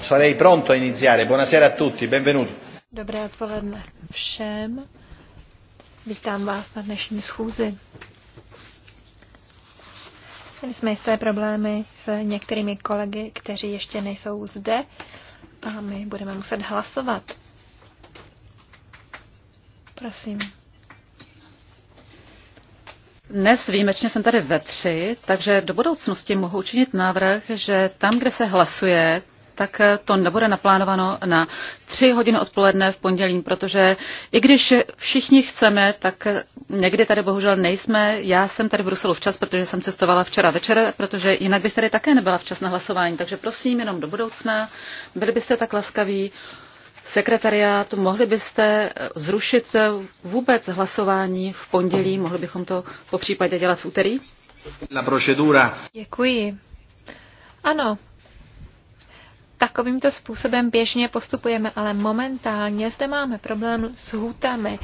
sarei pronto a iniziare. Buonasera a tutti, benvenuti. Dobré odpoledne všem. Vítám vás na dnešní schůzi. Měli jsme jisté problémy s některými kolegy, kteří ještě nejsou zde a my budeme muset hlasovat. Prosím. Dnes výjimečně jsem tady ve tři, takže do budoucnosti mohu učinit návrh, že tam, kde se hlasuje, tak eh, to nebude naplánováno na tři hodiny odpoledne v pondělí, protože i když všichni chceme, tak eh, někdy tady bohužel nejsme. Já jsem tady v Bruselu včas, protože jsem cestovala včera večer, protože jinak bych tady také nebyla včas na hlasování. Takže prosím, jenom do budoucna, byli byste tak laskaví, sekretariátu, mohli byste eh, zrušit vůbec hlasování v pondělí, mohli bychom to po případě dělat v úterý? La procedura. Děkuji. Ano, Takovýmto způsobem běžně postupujeme, ale momentálně zde máme problém s hůtami.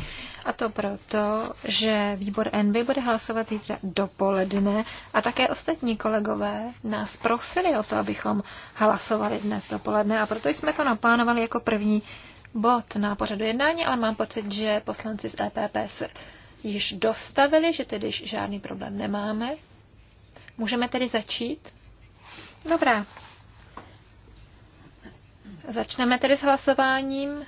A to proto, že výbor Envy bude hlasovat zítra dopoledne a také ostatní kolegové nás prosili o to, abychom hlasovali dnes dopoledne a proto jsme to naplánovali jako první bod na pořadu jednání, ale mám pocit, že poslanci z EPP se již dostavili, že tedy žádný problém nemáme. Můžeme tedy začít? Dobrá, Začneme tedy s hlasováním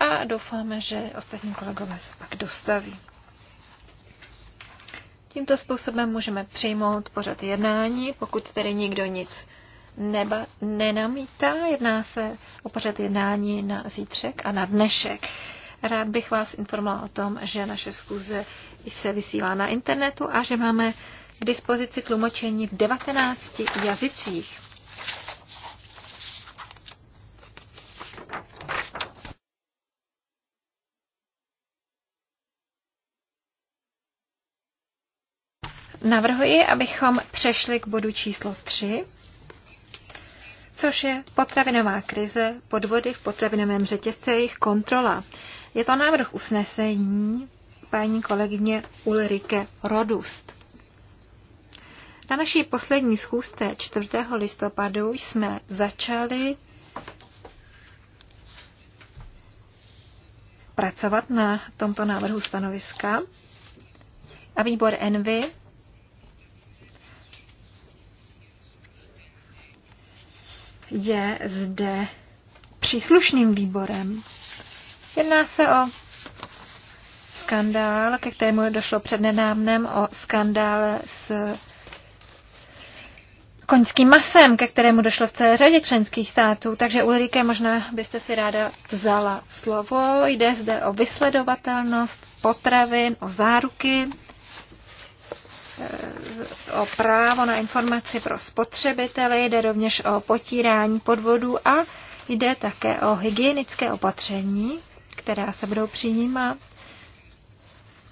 a doufáme, že ostatní kolegové se pak dostaví. Tímto způsobem můžeme přijmout pořad jednání, pokud tedy nikdo nic neba, nenamítá. Jedná se o pořad jednání na zítřek a na dnešek. Rád bych vás informoval o tom, že naše schůze se vysílá na internetu a že máme k dispozici tlumočení v 19 jazycích. Navrhuji, abychom přešli k bodu číslo 3, což je potravinová krize, podvody v potravinovém řetězce a jejich kontrola. Je to návrh usnesení paní kolegyně Ulrike Rodust. Na naší poslední schůzce 4. listopadu jsme začali pracovat na tomto návrhu stanoviska a výbor Envy je zde příslušným výborem. Jedná se o skandál, ke kterému došlo před nedávnem, o skandál s koňským masem, ke kterému došlo v celé řadě členských států. Takže Ulrike, možná byste si ráda vzala slovo. Jde zde o vysledovatelnost potravin, o záruky o právo na informaci pro spotřebitele, jde rovněž o potírání podvodů a jde také o hygienické opatření, která se budou přijímat.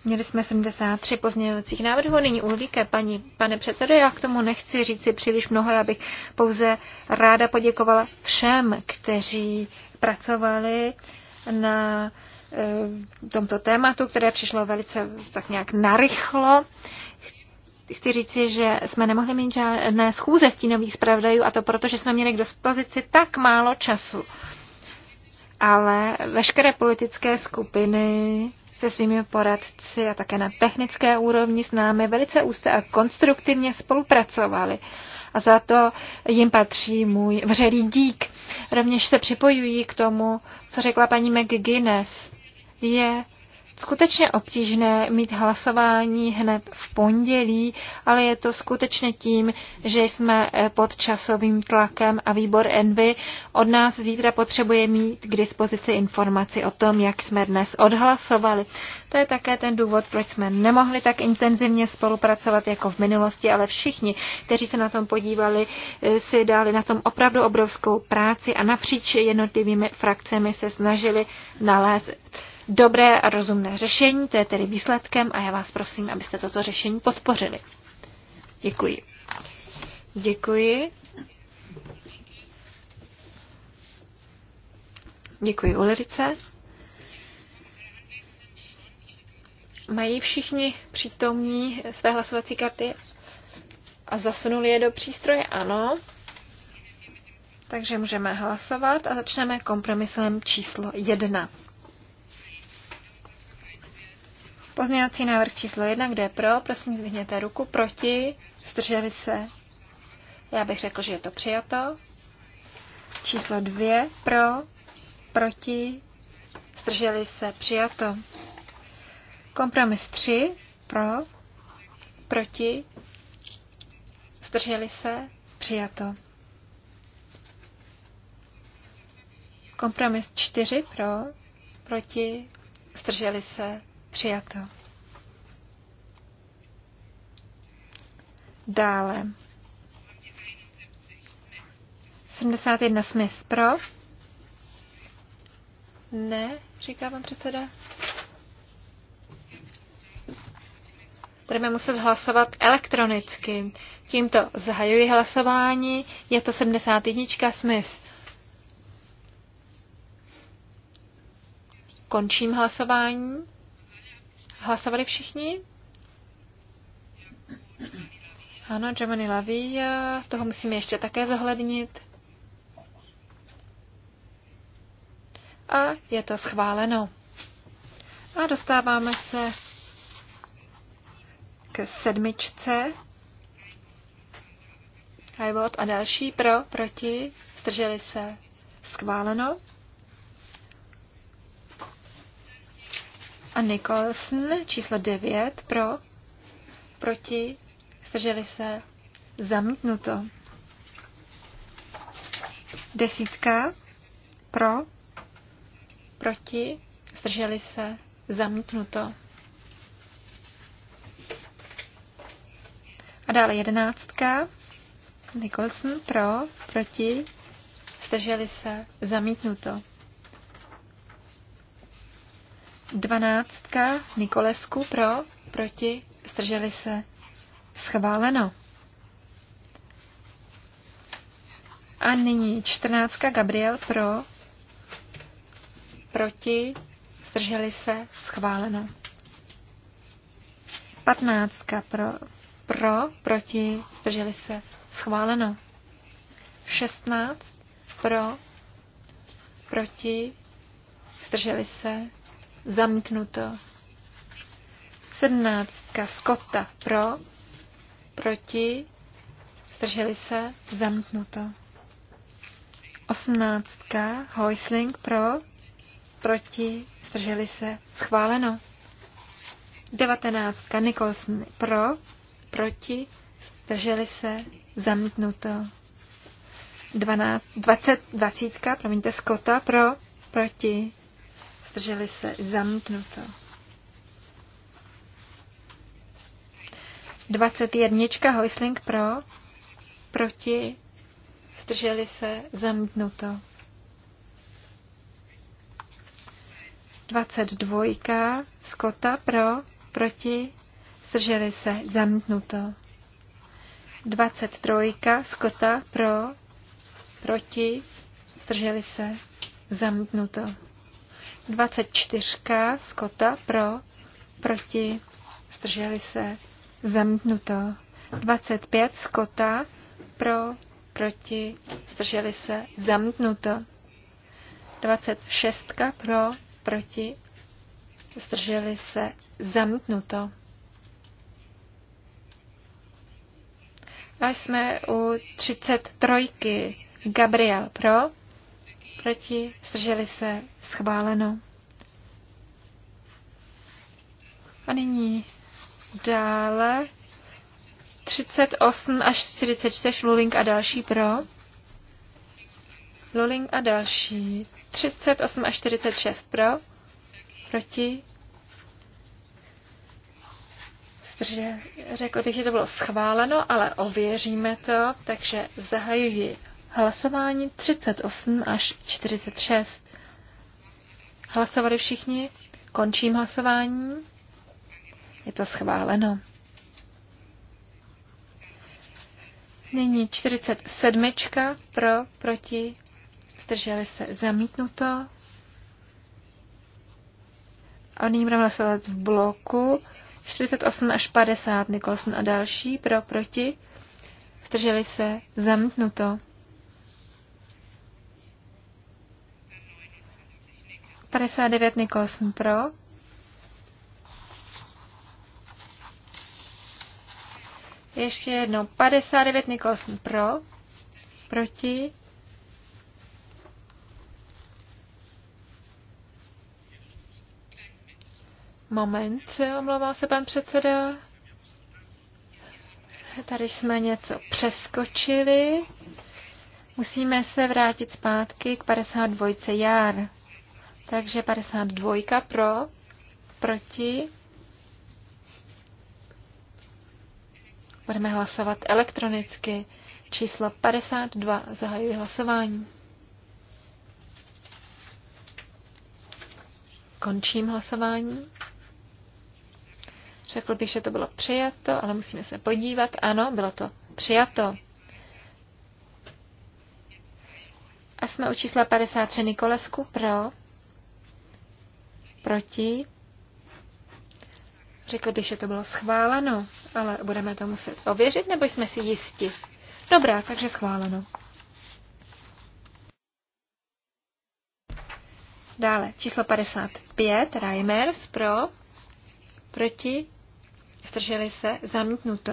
Měli jsme 73 pozměňovacích návrhů, nyní Ulrike, paní, pane předsedo, já k tomu nechci říct si příliš mnoho, já bych pouze ráda poděkovala všem, kteří pracovali na eh, tomto tématu, které přišlo velice tak nějak narychlo chci říci, že jsme nemohli mít žádné schůze stínových zpravodajů a to proto, že jsme měli k dispozici tak málo času. Ale veškeré politické skupiny se svými poradci a také na technické úrovni s námi velice úzce a konstruktivně spolupracovali. A za to jim patří můj vřelý dík. Rovněž se připojují k tomu, co řekla paní McGuinness. Je skutečně obtížné mít hlasování hned v pondělí, ale je to skutečně tím, že jsme eh, pod časovým tlakem a výbor Envy od nás zítra potřebuje mít k dispozici informaci o tom, jak jsme dnes odhlasovali. To je také ten důvod, proč jsme nemohli tak intenzivně spolupracovat jako v minulosti, ale všichni, kteří se na tom podívali, eh, si dali na tom opravdu obrovskou práci a napříč jednotlivými frakcemi se snažili nalézt dobré a rozumné řešení, to je tedy výsledkem a já vás prosím, abyste toto řešení podpořili. Děkuji. Děkuji. Děkuji Ulrice. Mají všichni přítomní své hlasovací karty a zasunuli je do přístroje? Ano. Takže můžeme hlasovat a začneme kompromisem číslo jedna. Pozměňovací návrh číslo jedna, kdo je pro, prosím zvihněte ruku, proti, zdrželi se. Já bych řekl, že je to přijato. Číslo dvě, pro, proti, zdrželi se, přijato. Kompromis 3, pro, proti, zdrželi se, přijato. Kompromis 4, pro, proti, zdrželi se, Přijato. Dále. 71 smys pro. Ne, říká vám předseda. Budeme muset hlasovat elektronicky. Tímto zahajuji hlasování. Je to 71 smys. Končím hlasování. Hlasovali všichni? Ano, Germany Lavi, eh, toho musíme ještě také zohlednit. A je to schváleno. A dostáváme se k sedmičce. Hajvot a další pro, proti, zdrželi se. Schváleno. a Nicholson číslo 9 pro, proti, zdrželi se, zamítnuto. Desítka pro, proti, zdrželi se, zamítnuto. A dále jedenáctka. Nicholson pro, proti, zdrželi se, zamítnuto. Dvanáctka Nikolesku pro, proti, zdrželi se, schváleno. A nyní čtrnáctka Gabriel pro, proti, zdrželi se, schváleno. Patnáctka pro, pro, proti, zdrželi se, schváleno. Šestnáct pro, proti, zdrželi se, zamknuto. Sedmnáctka Skota pro, proti, zdrželi se, zamknuto. Osmnáctka Hoisling pro, proti, zdrželi se, schváleno. Devatenáctka Nicholson pro, proti, zdrželi se, zamítnuto. Dvanáct, 20, 20, promiňte, Skota pro, proti, zdrželi se, zamítnuto. 21. Hoisling pro, proti, zdrželi se, zamítnuto. 22. Skota pro, proti, zdrželi se, zamítnuto. 23. Skota pro, proti, zdrželi se, zamítnuto. 24. Skota pro, proti, zdrželi se, zamítnuto. 25. Skota pro, proti, zdrželi se, zamítnuto. 26. pro, proti, zdrželi se, zamítnuto. A jsme u 33. Gabriel pro, proti, zdrželi se, Schváleno. A nyní dále 38 až 44 Luling a další pro. Luling a další. 38 až 46 pro. Proti. Protože řekl bych, že to bylo schváleno, ale ověříme to, takže zahajuji hlasování 38 až 46. Hlasovali všichni? Končím hlasování. Je to schváleno. Nyní 47. pro, proti, zdrželi se, zamítnuto. A nyní budeme hlasovat v bloku 48 až 50, Nikolson a další, pro, proti, zdrželi se, zamítnuto. 59 Nikolson pro. Ještě jednou. 59 Nikolson pro. Proti. Moment, omlouvám se pan předseda. Tady jsme něco přeskočili. Musíme se vrátit zpátky k 52. jar. Takže 52 pro, proti. Budeme hlasovat elektronicky. Číslo 52. Zahajuji hlasování. Končím hlasování. Řekl bych, že to bylo přijato, ale musíme se podívat. Ano, bylo to přijato. A jsme u čísla 53 Nikolesku pro. Proti? Řekl bych, že to bylo schváleno, ale budeme to muset ověřit, nebo jsme si jisti? Dobrá, takže schváleno. Dále, číslo 55, Reimers pro, proti, strželi se, zamítnuto.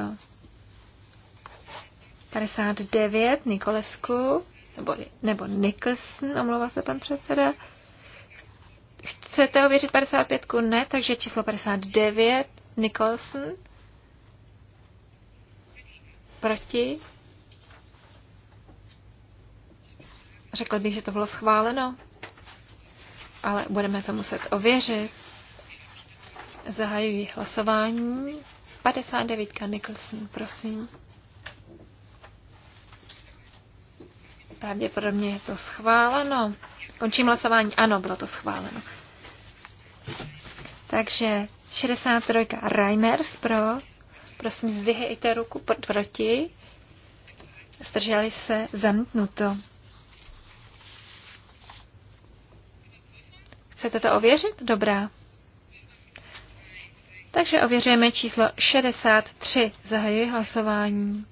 59, Nikolesku, nebo, nebo Nicholson, omlouvá se pan předseda, Chcete ověřit 55? Ne, takže číslo 59, Nicholson. Proti. Řekl bych, že to bylo schváleno, ale budeme to muset ověřit. Zahajuji hlasování. 59 Nicholson, prosím. Pravděpodobně je to schváleno. Končím hlasování. Ano, bylo to schváleno. Takže 63. Reimers pro. Prosím, zvyhejte ruku proti. Zdrželi se zamítnuto. Chcete to ověřit? Dobrá. Takže ověřujeme číslo 63. Zahajuji hlasování.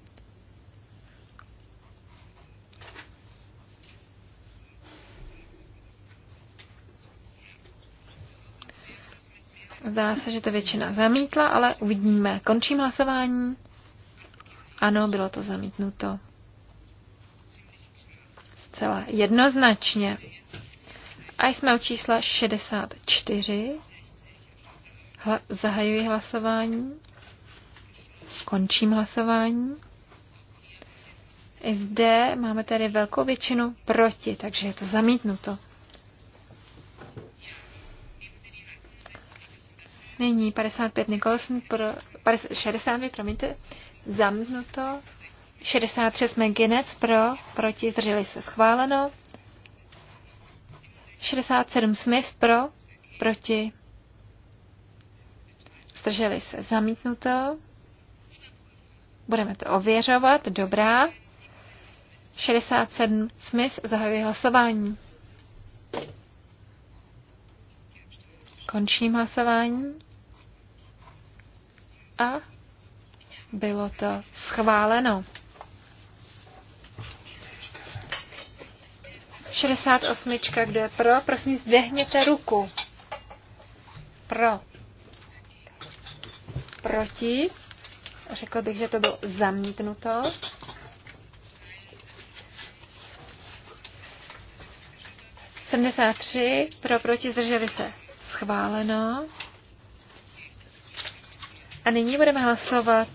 Zdá se, že to většina zamítla, ale uvidíme. Končím hlasování. Ano, bylo to zamítnuto. Zcela jednoznačně. A jsme u čísla 64. Hla- zahajuji hlasování. Končím hlasování. I zde máme tedy velkou většinu proti, takže je to zamítnuto. Nyní 55 Nicholson, pro, 65, promiňte, zamknuto. 66 McGuinness pro, proti, zdrželi se schváleno. 67 Smith pro, proti, zdrželi se zamítnuto. Budeme to ověřovat, dobrá. 67 Smith zahajuje hlasování. Končím hlasování a bylo to schváleno. 68. Kdo je pro, prosím, zdehněte ruku. Pro. Proti. Řekl bych, že to bylo zamítnuto. Sedmdesát tři. Pro, proti, zdrželi se. Schváleno. A nyní budeme hlasovat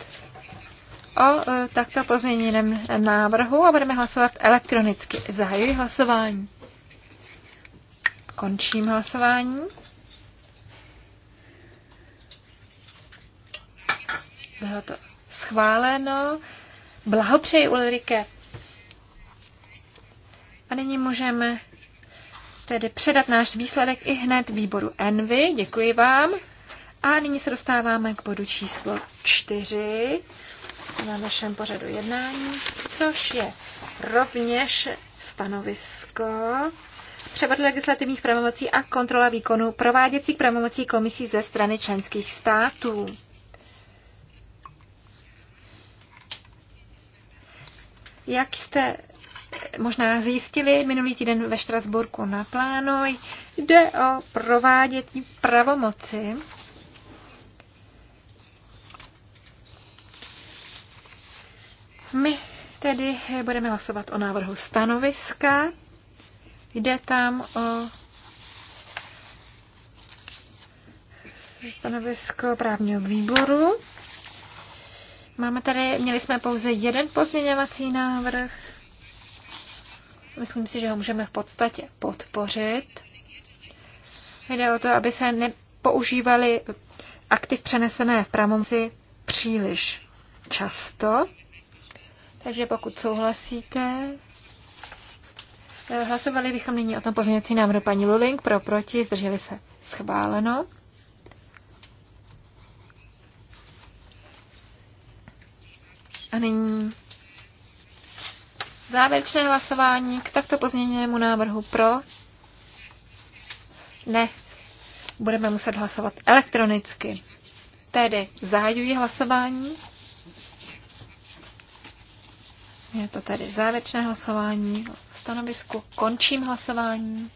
o e, takto pozměněném návrhu a budeme hlasovat elektronicky. Zahajuji hlasování. Končím hlasování. Bylo to schváleno. Blahopřeji Ulrike. A nyní můžeme tedy předat náš výsledek i hned výboru Envy. Děkuji vám. A nyní se dostáváme k bodu číslo čtyři na našem pořadu jednání, což je rovněž stanovisko převod legislativních pravomocí a kontrola výkonu prováděcích pravomocí komisí ze strany členských států. Jak jste možná zjistili, minulý týden ve Štrasburku na plánu jde o prováděcí pravomoci My tedy budeme hlasovat o návrhu stanoviska. Jde tam o stanovisko právního výboru. Máme tady, měli jsme pouze jeden pozměňovací návrh. Myslím si, že ho můžeme v podstatě podpořit. Jde o to, aby se nepoužívaly aktiv přenesené v pramonci příliš často. Takže pokud souhlasíte, eh, hlasovali bychom nyní o tom pozměňovací návrhu paní Luling pro proti, zdrželi se schváleno. A nyní závěrečné hlasování k takto pozměněnému návrhu pro. Ne, budeme muset hlasovat elektronicky. Tedy zahajuji hlasování. Je to tady závěrečné hlasování v stanovisku. Končím hlasování.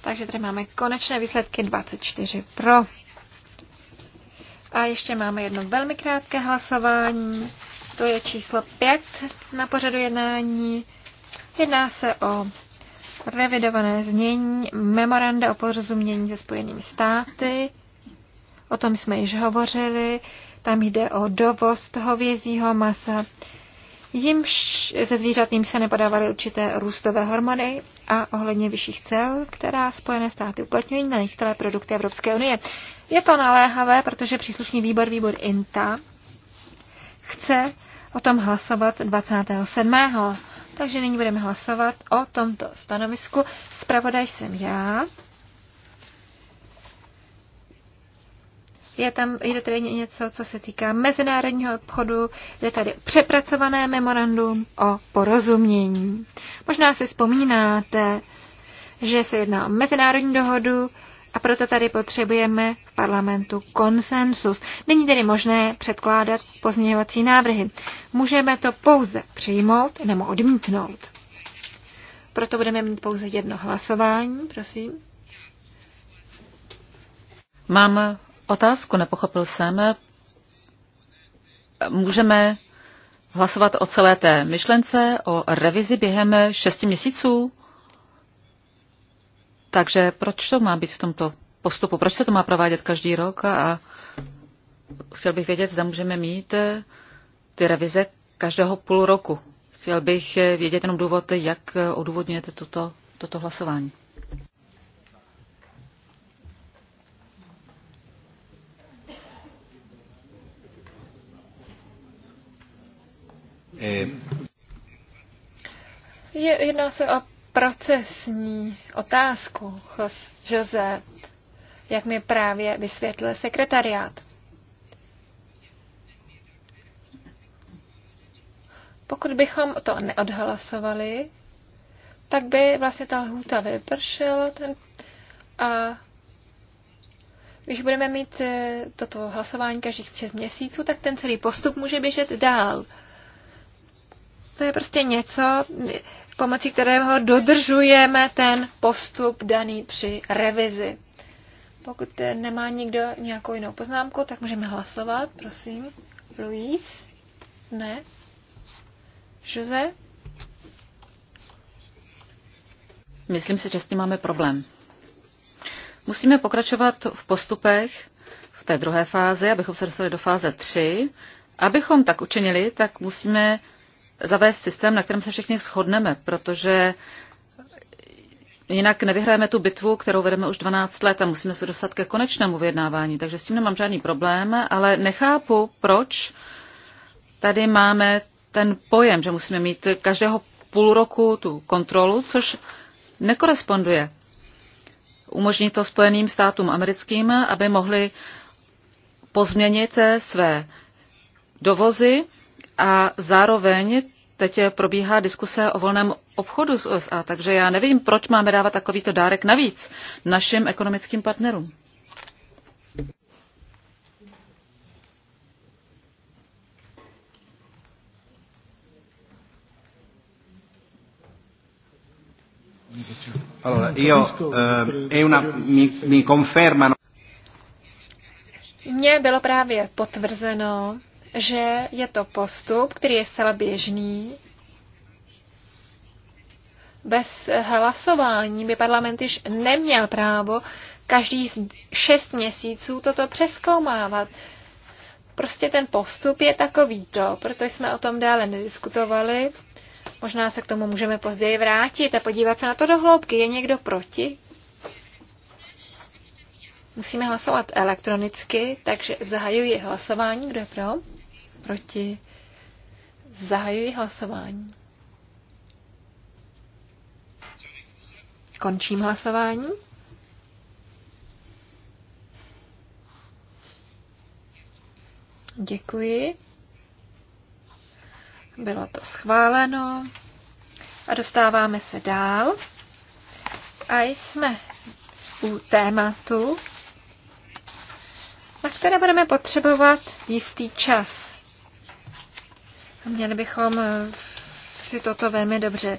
Takže tady máme konečné výsledky 24 pro. A ještě máme jedno velmi krátké hlasování. To je číslo 5 na pořadu jednání. Jedná se o revidované znění memoranda o porozumění se Spojenými státy o tom jsme již hovořili, tam jde o dovoz toho vězího masa. Jimž se zvířatým se nepodávaly určité růstové hormony a ohledně vyšších cel, která Spojené státy uplatňují na některé produkty Evropské unie. Je to naléhavé, protože příslušný výbor, výbor INTA, chce o tom hlasovat 27. Takže nyní budeme hlasovat o tomto stanovisku. Spravodaj jsem já. Je tam, jde tady něco, co se týká mezinárodního obchodu, jde tady přepracované memorandum o porozumění. Možná si vzpomínáte, že se jedná o mezinárodní dohodu a proto tady potřebujeme v parlamentu konsensus. Není tedy možné předkládat pozměňovací návrhy. Můžeme to pouze přijmout nebo odmítnout. Proto budeme mít pouze jedno hlasování, prosím. Mám otázku nepochopil jsem. Můžeme hlasovat o celé té myšlence, o revizi během šesti měsíců? Takže proč to má být v tomto postupu? Proč se to má provádět každý rok? A chtěl bych vědět, zda můžeme mít ty revize každého půl roku. Chtěl bych vědět jenom důvod, jak odůvodňujete toto, toto hlasování. Eh, je, jedná se o procesní otázku, Jose, jak mi právě vysvětlil sekretariát. Pokud bychom to neodhlasovali, tak by vlastně ta lhůta vypršela ten, a když budeme mít eh, toto hlasování každých 6 měsíců, tak ten celý postup může běžet dál. To je prostě něco, pomocí kterého dodržujeme ten postup daný při revizi. Pokud nemá nikdo nějakou jinou poznámku, tak můžeme hlasovat, prosím. Luis? Ne? Jose? Myslím si, že s tím máme problém. Musíme pokračovat v postupech v té druhé fázi, abychom se dostali do fáze 3. Abychom tak učinili, tak musíme zavést systém, na kterém se všichni shodneme, protože jinak nevyhrajeme tu bitvu, kterou vedeme už 12 let a musíme se dostat ke konečnému vyjednávání. Takže s tím nemám žádný problém, ale nechápu, proč tady máme ten pojem, že musíme mít každého půl roku tu kontrolu, což nekoresponduje. Umožní to Spojeným státům americkým, aby mohli pozměnit své dovozy a zároveň teď probíhá diskuse o volném obchodu s USA, takže já nevím, proč máme dávat takovýto dárek navíc našim ekonomickým partnerům. Ehm, mi, Mně bylo právě potvrzeno, že je to postup, který je zcela běžný. Bez hlasování by parlament již neměl právo každý šest měsíců toto přeskoumávat. Prostě ten postup je takovýto, proto jsme o tom dále nediskutovali. Možná se k tomu můžeme později vrátit a podívat se na to do hloubky. Je někdo proti? Musíme hlasovat elektronicky, takže zahajuji hlasování. Kdo je pro? proti, zahajuji hlasování. Končím hlasování. Děkuji. Bylo to schváleno. A dostáváme se dál. A jsme u tématu, na které budeme potřebovat jistý čas. Měli bychom eh, si toto velmi dobře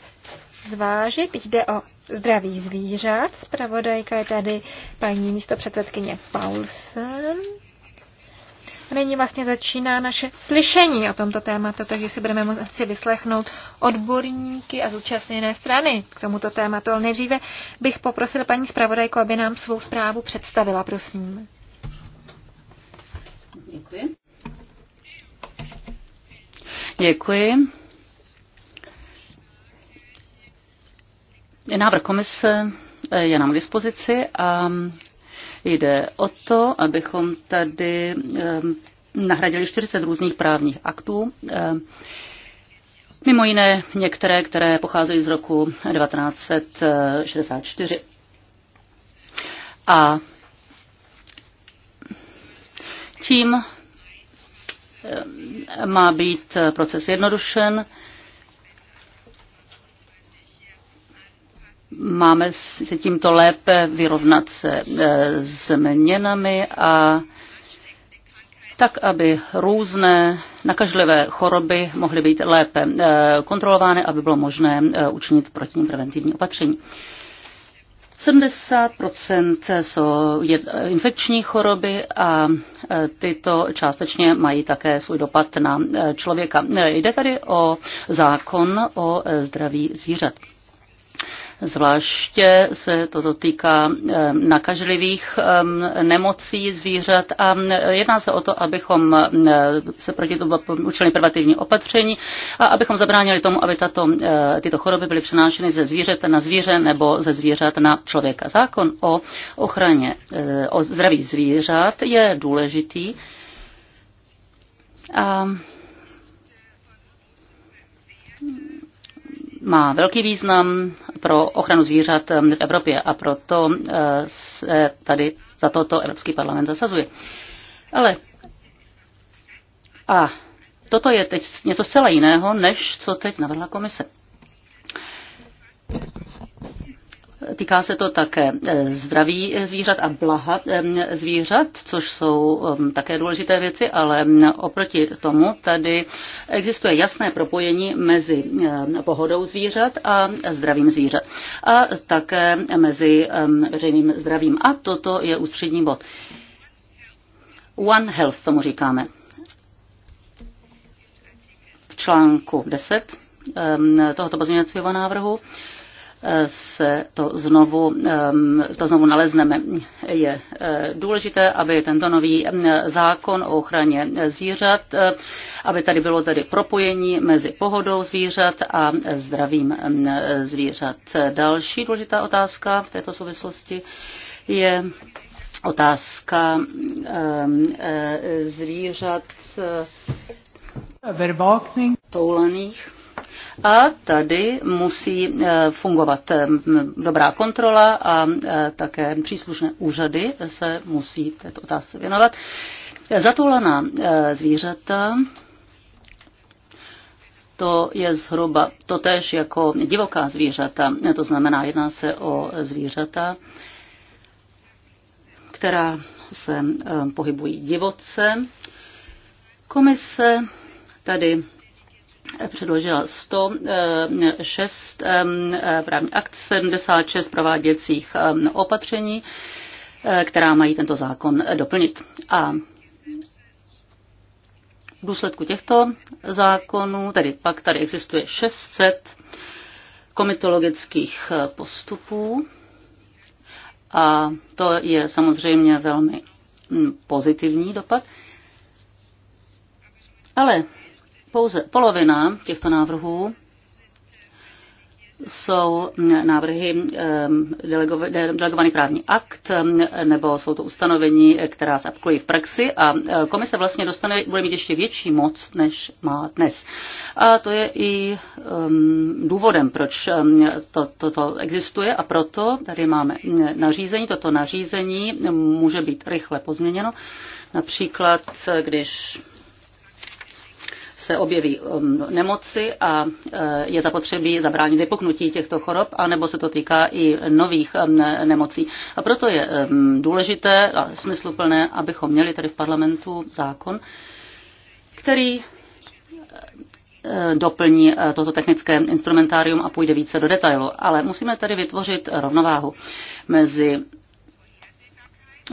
zvážit. Jde o zdraví zvířat. Spravodajka je tady paní místopředsedkyně Paulsen. Nyní vlastně začíná naše slyšení o tomto tématu, takže si budeme moci vyslechnout odborníky a zúčastněné strany k tomuto tématu. Ale nejdříve bych poprosil paní zpravodajku, aby nám svou zprávu představila, prosím. Děkuji. Děkuji. Návrh komise je nám k dispozici a jde o to, abychom tady eh, nahradili 40 různých právních aktů. Eh, mimo jiné některé, které pocházejí z roku 1964. A tím Ehm, má být eh, proces jednodušen. Máme se tímto lépe vyrovnat se eh, změnami a tak, aby různé nakažlivé choroby mohly být lépe eh, kontrolovány, aby bylo možné učinit proti ním preventivní opatření. 70 jsou infekční choroby a e, tyto částečně mají také svůj dopad na e, člověka. E, jde tady o zákon o zdraví zvířat. Zvláště se toto týká eh, nakažlivých eh, nemocí zvířat a eh, jedná se o to, abychom se proti tomu učili preventivní opatření a abychom zabránili tomu, aby tato, tyto choroby byly přenášeny ze zvířat na zvíře nebo ze zvířat na člověka. Zákon o ochraně o zdraví zvířat je důležitý. A má velký význam pro ochranu zvířat eh, v Evropě a proto eh, se tady za toto Evropský parlament zasazuje. Ale a toto je teď něco zcela jiného, než co teď navrhla komise. Týká se to také eh, zdraví zvířat a blaha eh, zvířat, což jsou eh, také důležité věci, ale oproti tomu tady existuje jasné propojení mezi pohodou zvířat a zdravím zvířat a také mezi veřejným zdravím. A toto je ústřední bod. One Health, tomu říkáme. V článku 10 tohoto pozměňovacího návrhu se to znovu, to znovu nalezneme. Je eh, důležité, aby tento nový zákon o ochraně zvířat, eh, aby tady bylo tedy propojení mezi pohodou zvířat a zdravím zvířat. Další důležitá otázka v této souvislosti je otázka eh, zvířat toulaných a tady musí eh, fungovat eh, dobrá kontrola a eh, také příslušné úřady se musí této otázce věnovat. Zatoulaná zvířata to je zhruba totéž jako divoká zvířata, to znamená, jedná se o zvířata, která se pohybují divoce. Komise tady předložila 106 eh, právních akt, 76 prováděcích opatření, eh, která mají tento zákon eh, doplnit. A v důsledku těchto zákonů, tedy pak tady existuje 600 komitologických postupů a to je samozřejmě velmi hm, pozitivní dopad. Ale pouze polovina těchto návrhů jsou návrhy delegovaný právní akt, nebo jsou to ustanovení, e, která se aplikují v praxi a e, komise vlastně dostane, bude mít ještě větší moc, než má dnes. A to je i důvodem, proč toto to, to existuje a proto tady máme nařízení. Toto nařízení může být rychle pozměněno. Například, e, když se objeví um, nemoci a uh, je zapotřebí zabránit vypuknutí těchto chorob, anebo se to týká i nových um, nemocí. A proto je um, důležité a smysluplné, abychom měli tady v parlamentu zákon, který uh, doplní uh, toto technické instrumentárium a půjde více do detailu. Ale musíme tady vytvořit rovnováhu mezi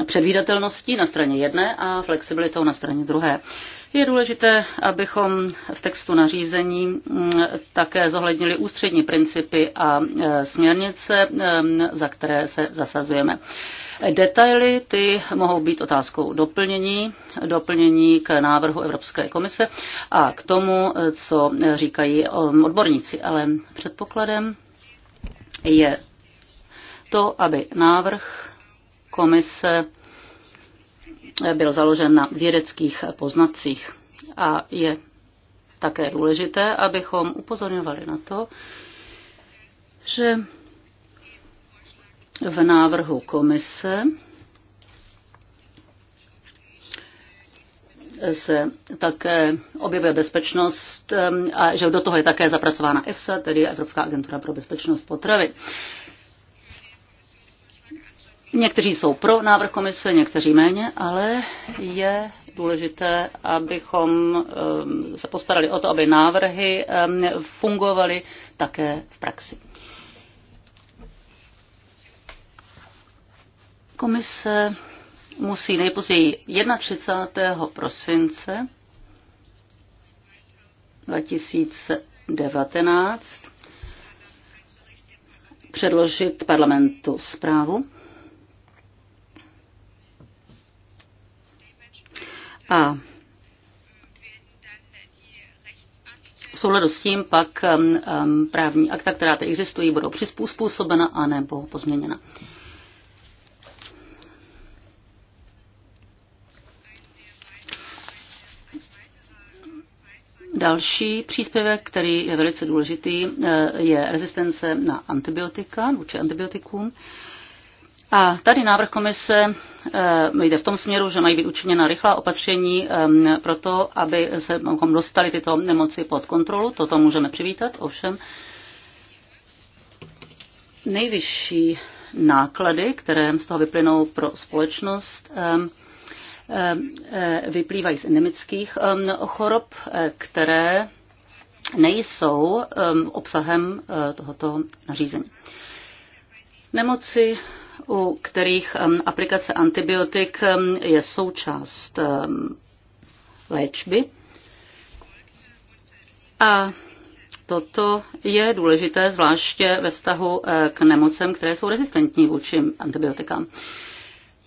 předvídatelností na straně jedné a flexibilitou na straně druhé. Je důležité, abychom v textu nařízení mm, také zohlednili ústřední principy a e, směrnice, e, za které se zasazujeme. Detaily ty mohou být otázkou doplnění, doplnění k návrhu Evropské komise a k tomu, e, co říkají odborníci. Ale předpokladem je to, aby návrh komise byl založen na vědeckých poznatcích. A je také důležité, abychom upozorňovali na to, že v návrhu komise se také objevuje bezpečnost a že do toho je také zapracována EFSA, tedy Evropská agentura pro bezpečnost potravy. Někteří jsou pro návrh komise, někteří méně, ale je důležité, abychom eh, se postarali o to, aby návrhy eh, fungovaly také v praxi. Komise musí nejpozději 31. prosince 2019 předložit parlamentu zprávu A v souladu s tím pak um, um, právní akta, která teď existují, budou přizpůsobena anebo pozměněna. Další příspěvek, který je velice důležitý, eh, je rezistence na antibiotika, vůči antibiotikům. A tady návrh komise eh, jde v tom směru, že mají být učiněna rychlá opatření ehm, pro to, aby se dostali tyto nemoci pod kontrolu. Toto můžeme přivítat, ovšem nejvyšší náklady, které z toho vyplynou pro společnost, ehm, ehm, eh, vyplývají z endemických chorob, eh, které nejsou obsahem tohoto nařízení. Nemoci u kterých aplikace antibiotik je součást léčby. A toto je důležité zvláště ve vztahu eh, k nemocem, které jsou rezistentní vůči antibiotikám.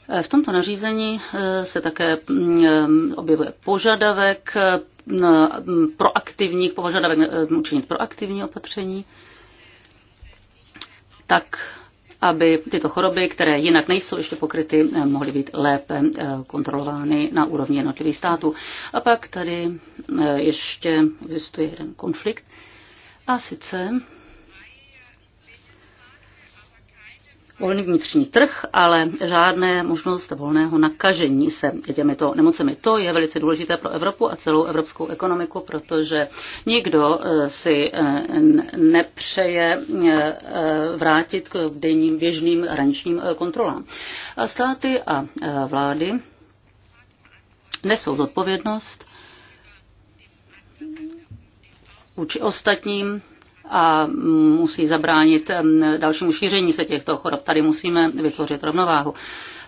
Eh, v tomto nařízení eh, se také mm, objevuje požadavek proaktivních, požadavek učinit proaktivní opatření, tak aby tyto choroby, které jinak nejsou ještě pokryty, eh, mohly být lépe eh, kontrolovány na úrovni jednotlivých států. A pak tady eh, ještě existuje jeden konflikt. A sice volný vnitřní trh, ale žádné možnost volného nakažení se těmito nemocemi. To je velice důležité pro Evropu a celou evropskou ekonomiku, protože nikdo eh, si eh, nepřeje eh, vrátit k denním běžným hraničním kontrolám. A státy a vlády nesou zodpovědnost vůči ostatním a musí zabránit dalšímu šíření se těchto chorob. Tady musíme vytvořit rovnováhu.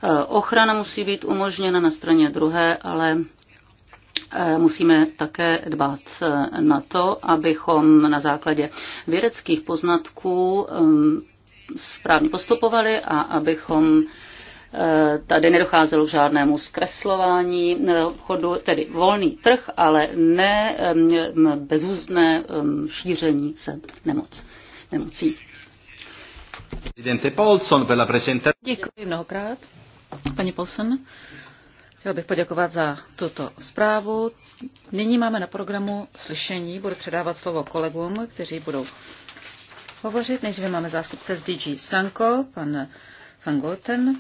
E, ochrana musí být umožněna na straně druhé, ale e, musíme také dbát e, na to, abychom na základě vědeckých poznatků správně postupovali a abychom Tady nedocházelo k žádnému zkreslování eh, chodu, tedy volný trh, ale ne bezúzné šíření se nemoc, nemocí. Děkuji mnohokrát, paní Polson. Chtěl bych poděkovat za tuto zprávu. Nyní máme na programu slyšení. Budu předávat slovo kolegům, kteří budou hovořit. Nejdříve máme zástupce z DG Sanko, pan Van Goten.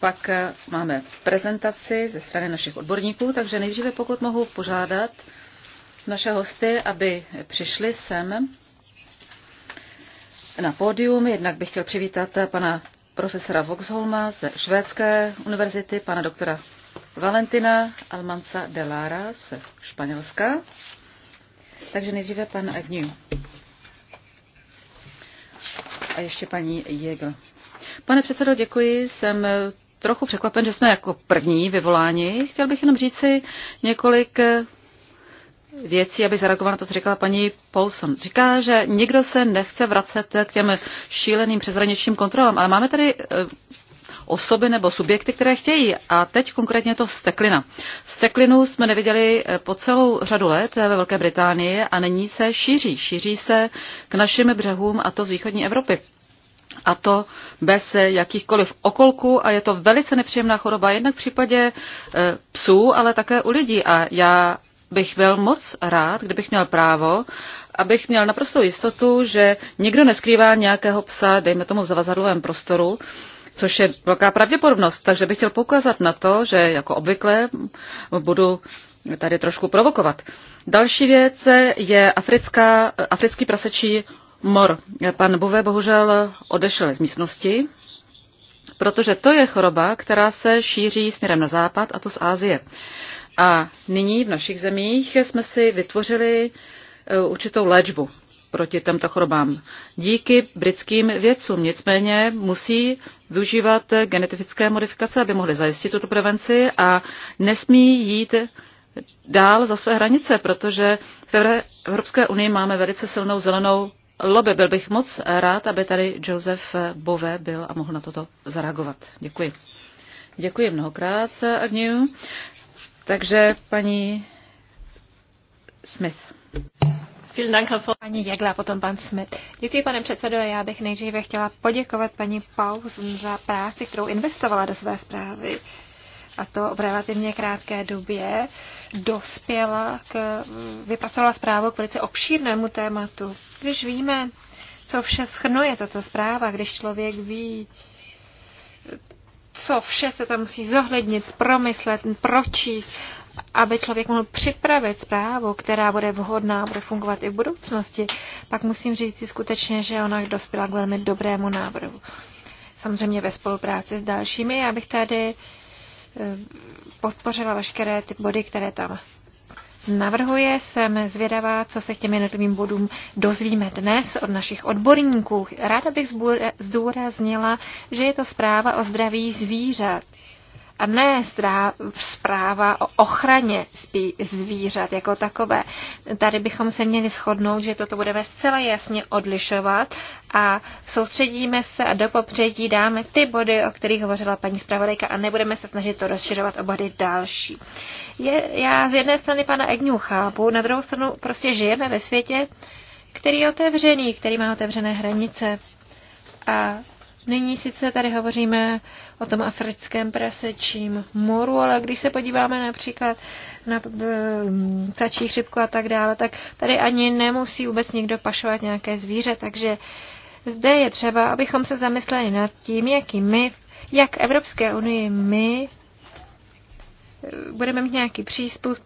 Pak eh, máme prezentaci ze strany našich odborníků, takže nejdříve, pokud mohu požádat naše hosty, aby přišli sem na pódium. Jednak bych chtěl přivítat eh, pana profesora Voxholma ze Švédské univerzity, pana doktora Valentina Almansa de Lara z Španělska. Takže nejdříve pan Agnew. A ještě paní Jegl. Pane předsedo, děkuji. Jsem trochu překvapen, že jsme jako první vyvoláni. Chtěl bych jenom říci několik eh, věcí, aby zareagovala na to, co říkala paní Paulson. Říká, že nikdo se nechce vracet k těm šíleným přezraničním kontrolám, ale máme tady eh, osoby nebo subjekty, které chtějí. A teď konkrétně to steklina. Steklinu jsme neviděli eh, po celou řadu let ve Velké Británii a nyní se šíří. Šíří se k našim břehům a to z východní Evropy a to bez jakýchkoliv okolků a je to velice nepříjemná choroba, jednak v případě e, psů, ale také u lidí. A já bych byl moc rád, kdybych měl právo, abych měl naprostou jistotu, že nikdo neskrývá nějakého psa, dejme tomu v zavazadlovém prostoru, což je velká pravděpodobnost. Takže bych chtěl poukázat na to, že jako obvykle budu tady trošku provokovat. Další věc je africká, africký prasečí mor. Pan Bové bohužel odešel z místnosti, protože to je choroba, která se šíří směrem na západ, a to z Ázie. A nyní v našich zemích jsme si vytvořili eh, určitou léčbu proti těmto chorobám. Díky britským vědcům nicméně musí využívat genetické modifikace, aby mohli zajistit tuto prevenci a nesmí jít dál za své hranice, protože v Evropské unii máme velice silnou zelenou Lobe, byl bych moc rád, aby tady Josef Bové byl a mohl na toto zareagovat. Děkuji. Děkuji mnohokrát, Agnew. Takže paní Smith. pani Jagla, potom pan Smith. Děkuji, pane předsedo. Já bych nejdříve chtěla poděkovat paní Paus za práci, kterou investovala do své zprávy a to v relativně krátké době, dospěla k, vypracovala zprávu k velice obšírnému tématu. Když víme, co vše schrnuje tato zpráva, když člověk ví, co vše se tam musí zohlednit, promyslet, pročíst, aby člověk mohl připravit zprávu, která bude vhodná, bude fungovat i v budoucnosti, pak musím říct si skutečně, že ona dospěla k velmi dobrému návrhu. Samozřejmě ve spolupráci s dalšími. Já bych tady uh, Eh, podpořila veškeré ty body, které tam navrhuje. Jsem zvědavá, co se k těm jednotlivým bodům dozvíme dnes od našich odborníků. Ráda bych zdůraznila, že je to zpráva o zdraví zvířat a ne zpráva o ochraně zvířat jako takové. Tady bychom se měli shodnout, že toto budeme zcela jasně odlišovat a soustředíme se a do popředí dáme ty body, o kterých hovořila paní zpravodajka a nebudeme se snažit to rozšiřovat o body další. Je, já z jedné strany pana Egňu chápu, na druhou stranu prostě žijeme ve světě, který je otevřený, který má otevřené hranice. A Nyní sice tady hovoříme o tom africkém prasečím moru, ale když se podíváme například na eh, ptačí chřipku a tak dále, tak tady ani nemusí vůbec nikdo pašovat nějaké zvíře, takže zde je třeba, abychom se zamysleli nad tím, jaký my, jak Evropské unii my budeme mít nějaký přístup,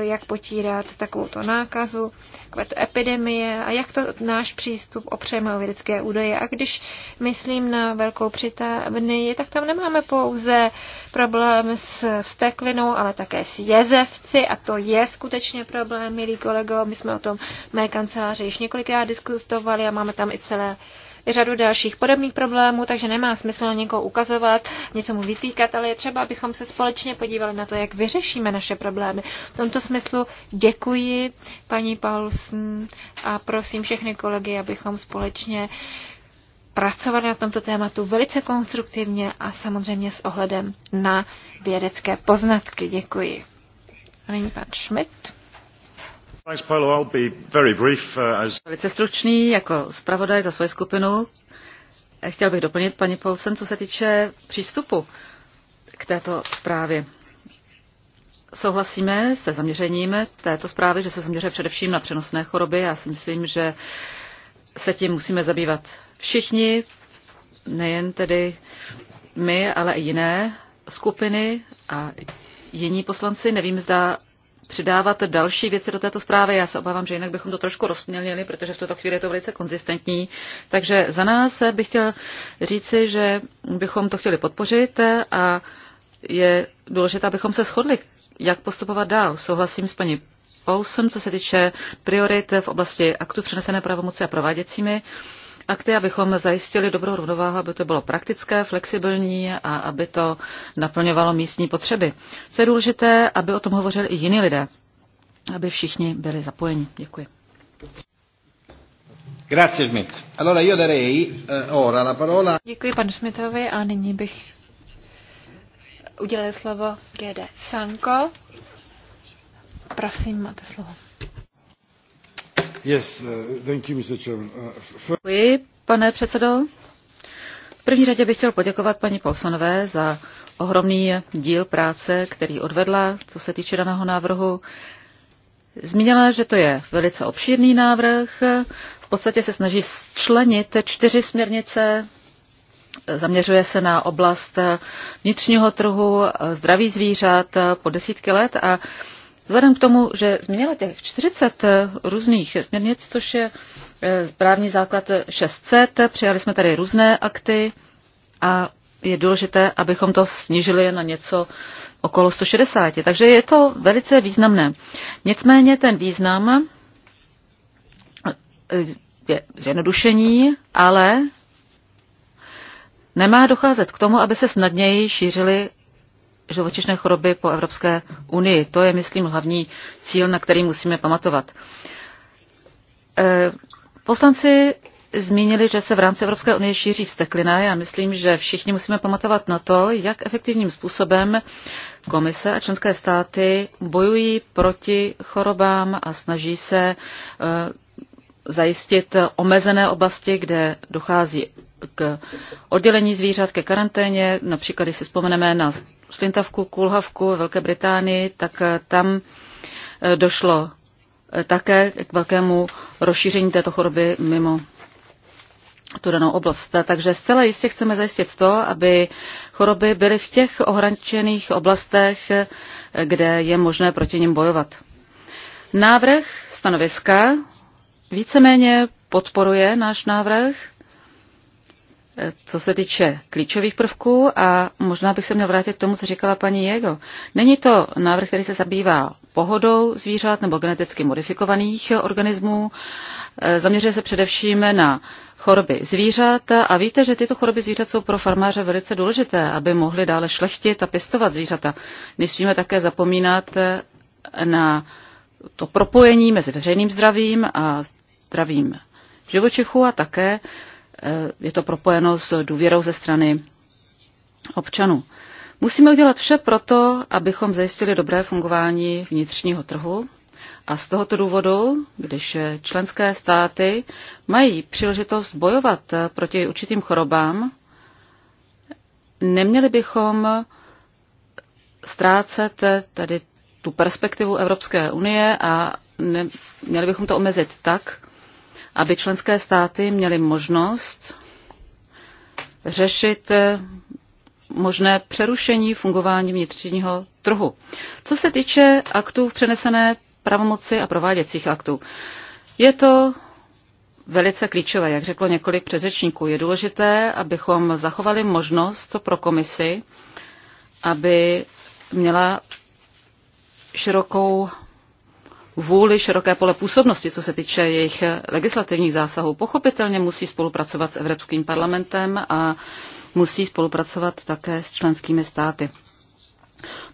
jak potírat takovouto nákazu, takovéto epidemie a jak to náš přístup opřeme o vědecké údaje. A když myslím na Velkou Británii, tak tam nemáme pouze problém s vsteklinou, ale také s jezevci a to je skutečně problém, milí kolego. My jsme o tom v mé kanceláři již několikrát diskutovali a máme tam i celé i řadu dalších podobných problémů, takže nemá smysl někoho ukazovat, něco mu vytýkat, ale je třeba, abychom se společně podívali na to, jak vyřešíme naše problémy. V tomto smyslu děkuji paní Paulsen a prosím všechny kolegy, abychom společně pracovali na tomto tématu velice konstruktivně a samozřejmě s ohledem na vědecké poznatky. Děkuji. A nyní pan Schmidt. Uh, Velice stručný jako zpravodaj za svoji skupinu. Chtěl bych doplnit paní Polsen, co se týče přístupu k této zprávě. Souhlasíme se zaměřením této zprávy, že se zaměřuje především na přenosné choroby. Já si myslím, že se tím musíme zabývat všichni, nejen tedy my, ale i jiné skupiny a jiní poslanci. Nevím, zda přidávat další věci do této zprávy. Já se obávám, že jinak bychom to trošku rozmělnili, protože v tuto chvíli je to velice konzistentní. Takže za nás bych chtěl říci, že bychom to chtěli podpořit a je důležité, abychom se shodli, jak postupovat dál. Souhlasím s paní Paulson, co se týče priorit v oblasti aktu přenesené pravomoci a prováděcími akty, abychom zajistili dobrou rovnováhu, aby to bylo praktické, flexibilní a aby to naplňovalo místní potřeby. Co je důležité, aby o tom hovořili i jiní lidé, aby všichni byli zapojeni. Děkuji. Grazie Schmidt. Allora io darei uh, ora la parola. Děkuji panu Smithovi a nyní bych udělal slovo GD Sanko. Prosím, máte slovo. Uh, uh, Děkuji, pane předsedo. V první řadě bych chtěl poděkovat paní Polsonové za ohromný díl práce, který odvedla, co se týče daného návrhu. Zmínila, že to je velice obšírný návrh. V podstatě se snaží sčlenit čtyři směrnice. Zaměřuje se na oblast vnitřního trhu, zdraví zvířat po desítky let a Vzhledem k tomu, že změnila těch 40 eh, různých směrnic, což je eh, právní základ 600, přijali jsme tady různé akty a je důležité, abychom to snížili na něco okolo 160. Takže je to velice významné. Nicméně ten význam eh, je zjednodušení, ale nemá docházet k tomu, aby se snadněji šířily živočišné choroby po Evropské unii. To je, myslím, hlavní cíl, na který musíme pamatovat. Eh, poslanci zmínili, že se v rámci Evropské unie šíří vsteklina. Já myslím, že všichni musíme pamatovat na to, jak efektivním způsobem komise a členské státy bojují proti chorobám a snaží se eh, zajistit omezené oblasti, kde dochází k oddělení zvířat, ke karanténě. Například, když si vzpomeneme na slintavku, kulhavku ve Velké Británii, tak tam eh, došlo eh, také k velkému rozšíření této choroby mimo tu danou oblast. Takže zcela jistě chceme zajistit to, aby choroby byly v těch ohraničených oblastech, eh, kde je možné proti nim bojovat. Návrh stanoviska víceméně podporuje náš návrh co se týče klíčových prvků a možná bych se měl vrátit k tomu, co říkala paní Jego. Není to návrh, který se zabývá pohodou zvířat nebo geneticky modifikovaných organismů. E, zaměřuje se především na choroby zvířat a víte, že tyto choroby zvířat jsou pro farmáře velice důležité, aby mohli dále šlechtit a pěstovat zvířata. Nesmíme také zapomínat e, na to propojení mezi veřejným zdravím a zdravím živočichů a také Eh, je to propojeno s důvěrou ze strany občanů. Musíme udělat vše proto, abychom zajistili dobré fungování vnitřního trhu a z tohoto důvodu, když členské státy mají příležitost bojovat eh, proti určitým chorobám, neměli bychom ztrácet eh, tady tu perspektivu Evropské unie a ne, měli bychom to omezit tak, aby členské státy měly možnost řešit eh, možné přerušení fungování vnitřního trhu. Co se týče aktů v přenesené pravomoci a prováděcích aktů, je to velice klíčové, jak řeklo několik předřečníků. Je důležité, abychom zachovali možnost pro komisi, aby měla širokou vůli široké pole působnosti, co se týče jejich legislativních zásahů. Pochopitelně musí spolupracovat s Evropským parlamentem a musí spolupracovat také s členskými státy.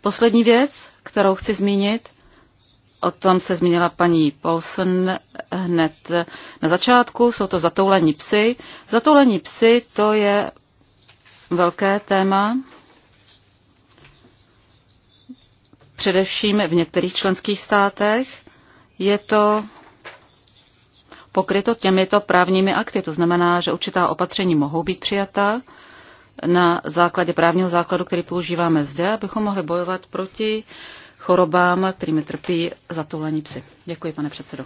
Poslední věc, kterou chci zmínit, o tom se zmínila paní Paulsen hned na začátku, jsou to zatoulení psy. Zatoulení psy to je velké téma, především v některých členských státech je to pokryto těmito právními akty. To znamená, že určitá opatření mohou být přijata na základě právního základu, který používáme zde, abychom mohli bojovat proti chorobám, kterými trpí zatoulení psy. Děkuji, pane předsedo.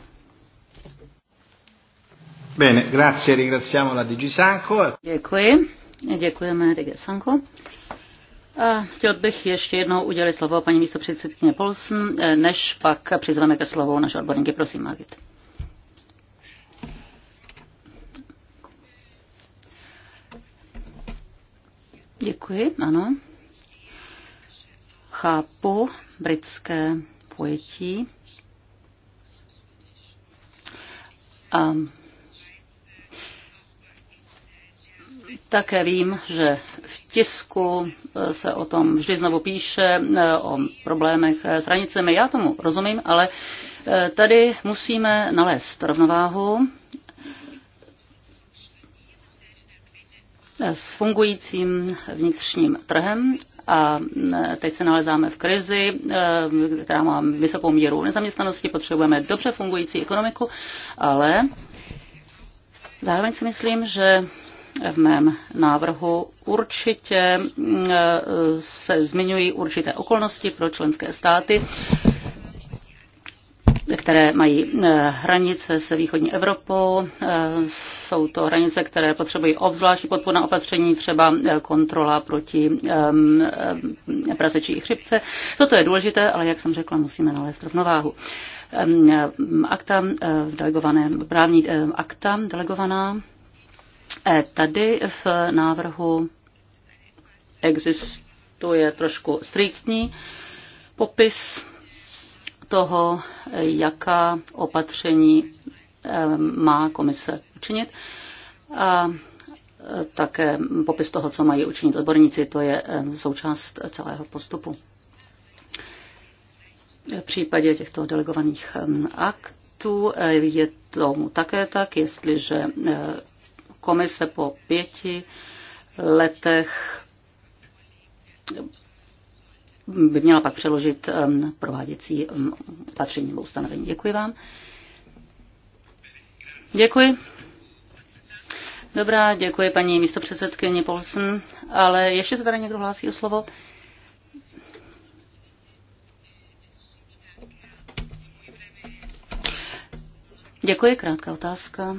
Bene, grazie, ringraziamo la DG Sanko. Děkuji, děkujeme DG Sanko. A chtěl bych ještě jednou udělit slovo paní místo předsedkyně Polsn, eh, než pak přizveme ke slovu naše odborníky. Prosím, Margit. Děkuji, ano. Chápu britské pojetí. A také vím, že tisku e, se o tom vždy znovu píše, e, o problémech e, s hranicemi. Já tomu rozumím, ale tady musíme nalézt rovnováhu s fungujícím vnitřním trhem a teď se nalezáme v krizi, která má vysokou míru nezaměstnanosti, potřebujeme dobře fungující ekonomiku, ale zároveň si myslím, že v mém návrhu určitě mm, se zmiňují určité okolnosti pro členské státy, které mají eh, hranice se východní Evropou. Eh, jsou to hranice, které potřebují obzvláštní na opatření, třeba eh, kontrola proti ehm, prasečí chřipce. Toto je důležité, ale jak jsem řekla, musíme nalézt rovnováhu. Ehm, akta delegované, právní akta delegovaná E, tady v návrhu existuje trošku striktní popis toho, jaká opatření e, má komise učinit. A e, také popis toho, co mají učinit odborníci, to je součást celého postupu. V případě těchto delegovaných aktů je tomu také tak, jestliže komise po pěti letech by měla pak přeložit um, prováděcí um, opatření nebo ustanovení. Děkuji vám. Děkuji. Dobrá, děkuji paní místopředsedkyni Polsen, ale ještě se tady někdo hlásí o slovo? Děkuji, krátká otázka.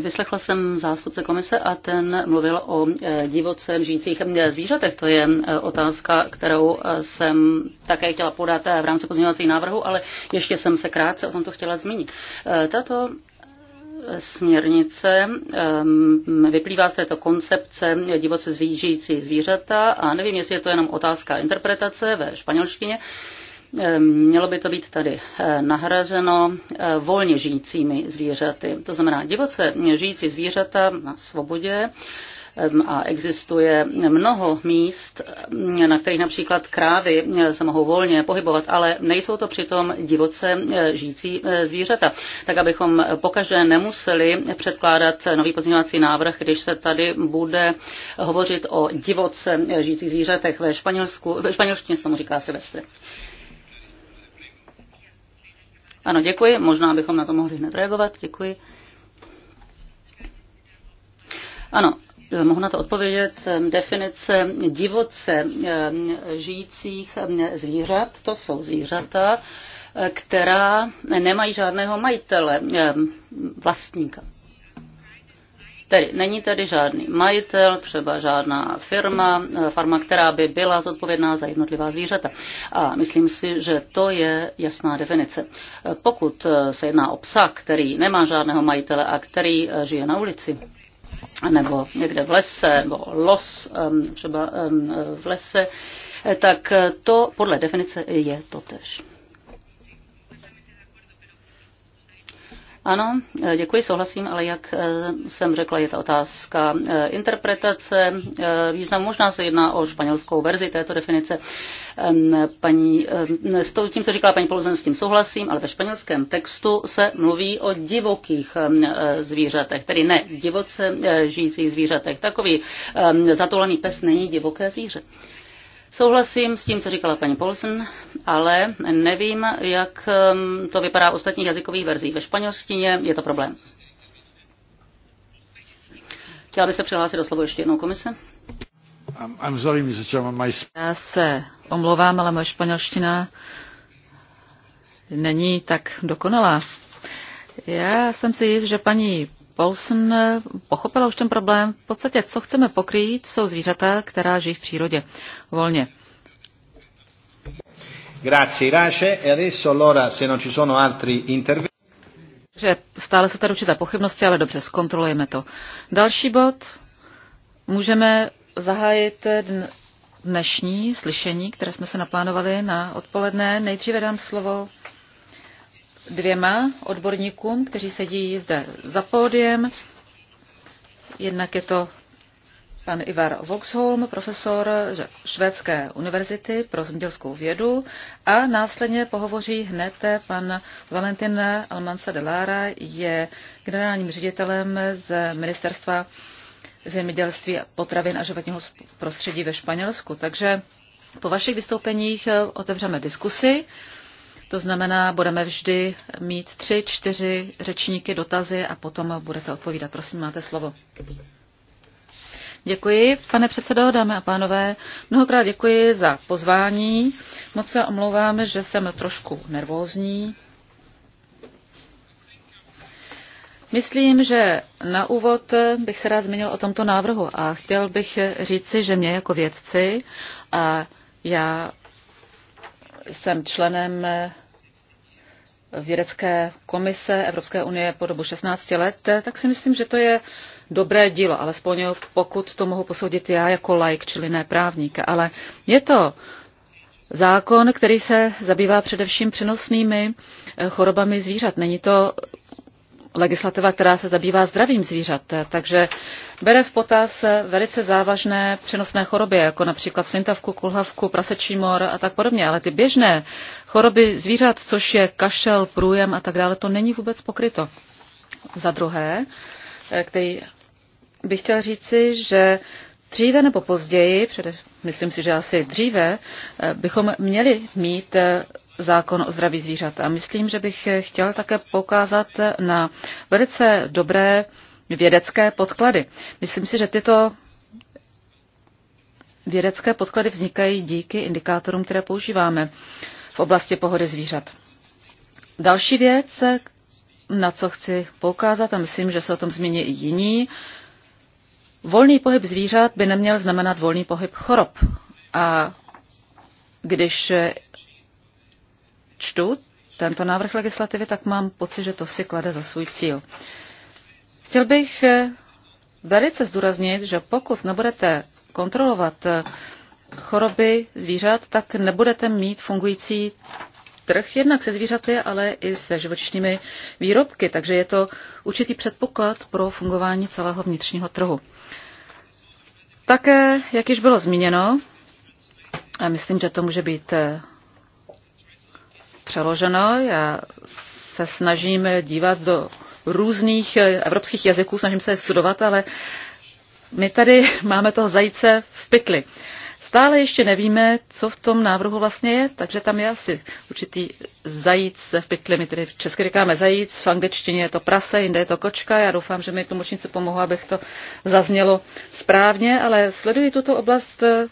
Vyslechla jsem zástupce komise a ten mluvil o e, divoce žijících e, zvířatech. To je e, otázka, kterou jsem také chtěla podat v rámci pozměňovacích návrhu, ale ještě jsem se krátce o tomto chtěla zmínit. Tato směrnice vyplývá z této koncepce divoce zvířící zvířata a nevím, jestli je to jenom otázka interpretace ve španělštině, Mělo by to být tady eh, nahrazeno eh, volně žijícími zvířaty. To znamená divoce žijící zvířata na svobodě a existuje mnoho míst, na kterých například krávy eh, se mohou volně pohybovat, ale nejsou to přitom divoce žijící zvířata. Tak abychom pokaždé nemuseli předkládat nový pozměňovací návrh, když se tady bude hovořit o divoce žijících zvířatech ve Španělsku. Ve španělštině se tomu říká Silvestre. Ano, děkuji. Možná bychom na to mohli hned reagovat. Děkuji. Ano, Mohu na to odpovědět. Ehm, definice divoce ehm, žijících ehm, zvířat, to jsou zvířata, eh, která nemají žádného majitele, vlastníka. Tedy není tady žádný majitel, třeba žádná firma, eh, farma, která by byla zodpovědná za jednotlivá zvířata. A myslím si, že to je jasná definice. Eh, pokud eh, se jedná o psa, který nemá žádného majitele a který žije na ulici, nebo někde v lese, nebo los třeba v lese, tak to podle definice je totež. Ano, eh, děkuji, souhlasím, ale jak eh, jsem řekla, je to otázka eh, interpretace významu. Možná se jedná o španělskou verzi této definice. Paní, s tím, co říkala paní Polzen, s tím souhlasím, ale ve španělském textu se mluví o divokých zvířatech, tedy ne divoce žijících zvířatech. Takový zatulaný pes není divoké zvíře. Souhlasím s tím, co říkala paní Polsen, ale nevím, jak um, to vypadá v ostatních jazykových verzích. Ve španělštině je to problém. Chtěla by se přihlásit do slovo ještě jednou komise. I'm sorry, Mr. Chairman, my... Já se omlouvám, ale moje španělština není tak dokonalá. Já jsem si jist, že paní Paulsen eh, pochopila už ten problém. V podstatě, co chceme pokrýt, jsou zvířata, která žijí v přírodě volně. Grazie Irace e adesso allora se non ci sono altri interventi. Že stále jsou tady určité pochybnosti, ale dobře, zkontrolujeme to. Další bod. Můžeme zahájit dnešní slyšení, které jsme se naplánovali na odpoledne. Nejdříve dám slovo dvěma odborníkům, kteří sedí zde za pódiem. Jednak je to pan Ivar Voxholm, profesor Švédské univerzity pro zemědělskou vědu a následně pohovoří hned pan Valentin Almansa de Lara, je generálním ředitelem z ministerstva zemědělství, potravin a životního prostředí ve Španělsku. Takže po vašich vystoupeních otevřeme diskusi. To znamená, budeme vždy mít tři, čtyři řečníky, dotazy a potom budete odpovídat. Prosím, máte slovo. Děkuji, pane předsedo, dámy a pánové. Mnohokrát děkuji za pozvání. Moc se omlouvám, že jsem trošku nervózní. Myslím, že na úvod bych se rád zmínil o tomto návrhu a chtěl bych říci, že mě jako vědci a já jsem členem eh, vědecké komise Evropské unie po dobu 16 let, eh, tak si myslím, že to je dobré dílo, alespoň pokud to mohu posoudit já jako laik, čili ne právník. Ale je to zákon, který se zabývá především přenosnými eh, chorobami zvířat. Není to legislativa, která se zabývá zdravím zvířat, takže bere v potaz velice závažné přenosné choroby, jako například slintavku, kulhavku, prasečí mor a tak podobně, ale ty běžné choroby zvířat, což je kašel, průjem a tak dále, to není vůbec pokryto. Za druhé, který bych chtěl říci, že Dříve nebo později, předev, myslím si, že asi dříve, bychom měli mít zákon o zdraví zvířat. A myslím, že bych chtěl také poukázat na velice dobré vědecké podklady. Myslím si, že tyto vědecké podklady vznikají díky indikátorům, které používáme v oblasti pohody zvířat. Další věc, na co chci poukázat, a myslím, že se o tom zmíní i jiní, volný pohyb zvířat by neměl znamenat volný pohyb chorob. A když čtu tento návrh legislativy, tak mám pocit, že to si klade za svůj cíl. Chtěl bych eh, velice zdůraznit, že pokud nebudete kontrolovat eh, choroby zvířat, tak nebudete mít fungující trh jednak se zvířaty, ale i se živočišnými výrobky, takže je to určitý předpoklad pro fungování celého vnitřního trhu. Také, jak již bylo zmíněno, a myslím, že to může být eh, přeloženo. Já se snažím dívat do různých eh, evropských jazyků, snažím se je studovat, ale my tady máme toho zajíce v pytli. Stále ještě nevíme, co v tom návrhu vlastně je, takže tam je asi určitý zajíc v pytli. My tedy v česky říkáme zajíc, v angličtině je to prase, jinde je to kočka. Já doufám, že mi tlumočníci pomohou, abych to zaznělo správně, ale sleduji tuto oblast eh,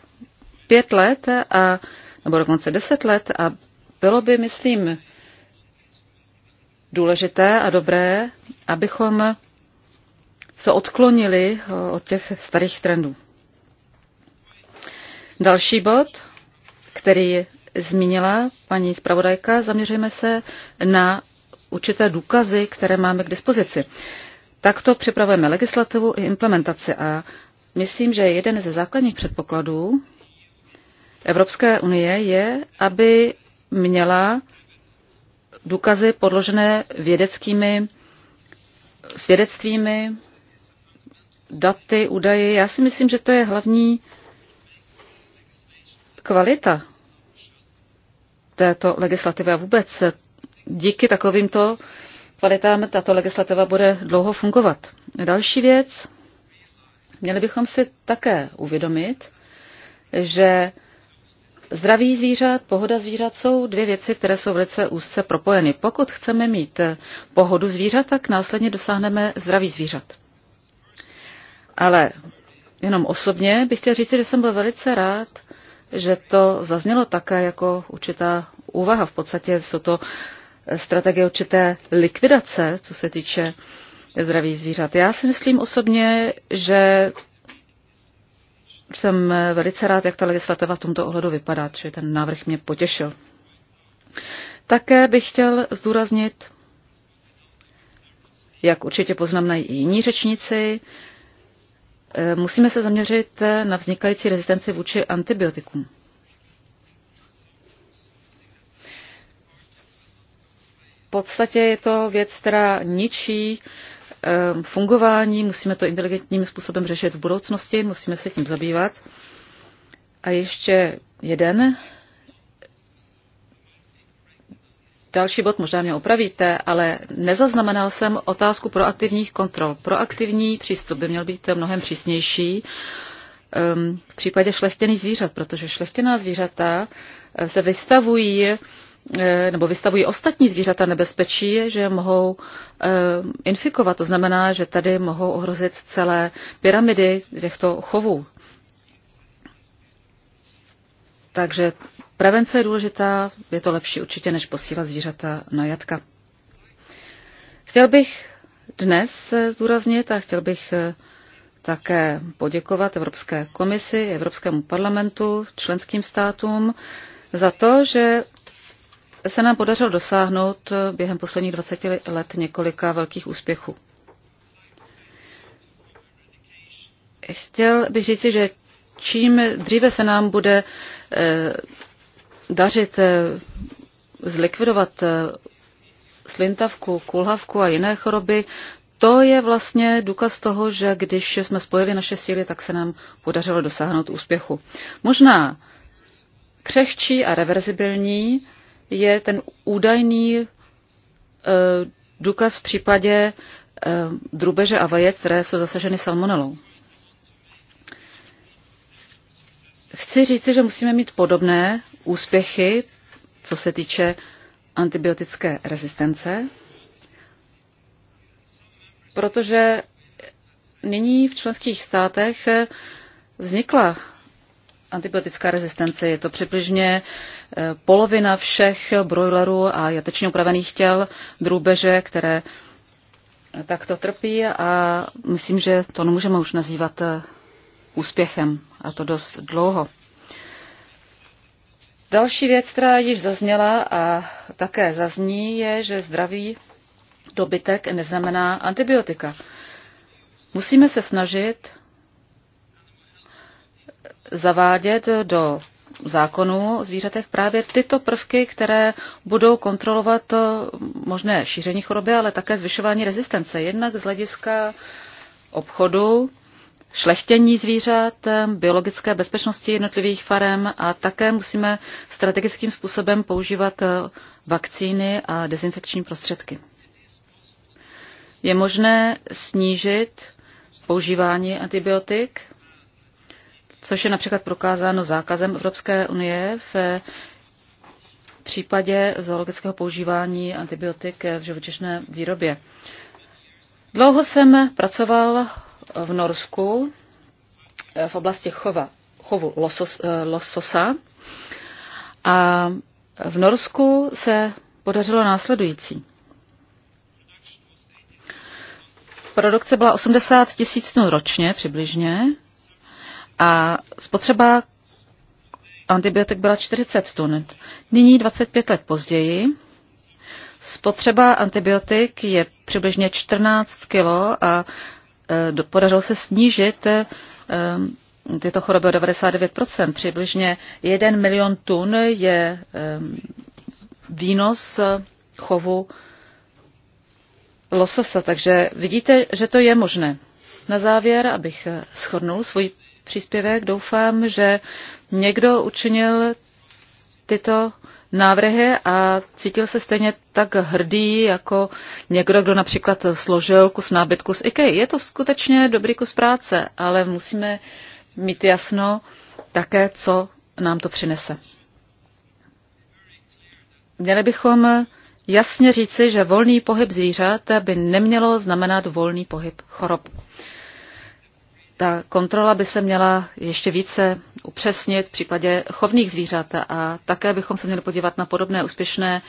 pět let a nebo dokonce deset let a bylo by, myslím, důležité a dobré, abychom se odklonili eh, od těch starých trendů. Další bod, který zmínila paní zpravodajka, zaměříme se na určité důkazy, které máme k dispozici. Takto připravujeme legislativu i implementaci a myslím, že jeden ze základních předpokladů Evropské unie je, aby měla důkazy podložené vědeckými svědectvími, daty, údaje. Já si myslím, že to je hlavní kvalita této legislativy a vůbec díky takovýmto kvalitám tato legislativa bude dlouho fungovat. Další věc, měli bychom si také uvědomit, že Zdraví zvířat, pohoda zvířat jsou dvě věci, které jsou velice úzce propojeny. Pokud chceme mít eh, pohodu zvířat, tak následně dosáhneme zdraví zvířat. Ale jenom osobně bych chtěl říct, že jsem byl velice rád, že to zaznělo také jako určitá úvaha. V podstatě jsou to eh, strategie určité likvidace, co se týče zdraví zvířat. Já si myslím osobně, že jsem eh, velice rád, jak ta legislativa v tomto ohledu vypadá, že ten návrh mě potěšil. Také bych chtěl zdůraznit, jak určitě poznám i jiní řečníci, eh, musíme se zaměřit eh, na vznikající rezistenci vůči antibiotikům. V podstatě je to věc, která ničí Ehm, fungování, musíme to inteligentním způsobem řešit v budoucnosti, musíme se tím zabývat. A ještě jeden další bod, možná mě opravíte, ale nezaznamenal jsem otázku proaktivních kontrol. Proaktivní přístup by měl být mnohem přísnější ehm, v případě šlechtěných zvířat, protože šlechtěná zvířata eh, se vystavují Eh, nebo vystavují ostatní zvířata nebezpečí, že mohou eh, infikovat. To znamená, že tady mohou ohrozit celé pyramidy těchto chovů. Takže prevence je důležitá, je to lepší určitě, než posílat zvířata na jatka. Chtěl bych dnes eh, zdůraznit a chtěl bych také poděkovat Evropské komisi, Evropskému parlamentu, členským státům za to, že se nám podařilo dosáhnout během posledních 20 let několika velkých úspěchů. Chtěl bych říci, že čím dříve se nám bude eh, dařit eh, zlikvidovat eh, slintavku, kulhavku a jiné choroby, to je vlastně důkaz toho, že když jsme spojili naše síly, tak se nám podařilo dosáhnout úspěchu. Možná křehčí a reverzibilní je ten údajný eh, důkaz v případě eh, drubeže a vajec, které jsou zasaženy salmonelou. Chci říci, že musíme mít podobné úspěchy, co se týče antibiotické rezistence, protože nyní v členských státech vznikla antibiotická rezistence. Je to přibližně eh, polovina všech brojlerů a jatečně upravených těl drůbeže, které takto trpí a myslím, že to nemůžeme už nazývat eh, úspěchem a to dost dlouho. Další věc, která již zazněla a také zazní, je, že zdravý dobytek neznamená antibiotika. Musíme se snažit zavádět do zákonů o zvířatech právě tyto prvky, které budou kontrolovat eh, možné šíření choroby, ale také zvyšování rezistence. Jednak z hlediska obchodu, šlechtění zvířat, eh, biologické bezpečnosti jednotlivých farem a také musíme strategickým způsobem používat eh, vakcíny a dezinfekční prostředky. Je možné snížit používání antibiotik což je například prokázáno zákazem Evropské unie v případě zoologického používání antibiotik v živočišné výrobě. Dlouho jsem pracoval v Norsku eh, v oblasti chova, chovu losos, eh, lososa a v Norsku se podařilo následující. Produkce byla 80 tisíc tun ročně přibližně a spotřeba antibiotik byla 40 tun. Nyní 25 let později spotřeba antibiotik je přibližně 14 kg a e, podařilo se snížit e, e tyto choroby o 99%. Přibližně 1 milion tun je e, výnos chovu lososa, takže vidíte, že to je možné. Na závěr, abych shrnul svůj příspěvek. Doufám, že někdo učinil tyto návrhy a cítil se stejně tak hrdý jako někdo, kdo například složil kus nábytku z IKEA. Je to skutečně dobrý kus práce, ale musíme mít jasno také, co nám to přinese. Měli bychom jasně říci, že volný pohyb zvířat by nemělo znamenat volný pohyb chorob. Ta kontrola by se měla ještě více upřesnit v případě chovných zvířat a také bychom se měli podívat na podobné úspěšné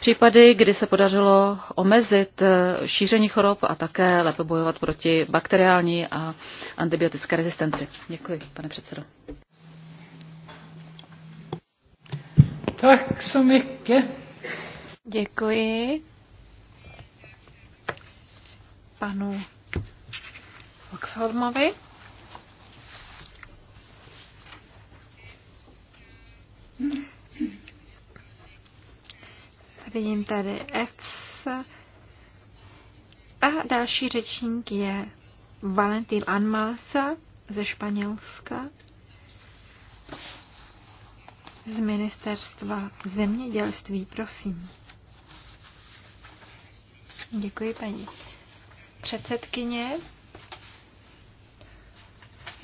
případy, kdy se podařilo omezit eh, šíření chorob a také lépe bojovat proti bakteriální a antibiotické rezistenci. Děkuji, pane předsedo. Tak so Děkuji panu Oxholmovi. Vidím tady Fs. A další řečník je Valentín Anmalsa ze Španělska z ministerstva zemědělství, prosím. Děkuji, paní předsedkyně.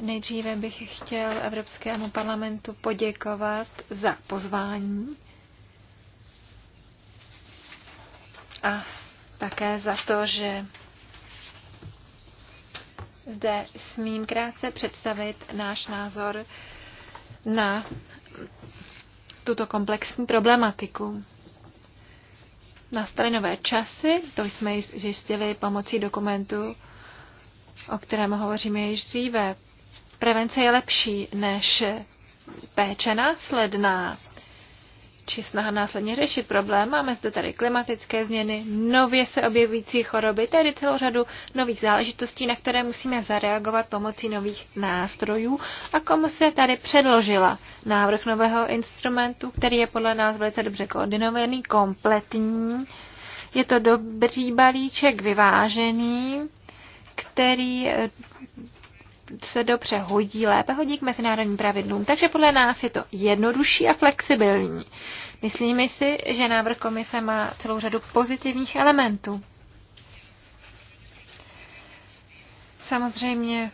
Nejdříve bych chtěl Evropskému parlamentu poděkovat za pozvání a také za to, že zde smím krátce představit náš názor na tuto komplexní problematiku. Nastaly nové časy, to jsme zjistili pomocí dokumentu, o kterém hovoříme již dříve prevence je lepší než péče následná či snaha následně řešit problém. Máme zde tady klimatické změny, nově se objevující choroby, tedy celou řadu nových záležitostí, na které musíme zareagovat pomocí nových nástrojů. A komu se tady předložila návrh nového instrumentu, který je podle nás velice dobře koordinovaný, kompletní. Je to dobrý balíček, vyvážený, který eh, se dobře hodí, lépe hodí k mezinárodním pravidlům. Takže podle nás je to jednodušší a flexibilní. Myslíme si, že návrh komise má celou řadu pozitivních elementů. Samozřejmě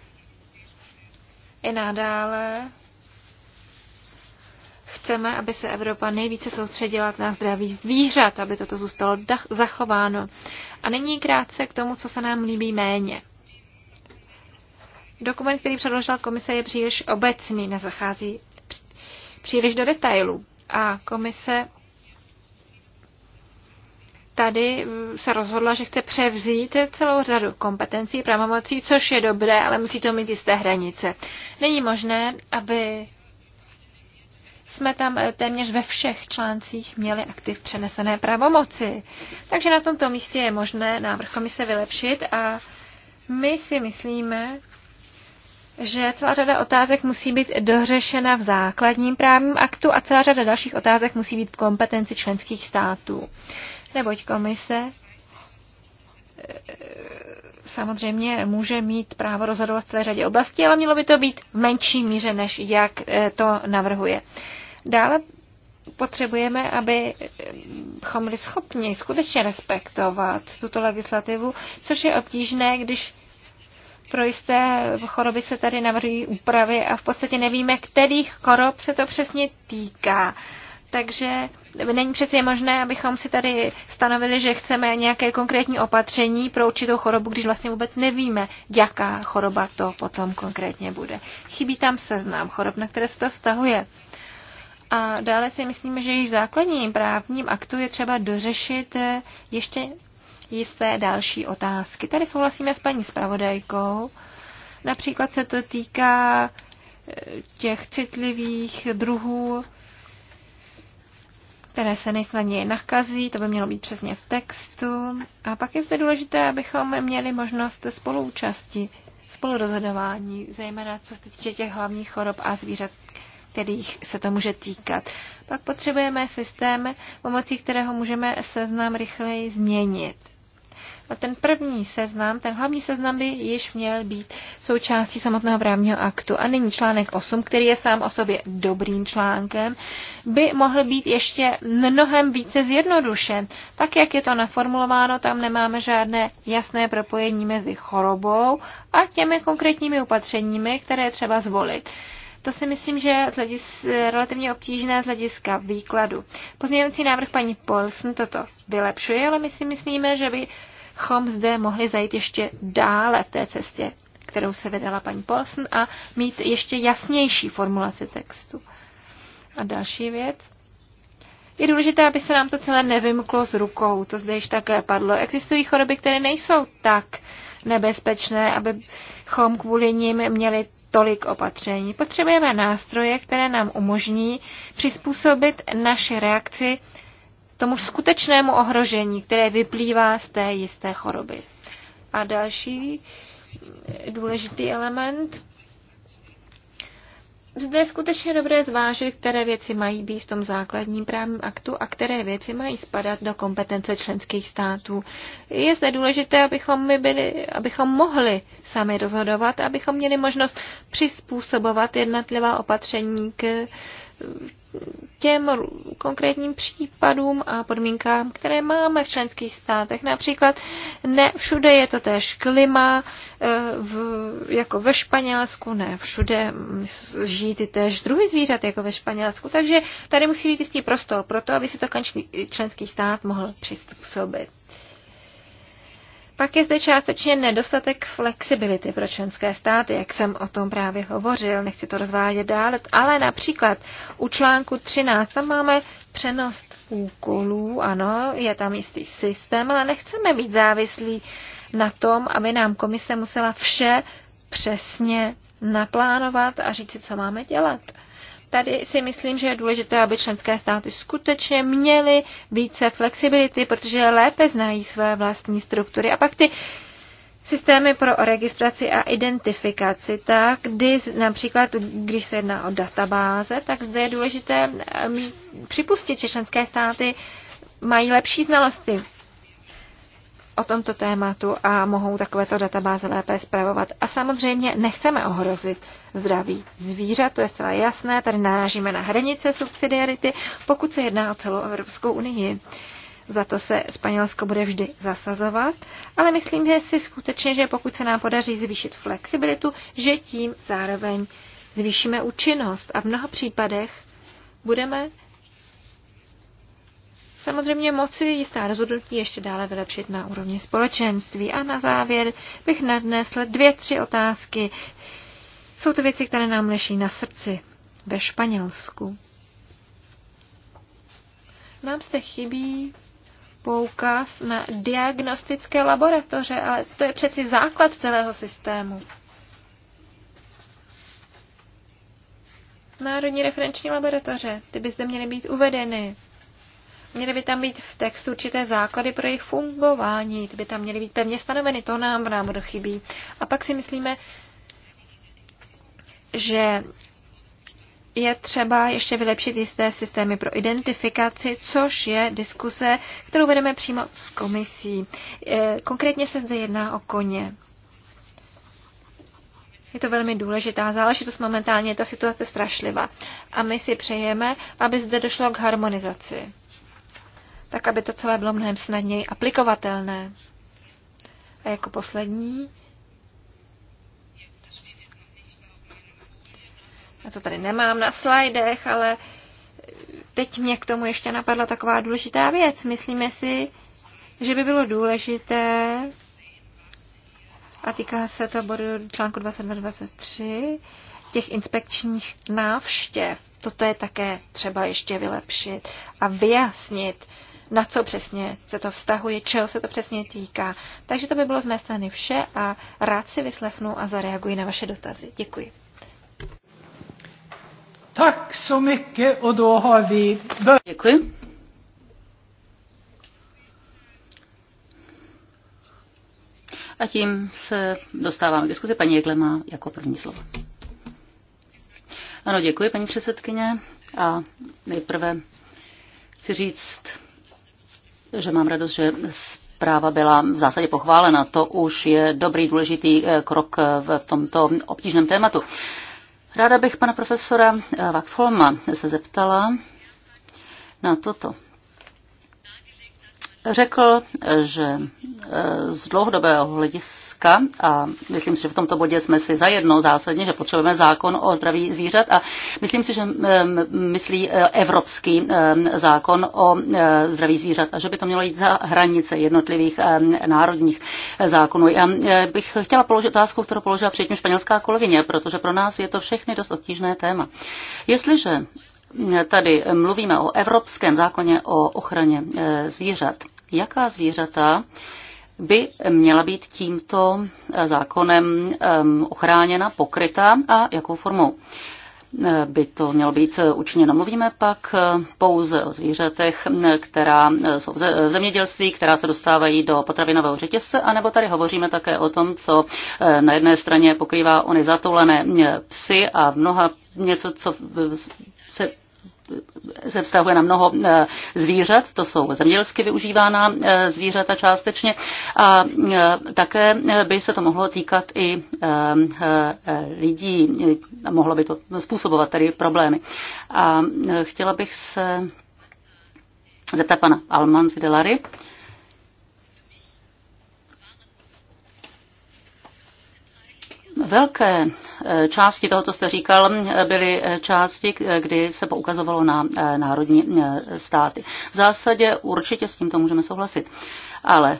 i nadále chceme, aby se Evropa nejvíce soustředila na zdraví zvířat, aby toto zůstalo zachováno. A nyní krátce k tomu, co se nám líbí méně. Dokument, který předložila komise, je příliš obecný, nezachází příliš do detailů. A komise tady se rozhodla, že chce převzít celou řadu kompetencí, pravomocí, což je dobré, ale musí to mít jisté hranice. Není možné, aby jsme tam téměř ve všech článcích měli aktiv přenesené pravomoci. Takže na tomto místě je možné návrh komise vylepšit a my si myslíme, že celá řada otázek musí být dořešena v základním právním aktu a celá řada dalších otázek musí být v kompetenci členských států. Neboť komise eh, samozřejmě může mít právo rozhodovat v celé řadě oblastí, ale mělo by to být v menší míře, než jak eh, to navrhuje. Dále potřebujeme, abychom eh, byli schopni skutečně respektovat tuto legislativu, což je obtížné, když pro jisté choroby se tady navrhují úpravy a v podstatě nevíme, kterých chorob se to přesně týká. Takže není přeci možné, abychom si tady stanovili, že chceme nějaké konkrétní opatření pro určitou chorobu, když vlastně vůbec nevíme, jaká choroba to potom konkrétně bude. Chybí tam seznam chorob, na které se to vztahuje. A dále si myslíme, že již v základním právním aktu je třeba dořešit ještě jisté další otázky. Tady souhlasíme s paní zpravodajkou. Například se to týká eh, těch citlivých druhů, které se nejsnadněji nakazí, to by mělo být přesně v textu. A pak je zde důležité, abychom měli možnost spoluúčasti, spolurozhodování, zejména co se týče těch hlavních chorob a zvířat, kterých se to může týkat. Pak potřebujeme systém, pomocí kterého můžeme seznam rychleji změnit. A ten první seznam, ten hlavní seznam by již měl být součástí samotného právního aktu. A nyní článek 8, který je sám o sobě dobrým článkem, by mohl být ještě mnohem více zjednodušen. Tak, jak je to naformulováno, tam nemáme žádné jasné propojení mezi chorobou a těmi konkrétními opatřeními, které třeba zvolit. To si myslím, že je relativně obtížné z hlediska výkladu. Pozměňující návrh paní Polson toto vylepšuje, ale my si myslíme, že by bychom zde mohli zajít ještě dále v té cestě, kterou se vydala paní Polson a mít ještě jasnější formulaci textu. A další věc. Je důležité, aby se nám to celé nevymklo z rukou, to zde již také padlo. Existují choroby, které nejsou tak nebezpečné, abychom kvůli nim měli tolik opatření. Potřebujeme nástroje, které nám umožní přizpůsobit naši reakci tomu skutečnému ohrožení, které vyplývá z té jisté choroby. A další důležitý element. Zde je skutečně dobré zvážit, které věci mají být v tom základním právním aktu a které věci mají spadat do kompetence členských států. Je zde důležité, abychom, my byli, abychom mohli sami rozhodovat, abychom měli možnost přizpůsobovat jednotlivá opatření k těm konkrétním případům a podmínkám, které máme v členských státech. Například ne všude je to též klima, eh, v, jako ve Španělsku, ne všude žijí ty též druhý zvířat, jako ve Španělsku. Takže tady musí být jistý prostor pro to, aby se to každý členský stát mohl přizpůsobit. Pak je zde částečně nedostatek flexibility pro členské státy, jak jsem o tom právě hovořil, nechci to rozvádět dále, ale například u článku 13 tam máme přenost úkolů, ano, je tam jistý systém, ale nechceme být závislí na tom, aby nám komise musela vše přesně naplánovat a říct si, co máme dělat. Tady si myslím, že je důležité, aby členské státy skutečně měly více flexibility, protože lépe znají své vlastní struktury. A pak ty systémy pro registraci a identifikaci, tak kdy například, když se jedná o databáze, tak zde je důležité um, připustit, že členské státy mají lepší znalosti o tomto tématu a mohou takovéto databáze lépe zpravovat. A samozřejmě nechceme ohrozit zdraví zvířat, to je zcela jasné, tady narážíme na hranice subsidiarity, pokud se jedná o celou Evropskou unii. Za to se Španělsko bude vždy zasazovat, ale myslím že si skutečně, že pokud se nám podaří zvýšit flexibilitu, že tím zároveň zvýšíme účinnost a v mnoha případech budeme samozřejmě moci jistá rozhodnutí ještě dále vylepšit na úrovni společenství. A na závěr bych nadnesl dvě, tři otázky. Jsou to věci, které nám leší na srdci ve Španělsku. Nám zde chybí poukaz na diagnostické laboratoře, ale to je přeci základ celého systému. Národní referenční laboratoře, ty by zde měly být uvedeny. Měly by tam být v textu určité základy pro jejich fungování, ty by tam měly být pevně stanoveny, to nám v návrhu chybí. A pak si myslíme, že je třeba ještě vylepšit jisté systémy pro identifikaci, což je diskuse, kterou vedeme přímo s komisí. E, konkrétně se zde jedná o koně. Je to velmi důležitá záležitost, momentálně je ta situace strašlivá. A my si přejeme, aby zde došlo k harmonizaci tak aby to celé bylo mnohem snadněji aplikovatelné. A jako poslední, já to tady nemám na slajdech, ale teď mě k tomu ještě napadla taková důležitá věc. Myslíme si, že by bylo důležité, a týká se to bodu článku 2223, těch inspekčních návštěv. Toto je také třeba ještě vylepšit a vyjasnit, na co přesně se to vztahuje, čeho se to přesně týká. Takže to by bylo z mé strany vše a rád si vyslechnu a zareaguji na vaše dotazy. Děkuji. Tak so mycket och då har vi Děkuji. A tím se dostáváme k diskuzi. Paní Jekle má jako první slovo. Ano, děkuji, paní předsedkyně. A nejprve chci říct že mám radost, že zpráva byla v zásadě pochválena. To už je dobrý, důležitý eh, krok eh, v tomto obtížném tématu. Ráda bych pana profesora eh, Vaxholma se zeptala na toto řekl, že e, z dlouhodobého hlediska, a myslím si, že v tomto bodě jsme si zajedno zásadně, že potřebujeme zákon o zdraví zvířat a myslím si, že myslí e, evropský e, zákon o zdraví zvířat a že by to mělo jít za hranice jednotlivých národních zákonů. Já bych chtěla položit otázku, kterou položila předtím španělská kolegyně, protože pro nás je to všechny dost obtížné téma. Jestliže tady mluvíme o Evropském zákoně o ochraně eh, zvířat. Jaká zvířata by měla být tímto eh, zákonem ehm, ochráněna, pokryta a jakou formou? Eh, by to mělo být učiněno. Mluvíme pak pouze o zvířatech, která jsou v zemědělství, která se dostávají do potravinového řetězce, anebo tady hovoříme také o tom, co na jedné straně pokrývá ony zatoulené psy a mnoha něco, co se se vztahuje na mnoho eh, zvířat, to jsou zemědělsky využívána eh, zvířata částečně a eh, také by se to mohlo týkat i lidí, mohlo by to způsobovat tady problémy. A chtěla bych se zeptat pana Almanzi Delary, Velké eh, části toho, co jste říkal, eh, byly eh, části, kdy se poukazovalo na národní státy. V zásadě určitě s tímto můžeme souhlasit. Ale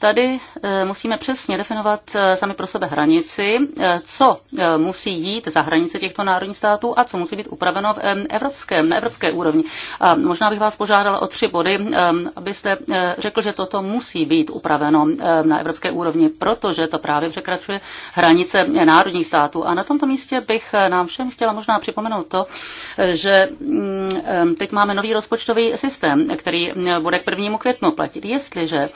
Tady eh, musíme přesně definovat eh, sami pro sebe hranici, eh, co musí jít za hranice těchto národních států a co musí být upraveno v evropském, na evropské úrovni. A možná bych vás požádala o tři body, abyste řekl, že toto musí být upraveno na evropské úrovni, protože to právě překračuje hranice národních států. A na tomto místě bych nám všem chtěla možná připomenout to, že mm, teď máme nový rozpočtový systém, který bude k prvnímu květnu platit. Jestliže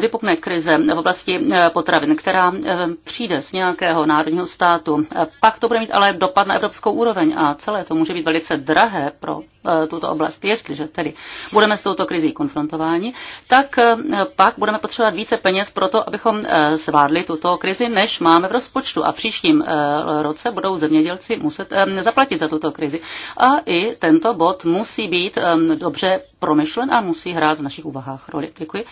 vypukne krize v oblasti eh, potravin, která eh, přijde z nějakého národního státu, pak to bude mít ale dopad na evropskou úroveň a celé to může být velice drahé pro eh, tuto oblast. Jestliže tedy budeme s touto krizí konfrontováni, tak pak budeme potřebovat více peněz pro to, abychom zvládli tuto krizi, než máme v rozpočtu. A v příštím roce budou zemědělci muset zaplatit za tuto krizi. A i tento bod musí být dobře promyšlen a musí hrát v našich úvahách roli. Děkuji.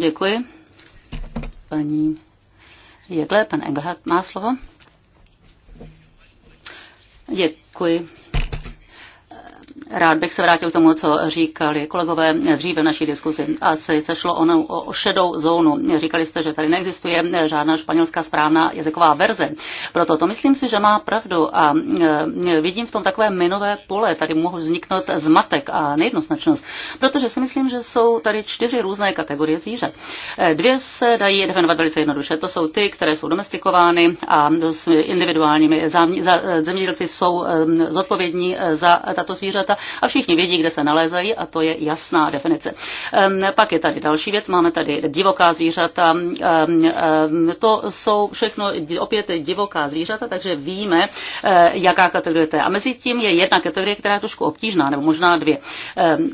Děkuji. Paní Jegle, pan Engelhardt má slovo. Děkuji. Rád bych se vrátil k tomu, co říkali kolegové dříve v naší diskuzi. A sice šlo ono o šedou zónu. Říkali jste, že tady neexistuje žádná španělská správná jazyková verze. Proto to myslím si, že má pravdu a e, vidím v tom takové minové pole. Tady mohou vzniknout zmatek a nejednoznačnost, protože si myslím, že jsou tady čtyři různé kategorie zvířat. E, dvě se dají definovat velice jednoduše. To jsou ty, které jsou domestikovány a s individuálními zemědělci jsou e, zodpovědní za tato zvířata a všichni vědí, kde se nalézají a to je jasná definice. Pak je tady další věc, máme tady divoká zvířata. To jsou všechno opět divoká zvířata, takže víme, eh, jaká kategorie to je. A mezi tím je jedna kategorie, která je trošku obtížná, nebo možná dvě.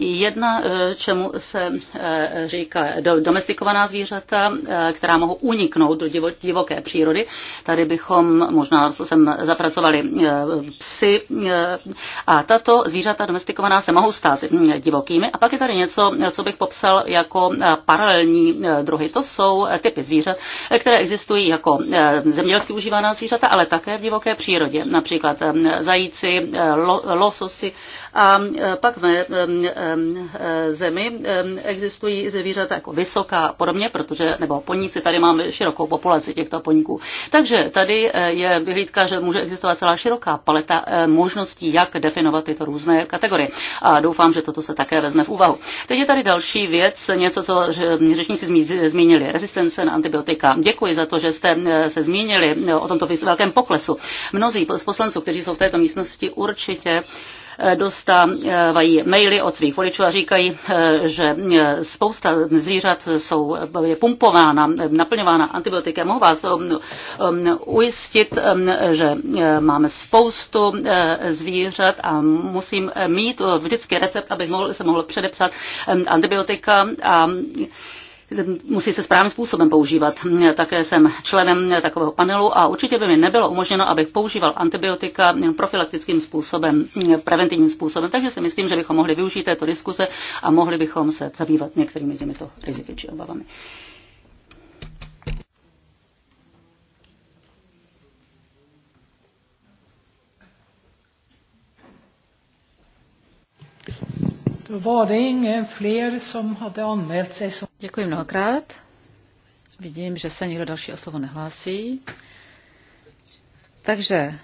Jedna, eh, čemu se eh, říká domestikovaná zvířata, která mohou uniknout do divoké přírody. Tady bychom možná sem zapracovali psy a tato zvířata domestikovaná se mohou stát mm, divokými. A pak je tady něco, co bych popsal jako eh, paralelní eh, druhy. To jsou eh, typy zvířat, které existují jako zemědělsky užívaná zvířata, ale také v divoké přírodě. Například zajíci, lososi a pak v zemi existují zvířata jako vysoká a podobně, protože, nebo poníci, tady máme širokou populaci těchto poníků. Takže tady je vyhlídka, že může existovat celá široká paleta možností, jak definovat tyto různé kategorie kategorii. A doufám, že toto se také vezme v úvahu. Teď je tady další věc, něco, co řečníci zmínili, rezistence na antibiotika. Děkuji za to, že jste eh, se zmínili o tomto velkém poklesu. Mnozí z poslanců, kteří jsou v této místnosti, určitě dostávají maily od svých voličů a říkají, že spousta zvířat jsou, je pumpována, naplňována antibiotiky. Mohu vás um, um, ujistit, um, že máme spoustu uh, zvířat a musím mít uh, vždycky recept, abych mohl, se mohl předepsat antibiotika a musí se správným způsobem používat. Také jsem členem takového panelu a určitě by mi nebylo umožněno, abych používal antibiotika profilaktickým způsobem, preventivním způsobem, takže si myslím, že bychom mohli využít této diskuse a mohli bychom se zabývat některými těmito riziky či obavami. Děkuji mnohokrát. Vidím, že se nikdo další o slovo nehlásí. Takže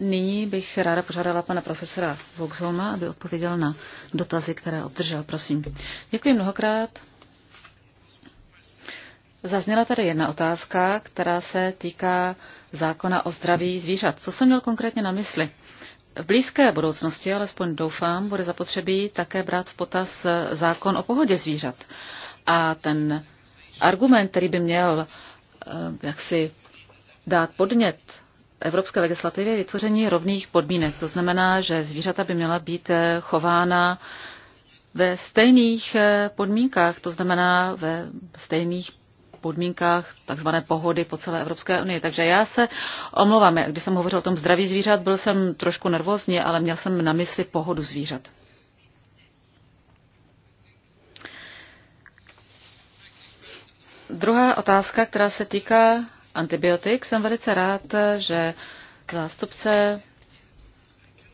nyní bych ráda požádala pana profesora Voxholma, aby odpověděl na dotazy, které obdržel. Prosím. Děkuji mnohokrát. Zazněla tady jedna otázka, která se týká zákona o zdraví zvířat. Co jsem měl konkrétně na mysli? V blízké budoucnosti, alespoň doufám, bude zapotřebí také brát v potaz zákon o pohodě zvířat. A ten argument, který by měl eh, jaksi dát podnět evropské legislativě, je vytvoření rovných podmínek. To znamená, že zvířata by měla být eh, chována ve stejných eh, podmínkách, to znamená ve stejných podmínkách takzvané pohody po celé Evropské unii. Takže já se omlouvám, když jsem hovořil o tom zdraví zvířat, byl jsem trošku nervózní, ale měl jsem na mysli pohodu zvířat. Druhá otázka, která se týká antibiotik, jsem velice rád, že zástupce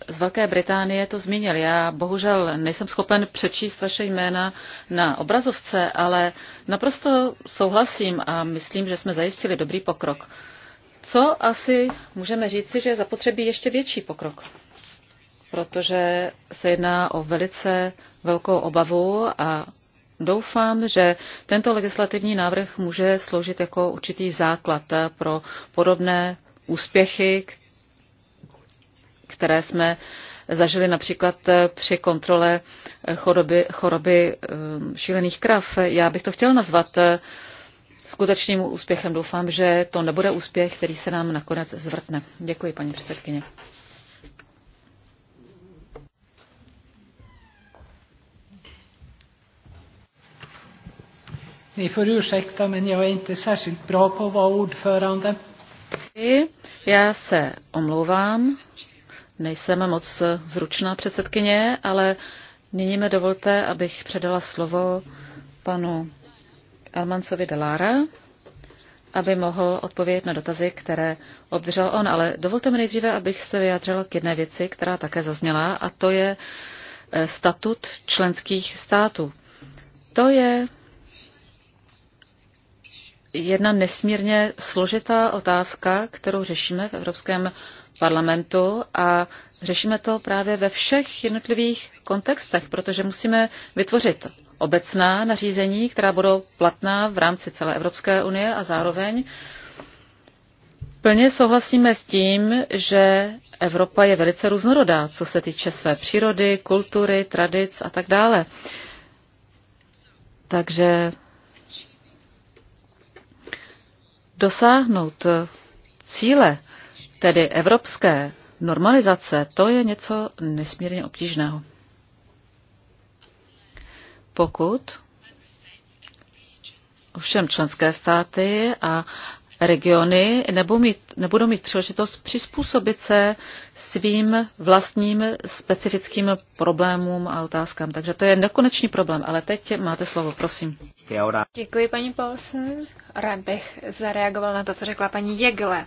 z Velké Británie to zmínil. Já bohužel nejsem schopen přečíst vaše jména na obrazovce, ale naprosto souhlasím a myslím, že jsme zajistili dobrý pokrok. Co asi můžeme říci, že zapotřebí ještě větší pokrok? Protože se jedná o velice velkou obavu a doufám, že tento legislativní návrh může sloužit jako určitý základ pro podobné úspěchy, které jsme zažili například eh, při kontrole eh, choroby, choroby eh, šílených krav. Já bych to chtěl nazvat skutečným úspěchem. Doufám, že to nebude úspěch, který se nám nakonec zvrtne. Děkuji, paní předsedkyně. Ni får ursäkta, men jag är inte särskilt bra på att vara ordförande. Já se omlouvám, Nejsem moc zručná předsedkyně, ale nyní mi dovolte, abych předala slovo panu Almancovi Delára, aby mohl odpovědět na dotazy, které obdržel on. Ale dovolte mi nejdříve, abych se vyjádřila k jedné věci, která také zazněla, a to je eh, statut členských států. To je jedna nesmírně složitá otázka, kterou řešíme v Evropském parlamentu a řešíme to právě ve všech jednotlivých kontextech, protože musíme vytvořit obecná nařízení, která budou platná v rámci celé Evropské unie a zároveň plně souhlasíme s tím, že Evropa je velice různorodá, co se týče své přírody, kultury, tradic a tak dále. Takže dosáhnout cíle tedy evropské normalizace, to je něco nesmírně obtížného. Pokud ovšem členské státy a regiony nebudou mít, nebudou mít příležitost přizpůsobit se svým vlastním specifickým problémům a otázkám. Takže to je nekonečný problém, ale teď máte slovo, prosím. Děkuji, paní Paulsen. Rád bych zareagoval na to, co řekla paní Jegle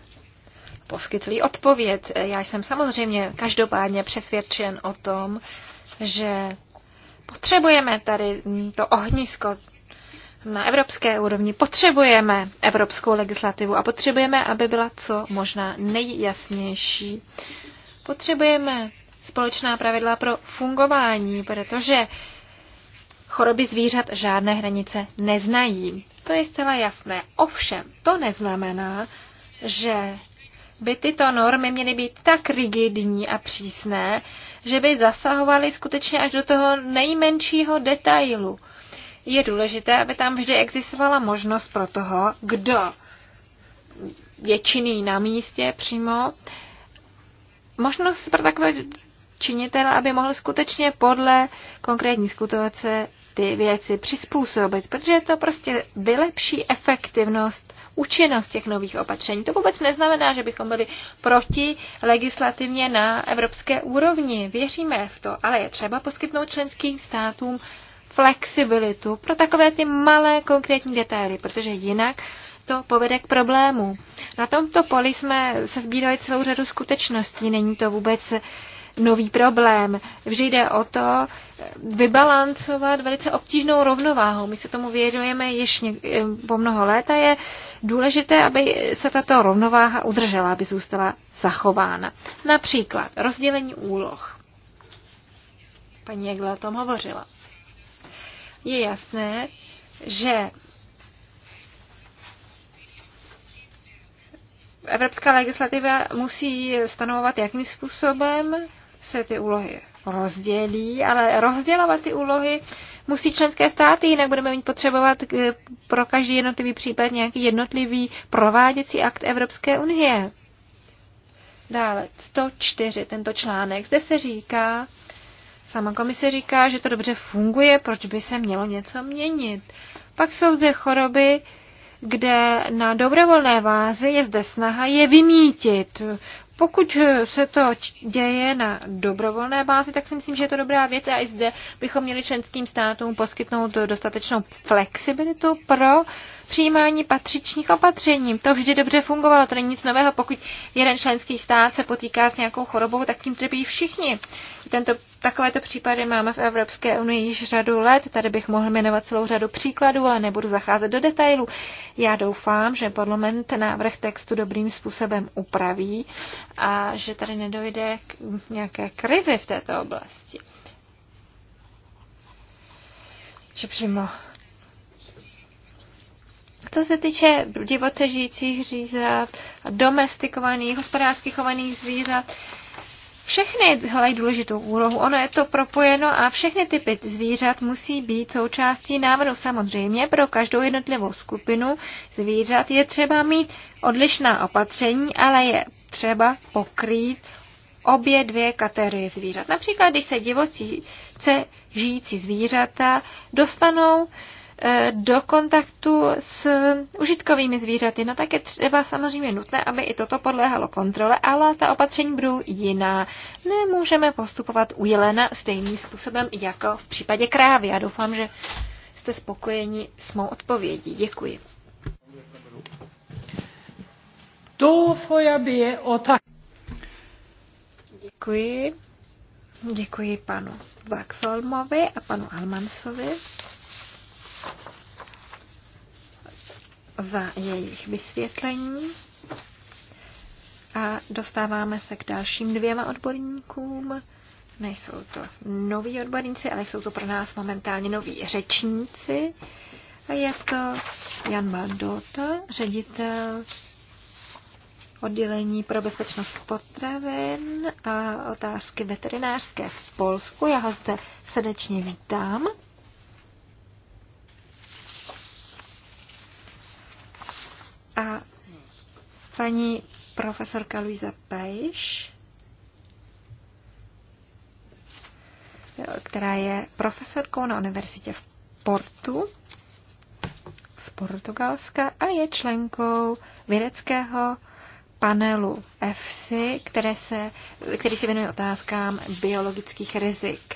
poskytli odpověď. Já jsem samozřejmě každopádně přesvědčen o tom, že potřebujeme tady to ohnisko na evropské úrovni, potřebujeme evropskou legislativu a potřebujeme, aby byla co možná nejjasnější. Potřebujeme společná pravidla pro fungování, protože choroby zvířat žádné hranice neznají. To je zcela jasné. Ovšem, to neznamená, že by tyto normy měly být tak rigidní a přísné, že by zasahovaly skutečně až do toho nejmenšího detailu. Je důležité, aby tam vždy existovala možnost pro toho, kdo je činný na místě přímo, možnost pro takové činitele, aby mohl skutečně podle konkrétní skutovace ty věci přizpůsobit, protože to prostě vylepší efektivnost účinnost těch nových opatření. To vůbec neznamená, že bychom byli proti legislativně na evropské úrovni. Věříme v to, ale je třeba poskytnout členským státům flexibilitu pro takové ty malé konkrétní detaily, protože jinak to povede k problému. Na tomto poli jsme se sbírali celou řadu skutečností, není to vůbec nový problém. Vždy jde o to eh, vybalancovat velice obtížnou rovnováhu. My se tomu věřujeme již eh, po mnoho let a je důležité, aby se tato rovnováha udržela, aby zůstala zachována. Například rozdělení úloh. Paní Jegla o tom hovořila. Je jasné, že evropská legislativa musí stanovovat, jakým způsobem se ty úlohy rozdělí, ale rozdělovat ty úlohy musí členské státy, jinak budeme mít potřebovat pro každý jednotlivý případ nějaký jednotlivý prováděcí akt Evropské unie. Dále 104, tento článek. Zde se říká, sama komise říká, že to dobře funguje, proč by se mělo něco měnit. Pak jsou zde choroby, kde na dobrovolné vázi je zde snaha je vymítit. Pokud se to děje na dobrovolné bázi, tak si myslím, že je to dobrá věc a i zde bychom měli členským státům poskytnout dostatečnou flexibilitu pro přijímání patřičních opatření. To vždy dobře fungovalo, to není nic nového. Pokud jeden členský stát se potýká s nějakou chorobou, tak tím trpí všichni. Tento, takovéto případy máme v Evropské unii již řadu let. Tady bych mohl jmenovat celou řadu příkladů, ale nebudu zacházet do detailů. Já doufám, že parlament návrh textu dobrým způsobem upraví a že tady nedojde k nějaké krizi v této oblasti. Že přímo co se týče divoce žijících zvířat, domestikovaných, hospodářsky chovaných zvířat, všechny hledají důležitou úlohu. Ono je to propojeno a všechny typy zvířat musí být součástí návrhu. Samozřejmě pro každou jednotlivou skupinu zvířat je třeba mít odlišná opatření, ale je třeba pokrýt obě dvě kategorie zvířat. Například, když se divocí žijící zvířata dostanou E, do kontaktu s užitkovými zvířaty. No tak je třeba samozřejmě nutné, aby i toto podléhalo kontrole, ale ta opatření budou jiná. Nemůžeme postupovat u jelena stejným způsobem jako v případě krávy. Já doufám, že jste spokojeni s mou odpovědí. Děkuji. Děkuji. Děkuji panu Vaxolmovi a panu Almansovi. za jejich vysvětlení. A dostáváme se k dalším dvěma odborníkům. Nejsou to noví odborníci, ale jsou to pro nás momentálně noví řečníci. A je to Jan Maldota, ředitel oddělení pro bezpečnost potravin a otázky veterinářské v Polsku. Já ho zde srdečně vítám. paní profesorka Luisa Pejš, která je profesorkou na univerzitě v Portu z Portugalska a je členkou vědeckého panelu EFSI, které se, který se věnuje otázkám biologických rizik.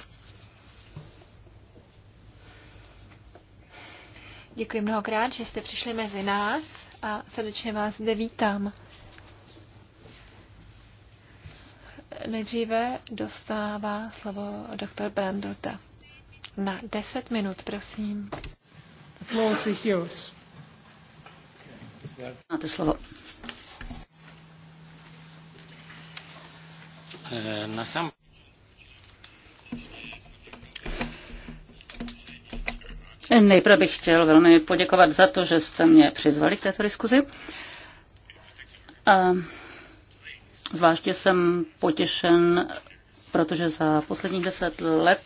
Děkuji mnohokrát, že jste přišli mezi nás a srdečně vás zde vítám. Nejdříve dostává slovo doktor Brandota. Na 10 minut, prosím. Máte slovo. Eh, na sam... Nejprve bych chtěl velmi poděkovat za to, že jste mě přizvali k této diskuzi. A zvláště jsem potěšen, protože za posledních deset let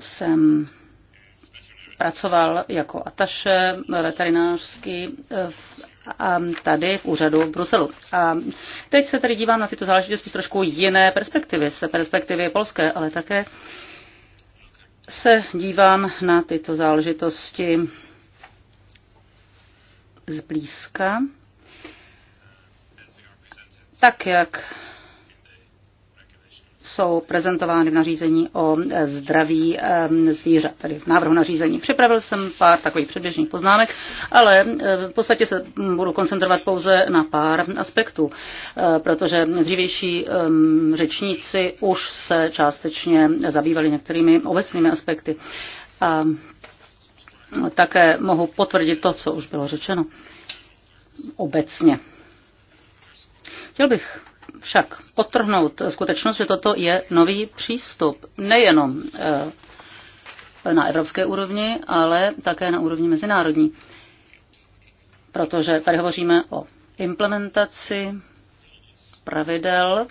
jsem pracoval jako ataše veterinářský v Ehm, tady v úřadu v Bruselu. A ehm, teď se tedy dívám na tyto záležitosti z trošku jiné perspektivy, z perspektivy polské, ale také se dívám na tyto záležitosti zblízka, tak jak jsou prezentovány v nařízení o zdraví ehm, zvířat, tedy v návrhu nařízení. Připravil jsem pár takových předběžných poznámek, ale ehm, v podstatě se hm, budu koncentrovat pouze na pár aspektů, eh, protože dřívější ehm, řečníci už se částečně zabývali některými obecnými aspekty. A také mohu potvrdit to, co už bylo řečeno obecně. Chtěl bych však potrhnout skutečnost, že toto je nový přístup nejenom eh, na evropské úrovni, ale také na úrovni mezinárodní. Protože tady hovoříme o implementaci pravidel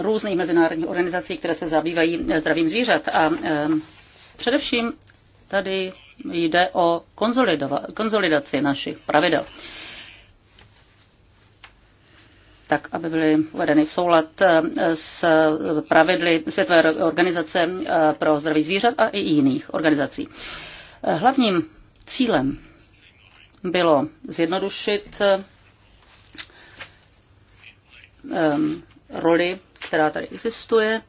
různých mezinárodních organizací, které se zabývají eh, zdravím zvířat. A eh, především tady jde o konzolidaci našich pravidel tak, aby byly uvedeny v soulad eh, s pravidly Světové organizace eh, pro zdraví zvířat a i jiných organizací. Eh, hlavním cílem bylo zjednodušit roli, která tady existuje.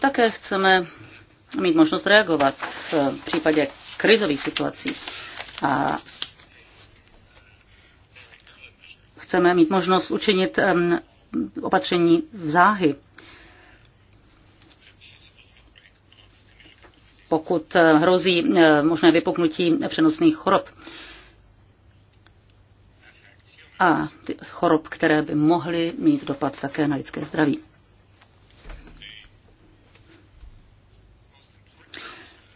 Také chceme mít možnost reagovat v případě krizových situací. A chceme mít možnost učinit opatření v záhy. pokud eh, hrozí eh, možné vypuknutí přenosných chorob a ty chorob, které by mohly mít dopad také na lidské zdraví.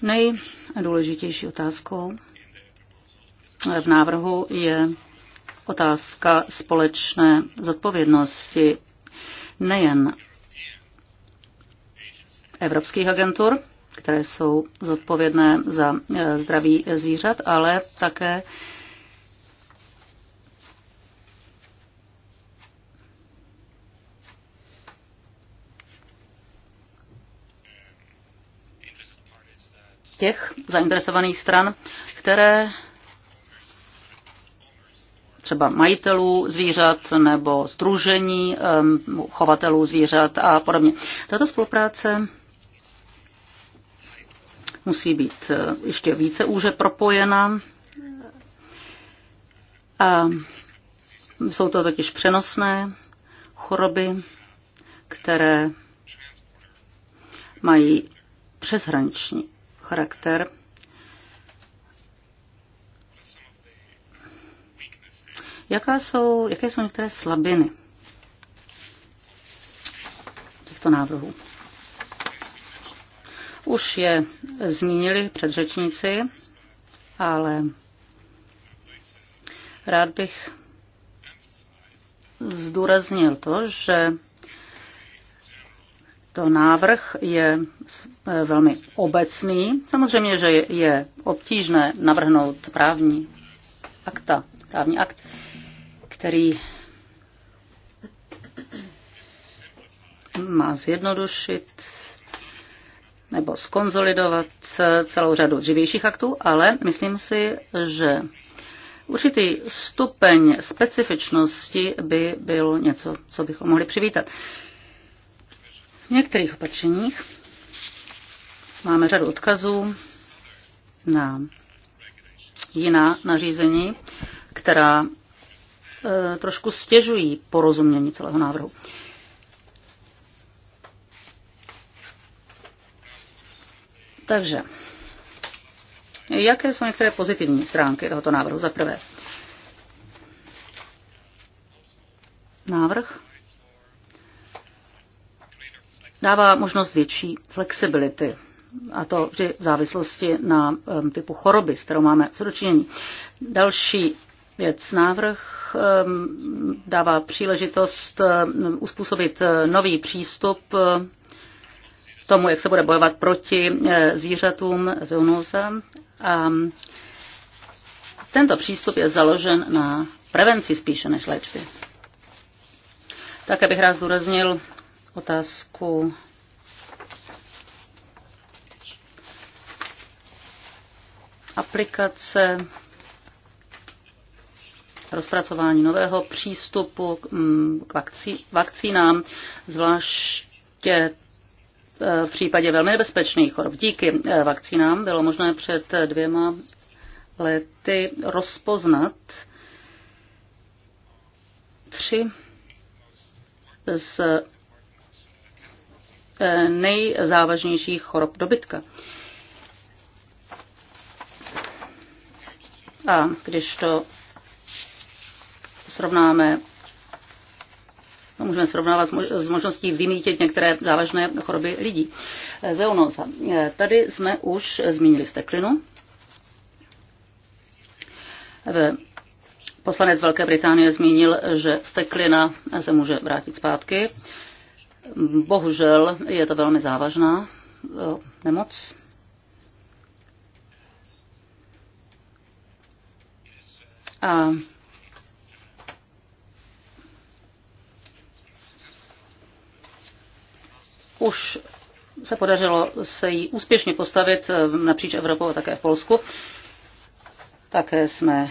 Nejdůležitější otázkou v návrhu je otázka společné zodpovědnosti nejen evropských agentur, které jsou zodpovědné za eh, zdraví zvířat, ale také těch zainteresovaných stran, které třeba majitelů zvířat nebo združení chovatelů zvířat a podobně. Tato spolupráce musí být eh, ještě více úže propojena. A jsou to totiž přenosné choroby, které mají přeshraniční charakter. Jaká jsou, jaké jsou některé slabiny těchto návrhů? Už je zmínili předřečníci, ale rád bych zdůraznil to, že to návrh je eh, velmi obecný. Samozřejmě, že je obtížné navrhnout právní akta, právní akt, který má zjednodušit nebo skonzolidovat eh, celou řadu živějších aktů, ale myslím si, že určitý stupeň specifičnosti by bylo něco, co bychom mohli přivítat. V některých opatřeních máme řadu odkazů na jiná nařízení, která e, trošku stěžují porozumění celého návrhu. Takže, jaké jsou některé pozitivní stránky tohoto návrhu? Za prvé, návrh dává možnost větší flexibility a to vždy v závislosti na um, typu choroby, s kterou máme co dočinění. Další věc, návrh um, dává příležitost um, uspůsobit eh, nový přístup um, tomu, jak se bude bojovat proti uh, zvířatům zoonóza. A tento přístup je založen na prevenci spíše než léčbě. Také bych rád zdůraznil otázku aplikace rozpracování nového přístupu k vakcínám, zvláště eh, v případě velmi nebezpečných chorob. Díky eh, vakcínám bylo možné před dvěma lety rozpoznat tři z Eh, nejzávažnějších chorob dobytka. A když to srovnáme, no můžeme srovnávat s možností vymítit některé závažné choroby lidí. Eh, Zeonoza. Eh, tady jsme už zmínili steklinu. V Poslanec Velké Británie zmínil, že steklina se může vrátit zpátky. Bohužel je to velmi závažná e, nemoc. A už se podařilo se jí úspěšně postavit e, napříč Evropou a také v Polsku. Také jsme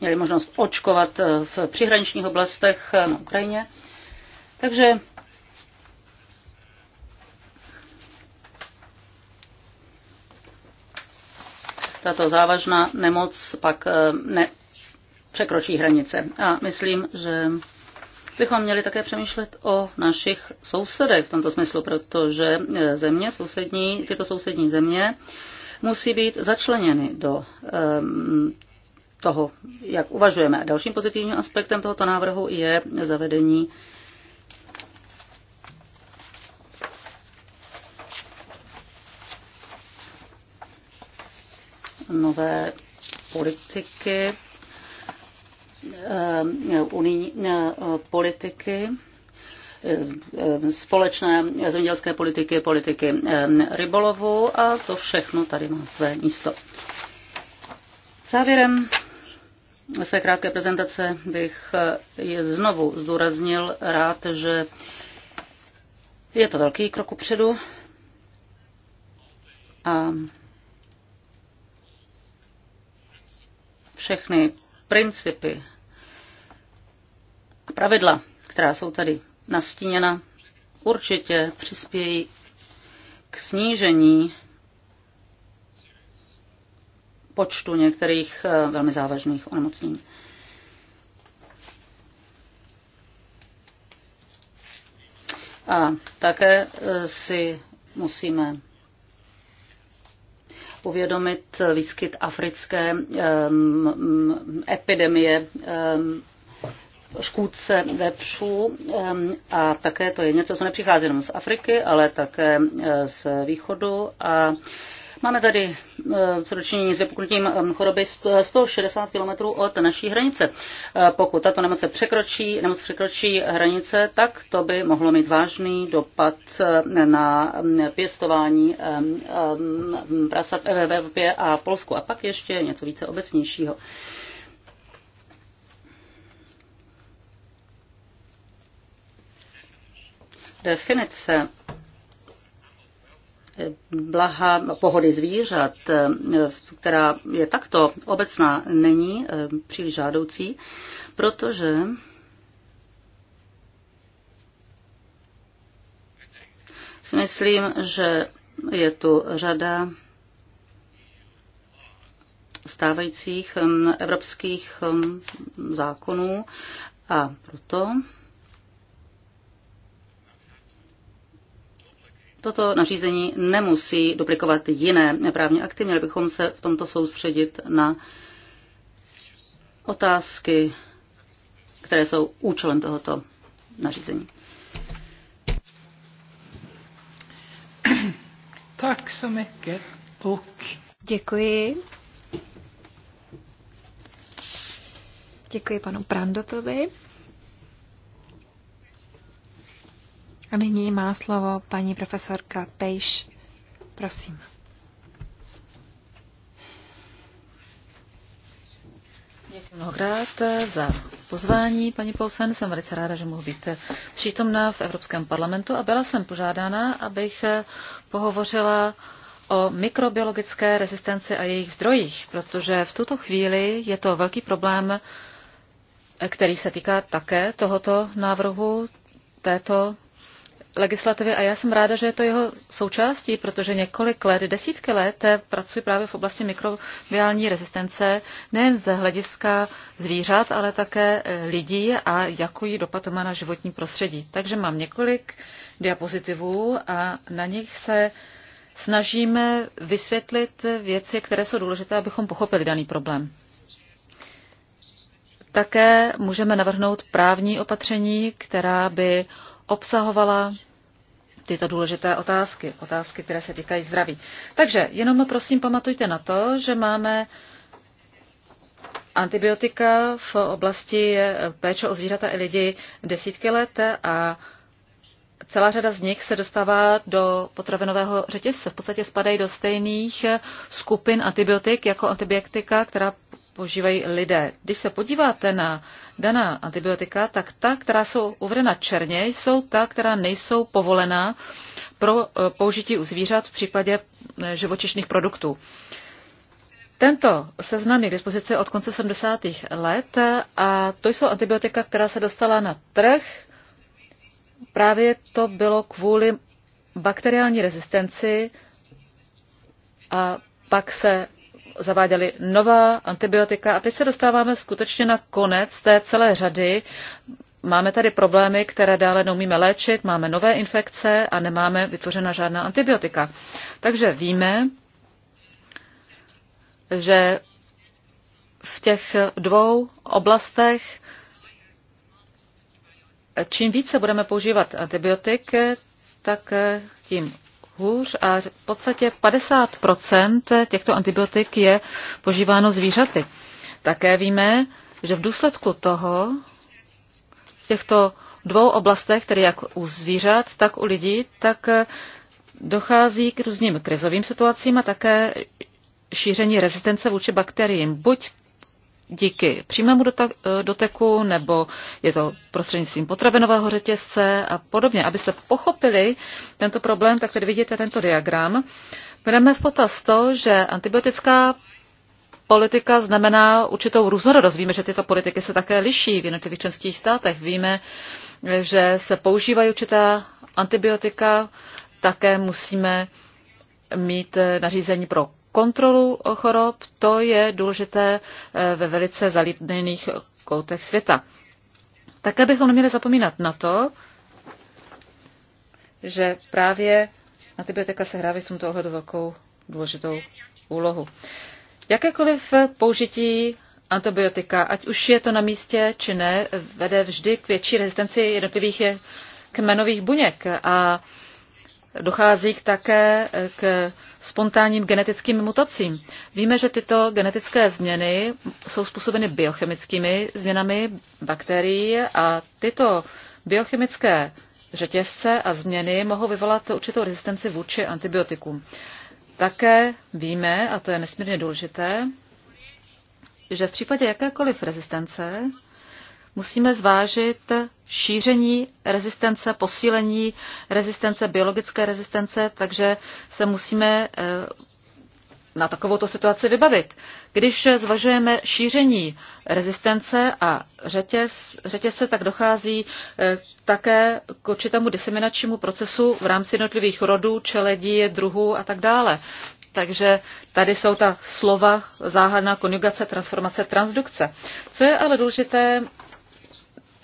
měli možnost očkovat e, v přihraničních oblastech na Ukrajině. Takže tato závažná nemoc pak eh, ne, překročí hranice. A myslím, že bychom měli také přemýšlet o našich sousedech v tomto smyslu, protože eh, země sousední, tyto sousední země musí být začleněny do um, toho, jak uvažujeme. Dalším pozitivním aspektem tohoto návrhu je zavedení nové politiky, eh, unijní eh, politiky, eh, společné zemědělské politiky, politiky rybolovu a to všechno tady má své místo. Závěrem své krátké prezentace bych je znovu zdůraznil rád, že je to velký krok upředu a všechny principy a pravidla, která jsou tady nastíněna, určitě přispějí k snížení počtu některých eh, velmi závažných onemocnění. A také eh, si musíme uvědomit výskyt africké um, epidemie um, škůdce vepřů a také to je něco, co nepřichází jenom z Afriky, ale také eh, z východu a Máme tady eh, co dočinění s vypuknutím eh, choroby 160 eh, km od naší hranice. Pokud tato nemoc překročí, nemoc překročí hranice, tak to by mohlo mít vážný dopad na mm, pěstování mm, prasat v Evropě a Polsku. A pak ještě něco více obecnějšího. Definice blaha pohody zvířat, která je takto obecná, není eh, příliš žádoucí, protože si myslím, že je tu řada stávajících mm, evropských mm, zákonů a proto Toto nařízení nemusí duplikovat jiné právní akty, měli bychom se v tomto soustředit na otázky, které jsou účelem tohoto nařízení. Tak Děkuji. Děkuji panu Prandotovi. A nyní má slovo paní profesorka Pejš. Prosím. Děkuji mnohokrát za pozvání. Paní Polsen, jsem velice ráda, že mohu být přítomná v Evropském parlamentu a byla jsem požádána, abych pohovořila o mikrobiologické rezistenci a jejich zdrojích, protože v tuto chvíli je to velký problém, který se týká také tohoto návrhu, této legislativy a já jsem ráda, že je to jeho součástí, protože několik let, desítky let pracuji právě v oblasti mikrobiální rezistence, nejen z hlediska zvířat, ale také eh, lidí a jaký dopad to má na životní prostředí. Takže mám několik diapozitivů a na nich se snažíme vysvětlit věci, které jsou důležité, abychom pochopili daný problém. Také můžeme navrhnout právní opatření, která by obsahovala tyto důležité otázky, otázky, které se týkají zdraví. Takže jenom prosím pamatujte na to, že máme antibiotika v oblasti péče o zvířata i lidi desítky let a celá řada z nich se dostává do potravinového řetězce. V podstatě spadají do stejných skupin antibiotik jako antibiotika, která Používají lidé. Když se podíváte na daná antibiotika, tak ta, která jsou uvedena černě, jsou ta, která nejsou povolená pro eh, použití u zvířat v případě eh, živočišných produktů. Tento seznam je k dispozici od konce 70. let a to jsou antibiotika, která se dostala na trh. Právě to bylo kvůli bakteriální rezistenci a pak se zaváděli nová antibiotika a teď se dostáváme skutečně na konec té celé řady. Máme tady problémy, které dále neumíme léčit, máme nové infekce a nemáme vytvořena žádná antibiotika. Takže víme, že v těch dvou oblastech čím více budeme používat antibiotik, tak tím hůř a v podstatě 50 těchto antibiotik je požíváno zvířaty. Také víme, že v důsledku toho v těchto dvou oblastech, tedy jak u zvířat, tak u lidí, tak eh, dochází k různým krizovým situacím a také šíření rezistence vůči bakteriím. Buď díky přímému doteku nebo je to prostřednictvím potravinového řetězce a podobně. Abyste pochopili tento problém, tak tady vidíte tento diagram. Bereme v potaz to, že antibiotická politika znamená určitou různorodost. Víme, že tyto politiky se také liší v jednotlivých členských státech. Víme, že se používají určitá antibiotika, také musíme mít nařízení pro kontrolu chorob, to je důležité eh, ve velice zalíbených koutech světa. Také bychom neměli zapomínat na to, že právě antibiotika se hrávají v tomto ohledu velkou důležitou úlohu. Jakékoliv použití antibiotika, ať už je to na místě či ne, vede vždy k větší rezistenci jednotlivých kmenových buněk a dochází k také eh, k spontánním genetickým mutacím. Víme, že tyto genetické změny jsou způsobeny biochemickými změnami bakterií a tyto biochemické řetězce a změny mohou vyvolat určitou rezistenci vůči antibiotikům. Také víme, a to je nesmírně důležité, že v případě jakékoliv rezistence musíme zvážit šíření rezistence, posílení rezistence, biologické rezistence, takže se musíme eh, na takovouto situaci vybavit. Když zvažujeme šíření rezistence a řetěz, řetězce, tak dochází eh, také k určitému diseminačnímu procesu v rámci jednotlivých rodů, čeledí, druhů a tak dále. Takže tady jsou ta slova záhadná konjugace, transformace, transdukce. Co je ale důležité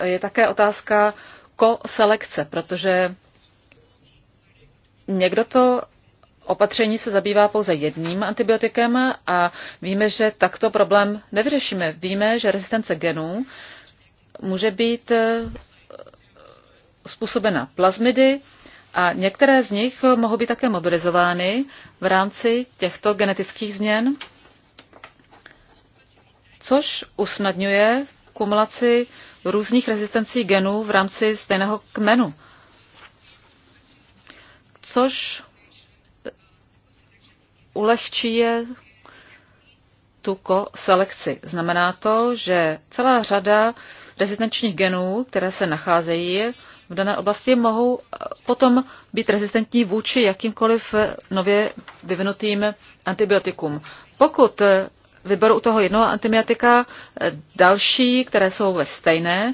je také otázka koselekce, protože někdo to opatření se zabývá pouze jedním antibiotikem a víme, že takto problém nevyřešíme. Víme, že rezistence genů může být eh, způsobena plazmidy a některé z nich mohou být také mobilizovány v rámci těchto genetických změn, což usnadňuje kumulaci různých rezistencí genů v rámci stejného kmenu. Což ulehčí je tu selekci. Znamená to, že celá řada rezistenčních genů, které se nacházejí v dané oblasti, mohou eh, potom být rezistentní vůči jakýmkoliv nově vyvinutým antibiotikům. Pokud eh, vyberu u toho jednoho antimiatika další, které jsou ve stejné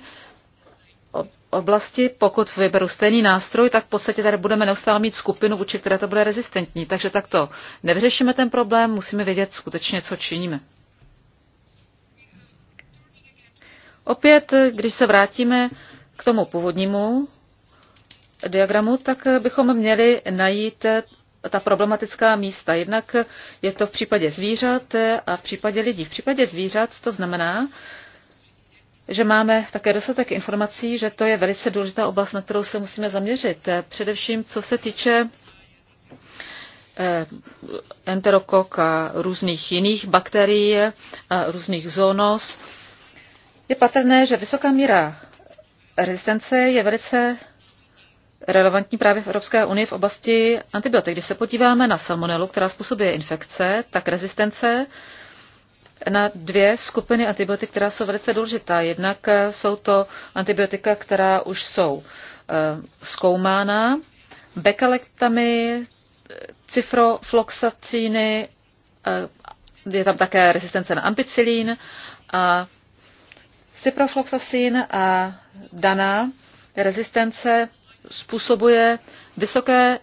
oblasti, pokud vyberu stejný nástroj, tak v podstatě tady budeme neustále mít skupinu, vůči které to bude rezistentní. Takže takto nevyřešíme ten problém, musíme vědět skutečně, co činíme. Opět, když se vrátíme k tomu původnímu diagramu, tak bychom měli najít ta problematická místa. Jednak je to v případě zvířat a v případě lidí. V případě zvířat to znamená, že máme také dostatek informací, že to je velice důležitá oblast, na kterou se musíme zaměřit. Především co se týče eh, enterokok a různých jiných bakterií, a různých zónos, je patrné, že vysoká míra rezistence je velice relevantní právě v Evropské unii v oblasti antibiotik. Když se podíváme na salmonelu, která způsobuje infekce, tak rezistence na dvě skupiny antibiotik, která jsou velice důležitá. Jednak jsou to antibiotika, která už jsou eh, zkoumána, bekalektami, cifrofloxacíny, eh, je tam také rezistence na ampicilín a ciprofloxacin a daná rezistence způsobuje vysoké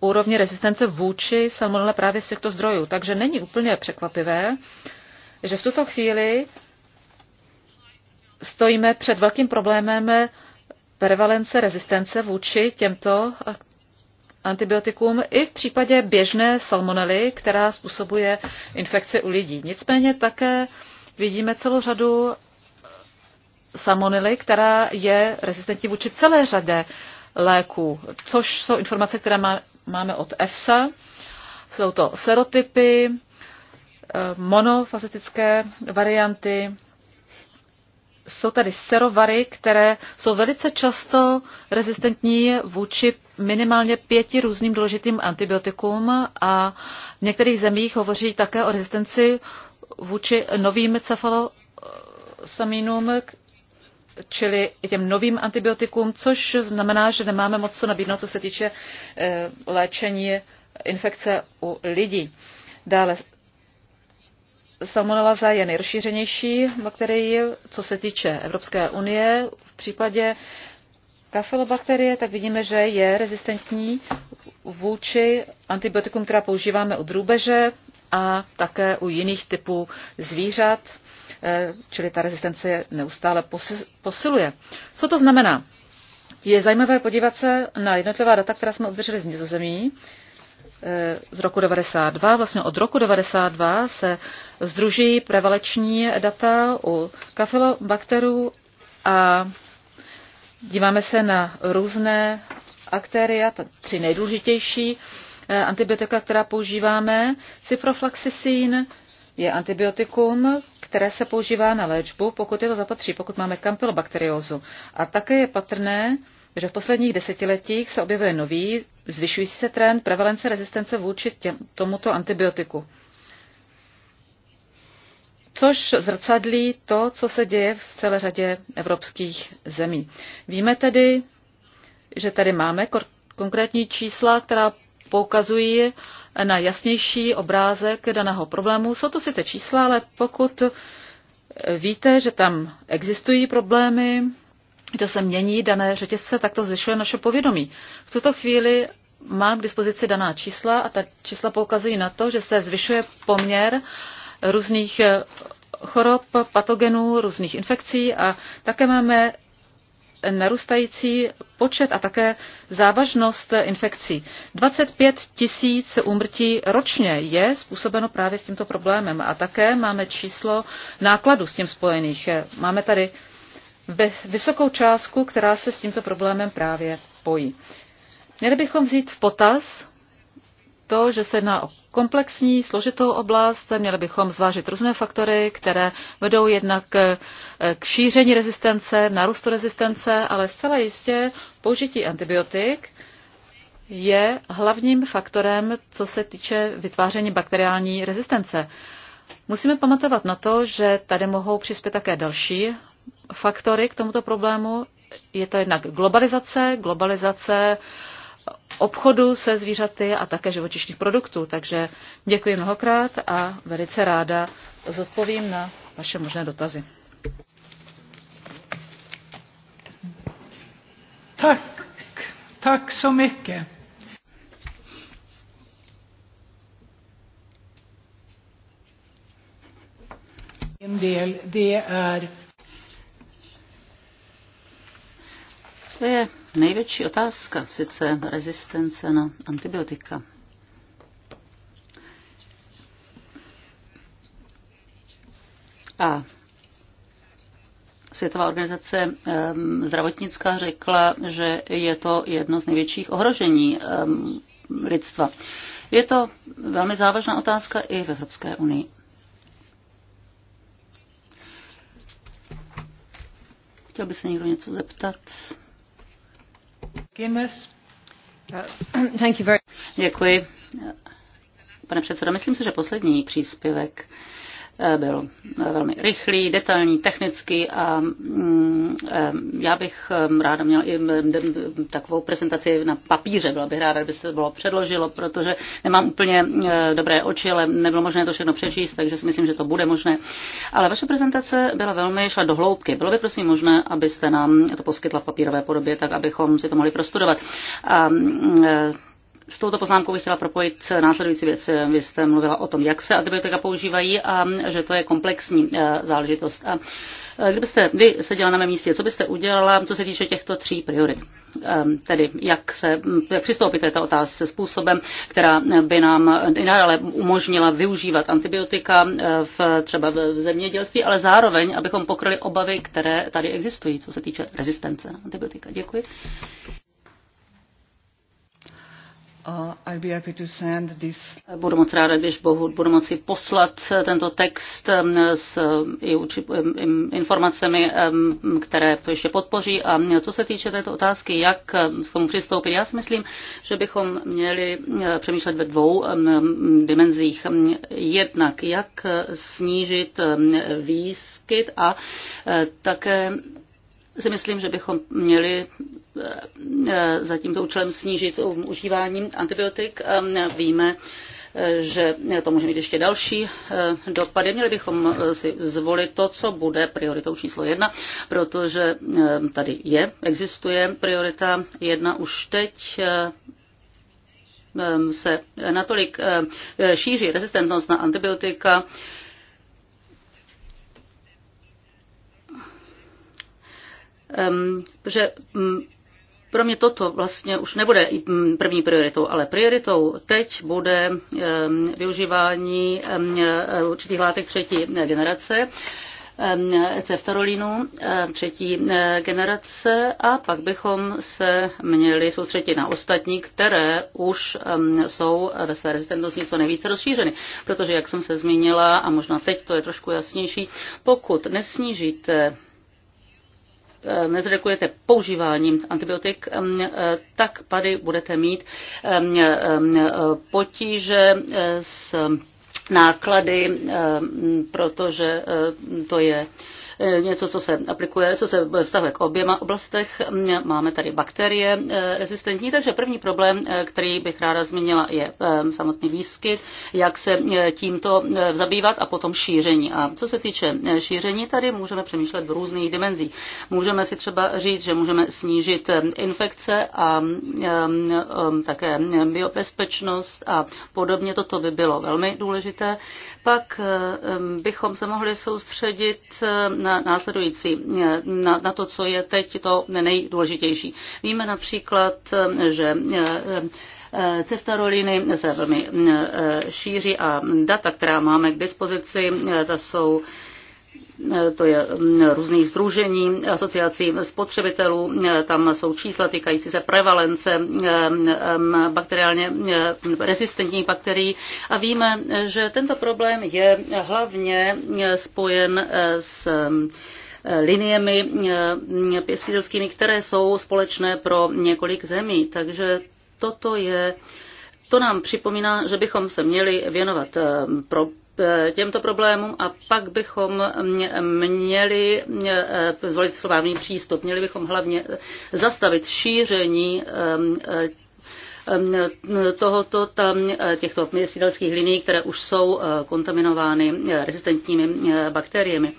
úrovně rezistence vůči salmonelle právě z těchto zdrojů. Takže není úplně překvapivé, že v tuto chvíli stojíme před velkým problémem prevalence rezistence vůči těmto antibiotikům i v případě běžné salmonely, která způsobuje infekci u lidí. Nicméně také vidíme celou řadu salmonely, která je rezistentní vůči celé řadě léků, což jsou informace, které má, máme od EFSA. Jsou to serotypy, eh, monofazetické varianty, jsou tady serovary, které jsou velice často rezistentní vůči minimálně pěti různým důležitým antibiotikům a v některých zemích hovoří také o rezistenci vůči novým cefalosaminům, čili i těm novým antibiotikům, což znamená, že nemáme moc co nabídnout, co se týče eh, léčení infekce u lidí. Dále salmonelaza je nejrozšířenější bakterie, co se týče Evropské unie. V případě kafelobakterie, tak vidíme, že je rezistentní vůči antibiotikům, která používáme u drůbeže a také u jiných typů zvířat Eh, čili ta rezistence je neustále posiluje. Co to znamená? Je zajímavé podívat se na jednotlivá data, která jsme obdrželi z Nizozemí eh, z roku 92. Vlastně od roku 92 se združí prevaleční data u kafilobakterů a díváme se na různé aktéria, tři nejdůležitější eh, antibiotika, která používáme. Ciproflaxicin je antibiotikum, které se používá na léčbu, pokud je to zapatří, pokud máme kampylobakteriózu. A také je patrné, že v posledních desetiletích se objevuje nový, zvyšující se trend prevalence rezistence vůči těm, tomuto antibiotiku. Což zrcadlí to, co se děje v celé řadě evropských zemí. Víme tedy, že tady máme konkrétní čísla, která poukazují na jasnější obrázek daného problému. Jsou to sice čísla, ale pokud víte, že tam existují problémy, že se mění dané řetězce, tak to zvyšuje naše povědomí. V tuto chvíli mám k dispozici daná čísla a ta čísla poukazují na to, že se zvyšuje poměr různých chorob, patogenů, různých infekcí a také máme narůstající počet a také závažnost infekcí. 25 tisíc úmrtí ročně je způsobeno právě s tímto problémem a také máme číslo nákladů s tím spojených. Máme tady vysokou částku, která se s tímto problémem právě pojí. Měli bychom vzít v potaz to, že se jedná o komplexní, složitou oblast. Měli bychom zvážit různé faktory, které vedou jednak eh, k šíření rezistence, narůstu rezistence, ale zcela jistě použití antibiotik je hlavním faktorem, co se týče vytváření bakteriální rezistence. Musíme pamatovat na to, že tady mohou přispět také další faktory k tomuto problému. Je to jednak globalizace, globalizace uh, obchodu se zvířaty a také živočišných produktů. Takže děkuji mnohokrát a velice ráda zodpovím na vaše možné dotazy. Tak, tak so mycket. En del, det är... Det největší otázka, sice rezistence na antibiotika. A Světová organizace zdravotnická řekla, že je to jedno z největších ohrožení lidstva. Je to velmi závažná otázka i v Evropské unii. Chtěl by se někdo něco zeptat? Uh, Děkuji. Pane předsedo, myslím si, že poslední příspěvek Eh, byl eh, velmi rychlý, detailní, technický a mm, eh, já bych ráda měl i takovou prezentaci na papíře. Byla bych ráda, kdyby se to bylo předložilo, protože nemám úplně dobré oči, ale nebylo možné to všechno přečíst, takže si myslím, že to bude možné. Ale vaše prezentace byla velmi, šla do hloubky. Bylo by prosím možné, abyste nám to poskytla v papírové podobě, tak abychom si to mohli prostudovat. A mm, s touto poznámkou bych chtěla propojit následující věc. Vy jste mluvila o tom, jak se antibiotika používají a že to je komplexní eh, záležitost. A eh, kdybyste vy seděla na mém místě, co byste udělala, co se týče těchto tří priorit? Ehm, tedy jak, se, hm, jak přistoupit této otázce způsobem, která eh, by nám i nadále umožnila využívat antibiotika v, třeba v zemědělství, ale zároveň, abychom pokryli obavy, které tady existují, co se týče rezistence na antibiotika. Děkuji. Uh, budu moc ráda, když Bohu budu moci poslat eh, tento text s eh, i uči, informacemi, které to ještě podpoří. A eh, co se týče této otázky, jak k tomu přistoupit, já si myslím, že bychom měli přemýšlet ve dvou dimenzích. Jednak, jak snížit výskyt a také si myslím, že bychom měli Eh, za tímto účelem snížit užívání antibiotik. Eh, víme, eh, že to může mít ještě další dopady. Měli bychom si zvolit to, co bude prioritou číslo jedna, protože tady je, existuje priorita jedna už teď se natolik šíří rezistentnost na antibiotika, že mm, pro mě toto vlastně už nebude mm, první prioritou, ale prioritou teď bude využívání e, určitých látek třetí generace ceftarolínu e, třetí e, generace a pak bychom se měli soustředit na ostatní, které už jsou ve své rezistentnosti co nejvíce rozšířeny. Protože, jak jsem se zmínila, a možná teď to je trošku jasnější, pokud nesnížíte Eh, nezredukujete používáním antibiotik, eh, tak tady budete mít eh, potíže s náklady, protože to je Eh, něco, co se aplikuje, co se vztahuje k oběma oblastech. Mm, máme tady bakterie eh, rezistentní, takže první problém, eh, který bych ráda zmínila, je samotný výskyt, jak se tímto zabývat a potom šíření. A co se týče šíření, tady můžeme přemýšlet v různých dimenzích. Můžeme si třeba říct, že můžeme snížit infekce a mm, mm, také biobezpečnost a podobně. Toto by bylo velmi důležité. Pak bychom se mohli soustředit na následující, na, na to, co je teď to nejdůležitější. Víme například, že eh, eh, ceftaroliny se velmi eh, šíří a data, která máme k dispozici, ta jsou to je mm, různých združení, asociací spotřebitelů, tam jsou čísla týkající se prevalence mm, mm, bakteriálně rezistentních bakterií a víme, že tento problém je hlavně spojen eh, s liniemi pěstitelskými, které jsou společné pro několik zemí. Takže toto je to nám připomíná, že bychom se měli věnovat eh, pro těmto problémům a pak bychom měli eh, zvolit slovávný přístup. Měli bychom hlavně zastavit šíření eh, eh, tohoto, tam, těchto snídelských linií, které už jsou kontaminovány rezistentními bakteriemi.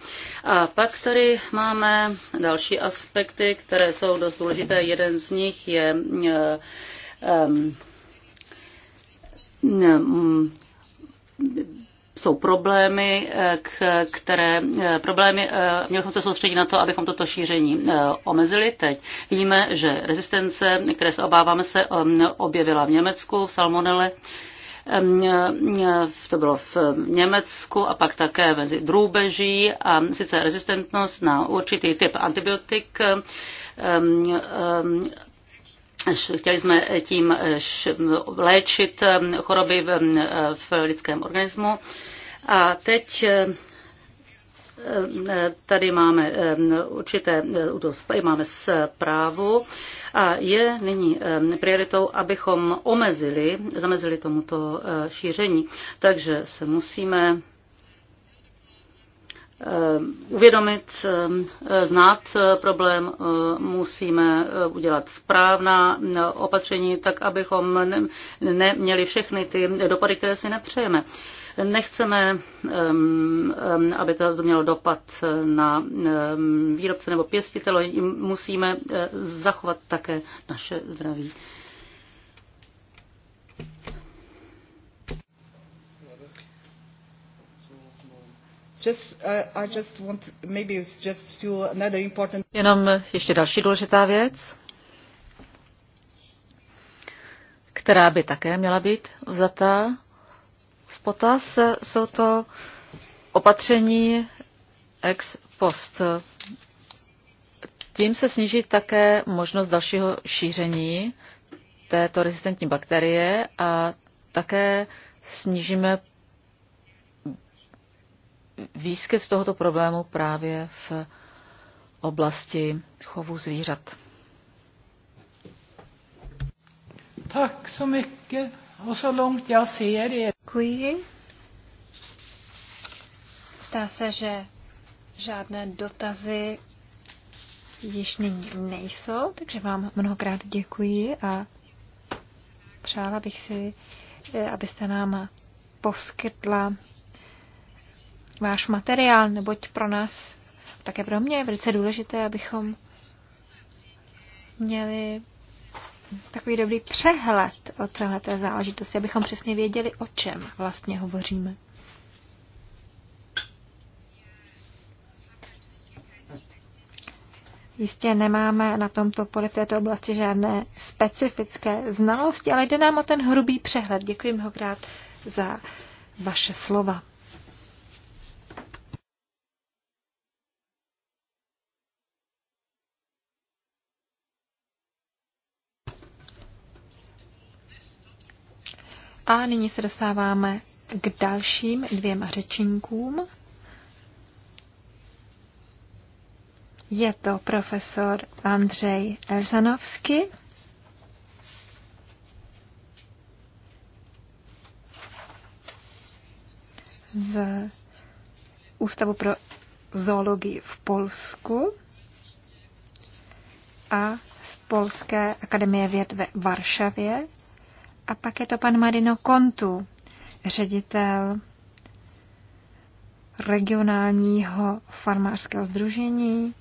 A pak tady máme další aspekty, které jsou dost důležité. Jeden z nich je um, um, jsou problémy, eh, které eh, problémy, eh, měli bychom se soustředit na to, abychom toto šíření omezili teď. Víme, že rezistence, které se obáváme, se objevila v Německu, v Salmonele, to bylo v Německu a pak také mezi drůbeží a sice rezistentnost na určitý typ antibiotik Chtěli jsme eh, tím eh, eh, léčit choroby v, v lidském organismu. A teď tady máme určité, máme zprávu a je nyní prioritou, abychom omezili, zamezili tomuto šíření. Takže se musíme Eh, uvědomit, eh, znát eh, problém, musíme udělat správná opatření, tak abychom neměli všechny ty dopady, které si nepřejeme. Nechceme, ehm, ehm, aby to mělo dopad na ehm, výrobce nebo pěstitele, musíme zachovat také naše zdraví. Uh, Jenom ještě další důležitá věc, která by také měla být vzata v potaz. Jsou to opatření ex post. Tím se sníží také možnost dalšího šíření této rezistentní bakterie a také snížíme výskyt tohoto problému právě v oblasti chovu zvířat. Tak så mycket. Och så långt jag ser er. Děkuji. Zdá se, že žádné dotazy již nyní nejsou, takže vám mnohokrát děkuji a přála bych si, eh, abyste nám poskytla váš materiál, neboť pro nás, také pro mě, je velice důležité, abychom měli takový dobrý přehled o celé té záležitosti, abychom přesně věděli, o čem vlastně hovoříme. Jistě nemáme na tomto poli v této oblasti žádné specifické znalosti, ale jde nám o ten hrubý přehled. Děkuji mnohokrát za vaše slova. A nyní se dostáváme k dalším dvěma řečníkům. Je to profesor Andřej Elzanovský. z Ústavu pro zoologii v Polsku a z Polské akademie věd ve Varšavě a pak je to pan Marino Kontu, ředitel regionálního farmářského združení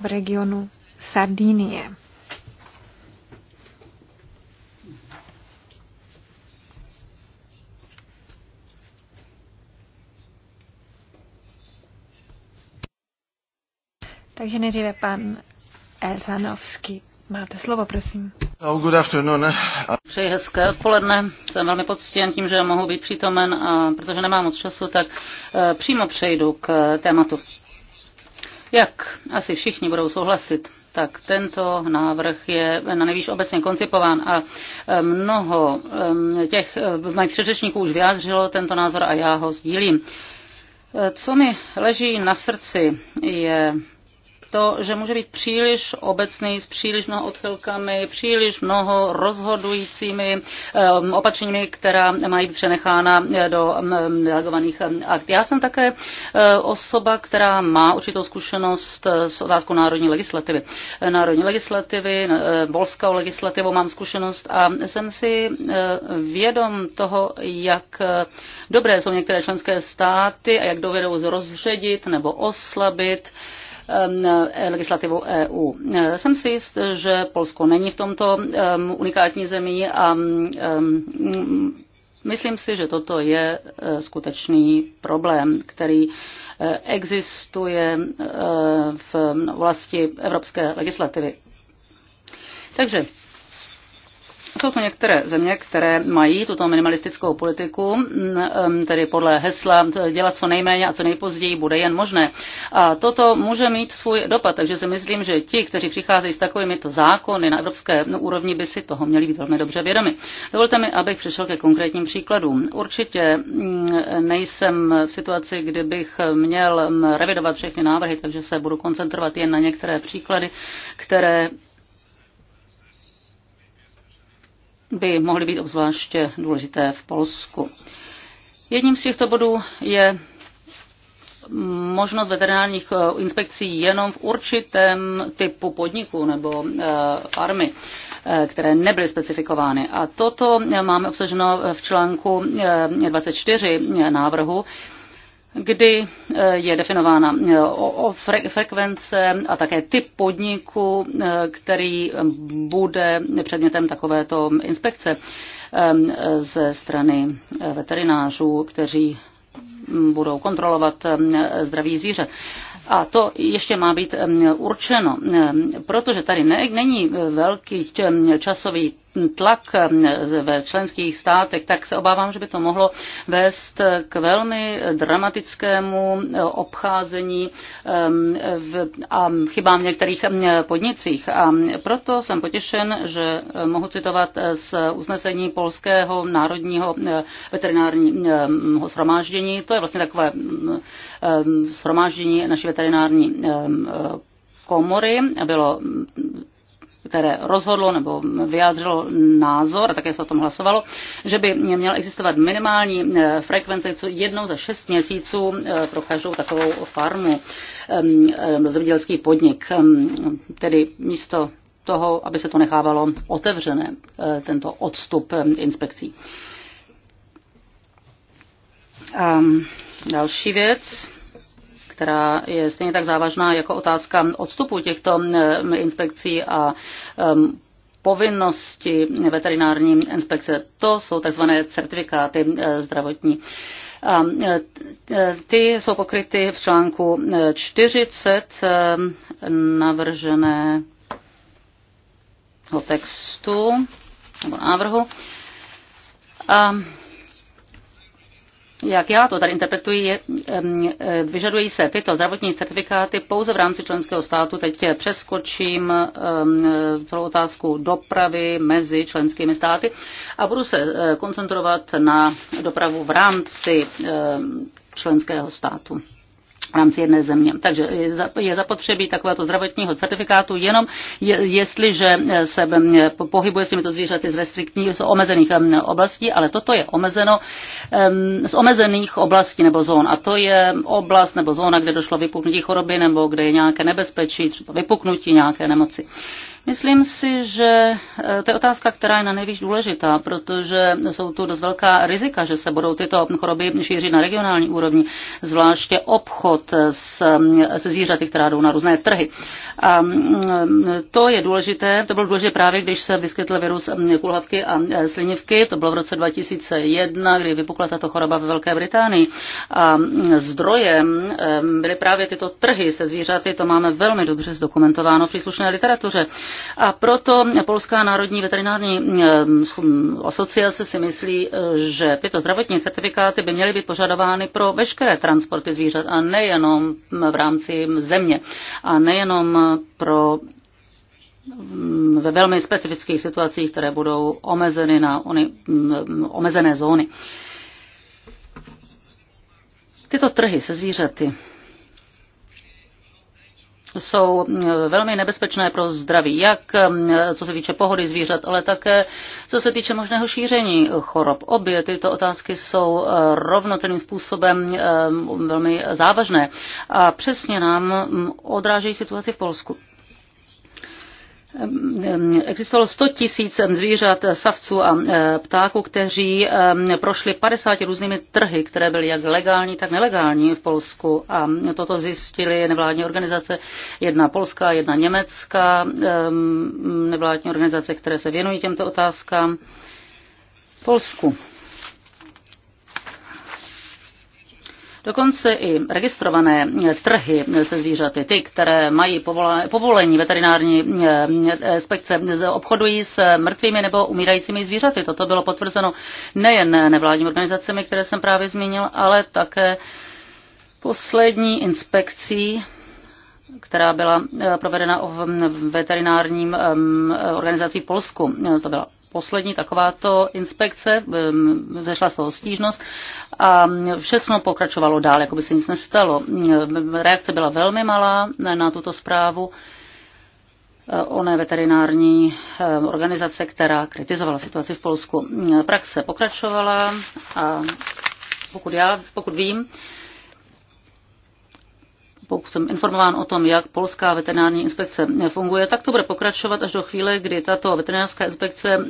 v regionu Sardinie. Takže nejdříve pan Elzanovský. Máte slovo, prosím. Oh, eh? Přeji hezké odpoledne. Jsem velmi poctěn tím, že mohu být přítomen a protože nemám moc času, tak eh, přímo přejdu k eh, tématu. Jak asi všichni budou souhlasit, tak tento návrh je na nejvíc obecně koncipován a mnoho těch mých předřečníků už vyjádřilo tento názor a já ho sdílím. Co mi leží na srdci je to, že může být příliš obecný, s příliš mnoho odchylkami, příliš mnoho rozhodujícími eh, opatřeními, která mají přenechána eh, do mm, delegovaných eh, akt. Já jsem také osoba, která má určitou zkušenost s otázkou národní legislativy. Národní legislativy, bolskou legislativou mám zkušenost a jsem si vědom toho, jak dobré jsou některé členské státy a jak dovedou zrozředit nebo oslabit Um, legislativu EU. Jsem si jist, že Polsko není v tomto um, unikátní zemí a um, myslím si, že toto je uh, skutečný problém, který uh, existuje uh, v vlasti evropské legislativy. Takže jsou to některé země, které mají tuto minimalistickou politiku, tedy podle hesla e, dělat co nejméně a co nejpozději bude jen možné. A toto může mít svůj dopad, takže si myslím, že ti, kteří přicházejí s takovými to zákony na evropské no, úrovni, by si toho měli být velmi dobře vědomi. Dovolte mi, abych přišel ke konkrétním příkladům. Určitě nejsem v situaci, kdybych měl revidovat všechny návrhy, takže se budu koncentrovat jen na některé příklady, které by mohly být obzvláště důležité v Polsku. Jedním z těchto bodů je možnost veterinárních eh, inspekcí jenom v určitém typu podniku nebo eh, farmy, eh, které nebyly specifikovány. A toto máme obsaženo v článku 24 návrhu kdy eh, je definována eh, frekvence a také typ podniku, eh, který bude předmětem takovéto inspekce ze strany veterinářů, kteří budou kontrolovat eh, zdraví zvířat. A to ještě má být eh, určeno, eh, protože tady ne, není velký časový tlak ve členských státech, tak se obávám, že by to mohlo vést k velmi dramatickému obcházení a chybám v některých podnicích. A proto jsem potěšen, že mohu citovat z usnesení Polského národního veterinárního shromáždění. To je vlastně takové mm, mm, mm, shromáždění naší veterinární komory. Bylo které rozhodlo nebo vyjádřilo názor, a také se o tom hlasovalo, že by měla existovat minimální frekvence co jednou za šest měsíců pro každou takovou farmu, zemědělský podnik. Tedy místo toho, aby se to nechávalo otevřené, tento odstup inspekcí. Um, další věc, která je stejně tak závažná jako otázka odstupu těchto ehm, inspekcí a ehm, povinnosti veterinární inspekce. To jsou tzv. certifikáty eh, zdravotní. A eh, eh, ty jsou pokryty v článku 40 navrženého textu nebo návrhu. A jak já to tady interpretuji, eh, vyžadují se tyto zdravotní certifikáty pouze v rámci členského státu. Teď přeskočím celou otázku dopravy mezi členskými státy a budu se eh, koncentrovat na dopravu v rámci členského státu v rámci jedné země. Takže je zapotřebí takovéto zdravotního certifikátu jenom, je, jestliže se eh, pohybuje s těmito zvířaty z restriktních, z omezených eh, oblastí, ale toto je omezeno eh, z omezených oblastí nebo zón. A to je oblast nebo zóna, kde došlo vypuknutí choroby nebo kde je nějaké nebezpečí, třeba vypuknutí nějaké nemoci. Myslím si, že eh, to je otázka, která je na nejvíc důležitá, protože jsou tu dost velká rizika, že se budou tyto choroby šířit na regionální úrovni, zvláště obchod s, eh, se zvířaty, která jdou na různé trhy. A mm, to je důležité, to bylo důležité právě, když se vyskytl virus mm, kulhavky a eh, slinivky, to bylo v roce 2001, kdy vypukla tato choroba ve Velké Británii. A mm, zdrojem byly právě tyto trhy se zvířaty, to máme velmi dobře zdokumentováno v příslušné literatuře. A proto Polská národní veterinární eh, asociace si myslí, eh, že tyto zdravotní certifikáty by měly být požadovány pro veškeré transporty zvířat a nejenom v rámci země a nejenom pro mm, ve velmi specifických situacích, které budou omezeny na ony, mm, omezené zóny. Tyto trhy se zvířaty jsou mm, velmi nebezpečné pro zdraví, jak mm, co se týče pohody zvířat, ale také co se týče možného šíření chorob. Obě tyto otázky jsou eh, rovnocenným způsobem eh, velmi závažné a přesně nám mm, odrážejí situaci v Polsku. Ehm, existovalo 100 tisíc zvířat, savců a e, ptáků, kteří ehm, prošli 50 různými trhy, které byly jak legální, tak nelegální v Polsku. A toto zjistili nevládní organizace, jedna polská, jedna německá, ehm, nevládní organizace, které se věnují těmto otázkám. Polsku. Dokonce i registrované trhy se zvířaty, ty, které mají povolení veterinární eh, inspekce, obchodují s mrtvými nebo umírajícími zvířaty. Toto bylo potvrzeno nejen nevládními organizacemi, které jsem právě zmínil, ale také poslední inspekcí která byla eh, provedena v veterinárním eh, organizací v Polsku. To byla poslední takováto inspekce, vešla z toho stížnost a všechno pokračovalo dál, jako by se nic nestalo. Reakce byla velmi malá na tuto zprávu oné veterinární organizace, která kritizovala situaci v Polsku. Praxe pokračovala a pokud já, pokud vím, pokud jsem informován o tom, jak polská veterinární inspekce funguje, tak to bude pokračovat až do chvíle, kdy tato veterinářská inspekce eh,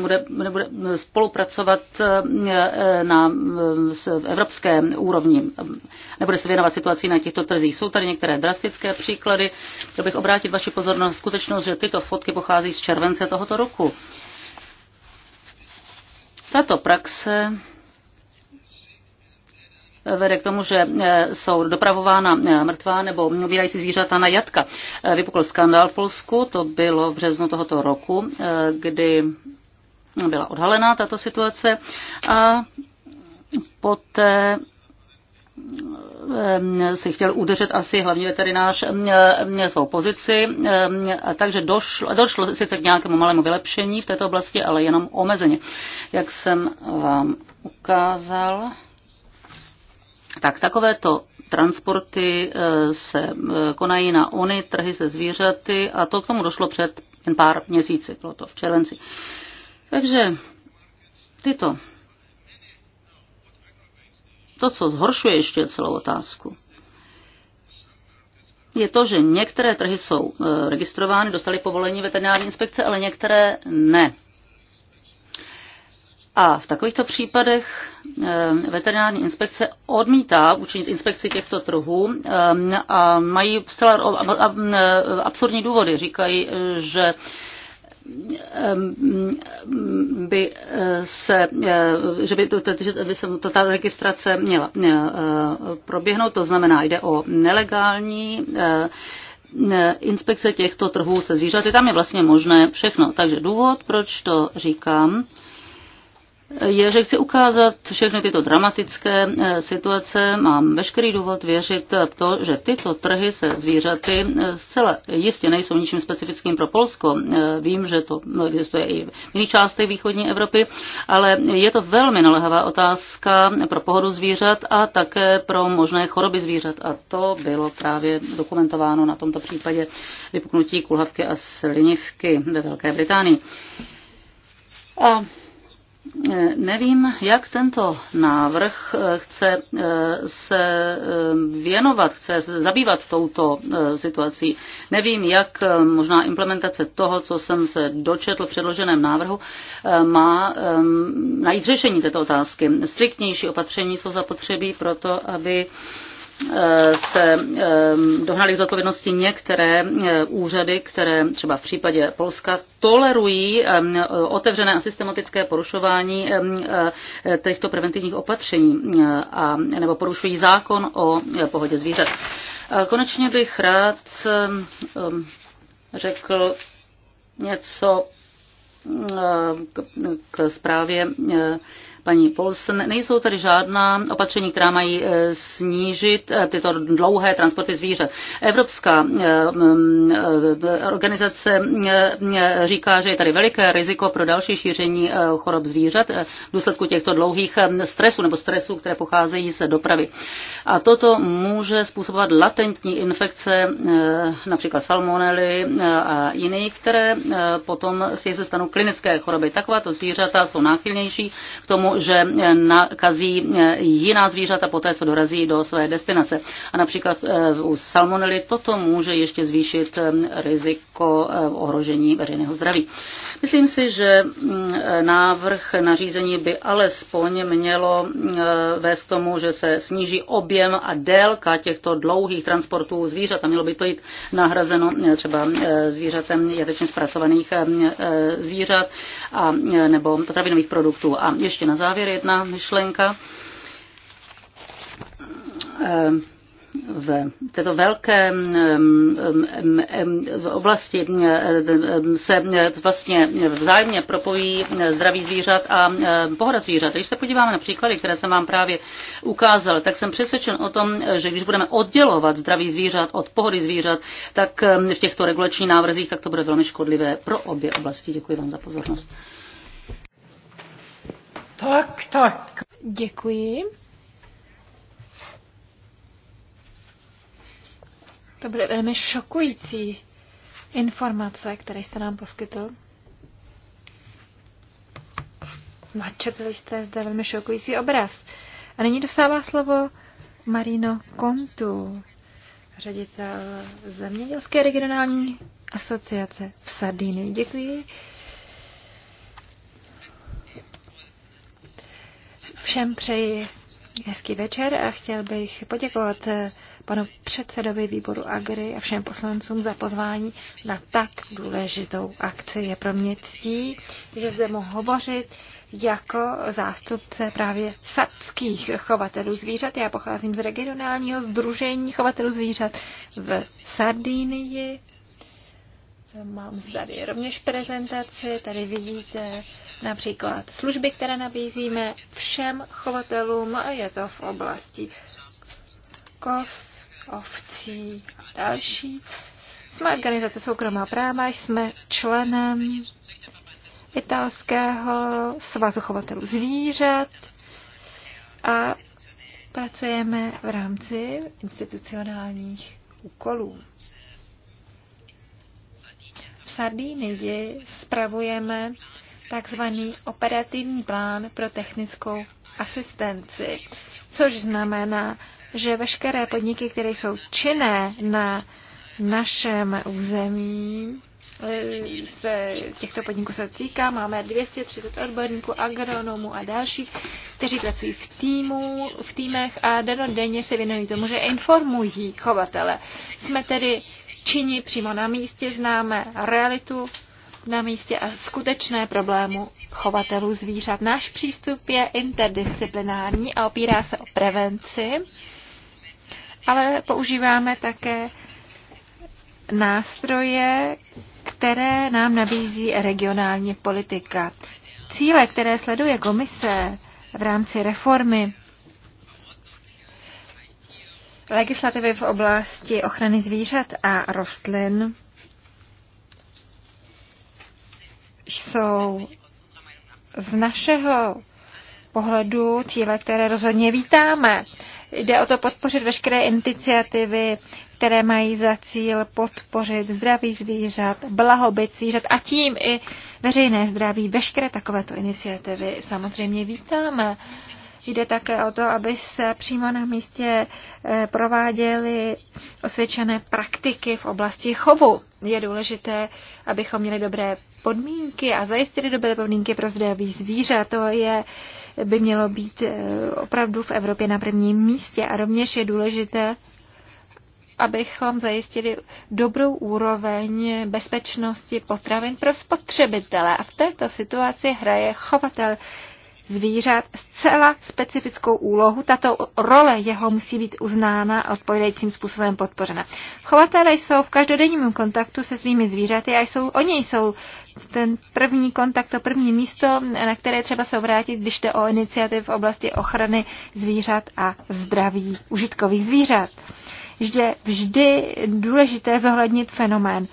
bude, bude spolupracovat eh, na eh, s evropské úrovni. Nebude se věnovat situací na těchto trzích. Jsou tady některé drastické příklady. Chtěl bych obrátit vaši pozornost skutečnost, že tyto fotky pochází z července tohoto roku. Tato praxe vede k tomu, že eh, jsou dopravována eh, mrtvá nebo si zvířata na jatka. Eh, vypukl skandál v Polsku, to bylo v březnu tohoto roku, kdy byla odhalená tato situace a poté si chtěl udržet asi hlavní veterinář svou pozici, takže došlo, došlo sice k nějakému malému vylepšení v této oblasti, ale jenom omezeně. Jak jsem vám ukázal, tak takovéto transporty e, se e, konají na ony trhy se zvířaty a to k tomu došlo před jen pár měsíci, bylo to v červenci. Takže tyto. To, co zhoršuje ještě celou otázku, je to, že některé trhy jsou e, registrovány, dostali povolení veterinární inspekce, ale některé ne. A v takovýchto případech eh, veterinární inspekce odmítá učinit inspekci těchto trhů eh, a mají zcela eh, absurdní důvody. Říkají, že by se, že by, že by se ta registrace měla proběhnout, to znamená, jde o nelegální inspekce těchto trhů se zvířaty, tam je vlastně možné všechno. Takže důvod, proč to říkám, je, že chci ukázat všechny tyto dramatické eh, situace. Mám veškerý důvod věřit v to, že tyto trhy se zvířaty eh, zcela jistě nejsou ničím specifickým pro Polsko. Eh, vím, že to existuje i v jiných částech východní Evropy, ale je to velmi nalehavá otázka pro pohodu zvířat a také pro možné choroby zvířat. A to bylo právě dokumentováno na tomto případě vypuknutí kulhavky a slinivky ve Velké Británii. A Eh, nevím, jak tento návrh eh, chce eh, se věnovat, chce se zabývat touto situací. Nevím, jak možná implementace toho, co jsem se dočetl v předloženém návrhu, má najít řešení této otázky. Striktnější opatření jsou zapotřebí proto, aby se eh, dohnali k zodpovědnosti některé eh, úřady, které třeba v případě Polska tolerují eh, otevřené a systematické porušování těchto preventivních opatření a, nebo porušují zákon o pohodě zvířat. Konečně bych rád řekl něco k, k zprávě paní Polsen. Nejsou tady žádná opatření, která mají e, snížit e, tyto dlouhé transporty zvířat. Evropská e, organizace říká, že je tady veliké riziko pro další šíření chorob zvířat v důsledku těchto dlouhých stresů nebo stresů, které pocházejí z dopravy. A toto může způsobovat latentní infekce, například salmonely a jiné, které potom se stanou klinické choroby. Takováto zvířata jsou náchylnější k tomu že nakazí jiná zvířata poté, co dorazí do své destinace. A například eh, u salmonely toto může ještě zvýšit eh, riziko eh, ohrožení veřejného zdraví. Myslím si, že mm, návrh nařízení by alespoň mělo vést k tomu, že se sníží objem a délka těchto dlouhých transportů zvířat a mělo by to jít nahrazeno třeba zvířatem jatečně zpracovaných zvířat a, nebo potravinových produktů. A ještě na závěr jedna myšlenka. Ehm, v této velké ehm, ehm, oblasti se vlastně vzájemně propojí zdraví zvířat a pohoda zvířat. Když se podíváme na příklady, které jsem vám právě ukázal, tak jsem přesvědčen o tom, že když budeme oddělovat zdraví zvířat od pohody zvířat, tak v těchto regulačních návrzích tak to bude velmi škodlivé pro obě oblasti. Děkuji vám za pozornost. Tak, tak. Děkuji. To byly velmi šokující informace, které jste nám poskytl. Načetli jste zde velmi šokující obraz. A nyní dostává slovo Marino Kontu, ředitel Zemědělské regionální asociace v Sardinii. Děkuji. Všem přeji hezký večer a chtěl bych poděkovat eh, panu předsedovi výboru AGRY a všem poslancům za pozvání na tak důležitou akci. Je pro mě ctí, že zde mohu hovořit jako zástupce právě sadských chovatelů zvířat. Já pocházím z regionálního združení chovatelů zvířat v Sardínii Mám tady rovněž prezentaci, tady vidíte například služby, které nabízíme všem chovatelům, a je to v oblasti kos, ovcí a další. Jsme organizace soukromá práva, jsme členem italského svazu chovatelů zvířat a pracujeme v rámci institucionálních úkolů. Sardínii spravujeme takzvaný operativní plán pro technickou asistenci, což znamená, že veškeré podniky, které jsou činné na našem území, eh, se těchto podniků se týká. Máme 230 odborníků, agronomů a dalších, kteří pracují v, týmu, v týmech a denodenně se věnují tomu, že informují chovatele. Jsme tedy činí přímo na místě, známe realitu na místě a skutečné problému chovatelů zvířat. Náš přístup je interdisciplinární a opírá se o prevenci, ale používáme také nástroje, které nám nabízí regionální politika. Cíle, které sleduje komise v rámci reformy legislativy v oblasti ochrany zvířat a rostlin jsou z našeho pohledu cíle, které rozhodně vítáme. Jde o to podpořit veškeré iniciativy, které mají za cíl podpořit zdraví zvířat, blahobyt zvířat a tím i veřejné zdraví. Veškeré takovéto iniciativy samozřejmě vítáme. Jde také o to, aby se přímo na místě eh, prováděly osvědčené praktiky v oblasti chovu. Je důležité, abychom měli dobré podmínky a zajistili dobré podmínky pro zdraví zvířat. To je, by mělo být eh, opravdu v Evropě na prvním místě. A rovněž je důležité, abychom zajistili dobrou úroveň bezpečnosti potravin pro spotřebitele. A v této situaci hraje chovatel zvířat zcela specifickou úlohu. Tato role jeho musí být uznána a odpovědajícím způsobem podpořena. Chovatelé jsou v každodenním kontaktu se svými zvířaty a jsou, oni jsou ten první kontakt, to první místo, na které třeba se obrátit, když jde o iniciativy v oblasti ochrany zvířat a zdraví užitkových zvířat. Vždy, vždy důležité zohlednit fenomén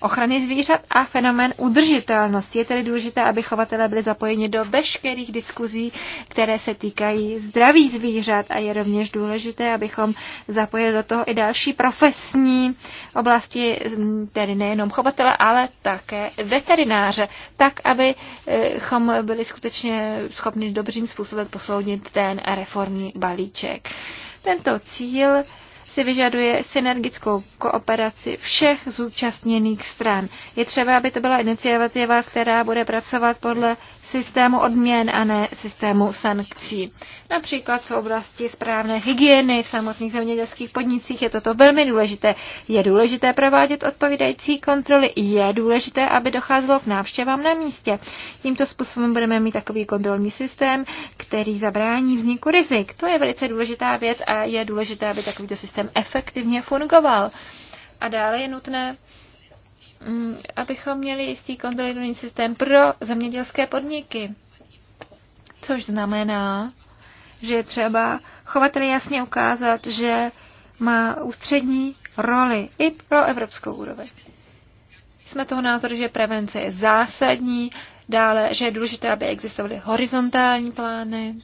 ochrany zvířat a fenomén udržitelnosti. Je tedy důležité, aby chovatelé byli zapojeni do veškerých diskuzí, které se týkají zdraví zvířat a je rovněž důležité, abychom zapojili do toho i další profesní oblasti, tedy nejenom chovatele, ale také veterináře, tak, abychom byli skutečně schopni dobrým způsobem posoudit ten reformní balíček. Tento cíl si vyžaduje synergickou kooperaci všech zúčastněných stran. Je třeba, aby to byla iniciativa, která bude pracovat podle systému odměn a ne systému sankcí. Například v oblasti správné hygieny v samotných zemědělských podnicích je toto velmi důležité. Je důležité provádět odpovídající kontroly, je důležité, aby docházelo k návštěvám na místě. Tímto způsobem budeme mít takový kontrolní systém, který zabrání vzniku rizik. To je velice důležitá věc a je důležité, aby takovýto systém efektivně fungoval. A dále je nutné Mm, abychom měli jistý kontrolovaný systém pro zemědělské podniky. Což znamená, že je třeba chovateli jasně ukázat, že má ústřední roli i pro evropskou úroveň. Jsme toho názoru, že prevence je zásadní, dále, že je důležité, aby existovaly horizontální plány,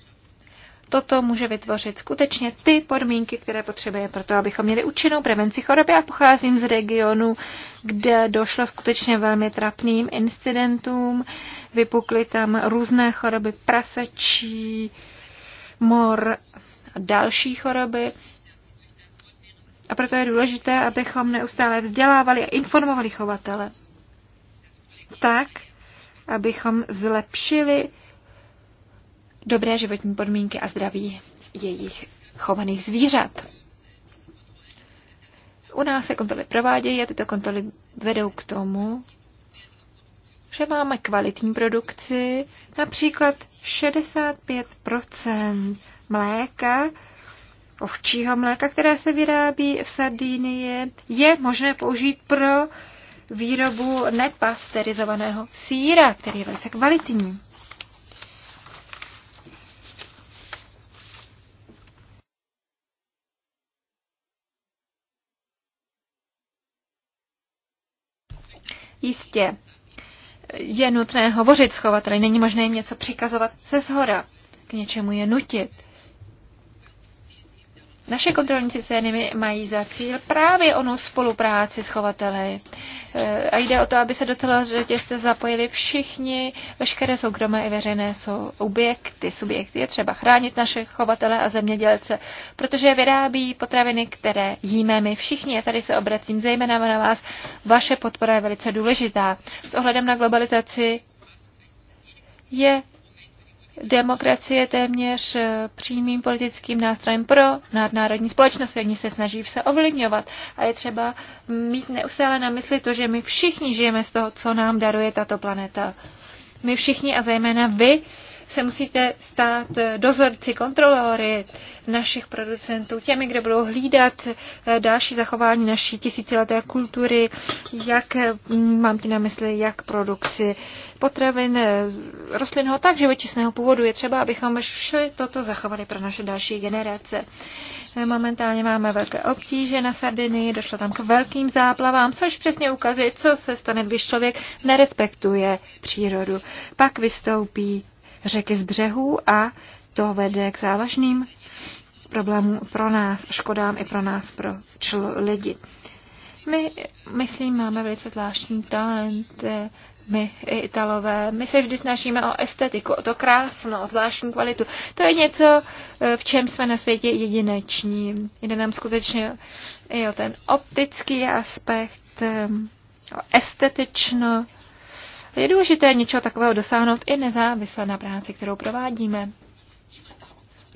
toto může vytvořit skutečně ty podmínky, které potřebuje pro to, abychom měli účinnou prevenci choroby. Já pocházím z regionu, kde došlo skutečně velmi trapným incidentům. Vypukly tam různé choroby prasečí, mor a další choroby. A proto je důležité, abychom neustále vzdělávali a informovali chovatele. Tak, abychom zlepšili dobré životní podmínky a zdraví jejich chovaných zvířat. U nás se kontroly provádějí a tyto kontroly vedou k tomu, že máme kvalitní produkci, například 65 mléka, ovčího mléka, které se vyrábí v Sardínii, je možné použít pro výrobu nepasterizovaného síra, který je velice kvalitní. Jistě je nutné hovořit s chovateli, není možné jim něco přikazovat ze zhora, k něčemu je nutit. Naše kontrolní systémy mají za cíl právě onu spolupráci s chovateli. Eh, a jde o to, aby se do celého řetězce zapojili všichni, veškeré soukromé i veřejné subjekty. Subjekty je třeba chránit naše chovatele a zemědělce, protože vyrábí potraviny, které jíme my všichni. A tady se obracím zejména na vás. Vaše podpora je velice důležitá. S ohledem na globalizaci je demokracie téměř eh, přímým politickým nástrojem pro nadnárodní společnost. Oni se snaží se ovlivňovat a je třeba mít neustále na mysli to, že my všichni žijeme z toho, co nám daruje tato planeta. My všichni a zejména vy se musíte stát eh, dozorci, kontrolory našich producentů, těmi, kde budou hlídat eh, další zachování naší tisícileté kultury, jak, eh, mám ti na mysli, jak produkci potravin rostlinného, tak živočišného původu. Je třeba, abychom vše toto zachovali pro naše další generace. Momentálně máme velké obtíže na Sardinii, došlo tam k velkým záplavám, což přesně ukazuje, co se stane, když člověk nerespektuje přírodu. Pak vystoupí řeky z břehů a to vede k závažným problémům pro nás, škodám i pro nás, pro čl- lidi. My, myslím, máme velice zvláštní talent, eh, my Italové. My se vždy snažíme o estetiku, o to krásno, o zvláštní kvalitu. To je něco, eh, v čem jsme na světě jedineční. Jde nám skutečně i o ten optický aspekt, eh, o estetično, je důležité něčeho takového dosáhnout i nezávisle na práci, kterou provádíme.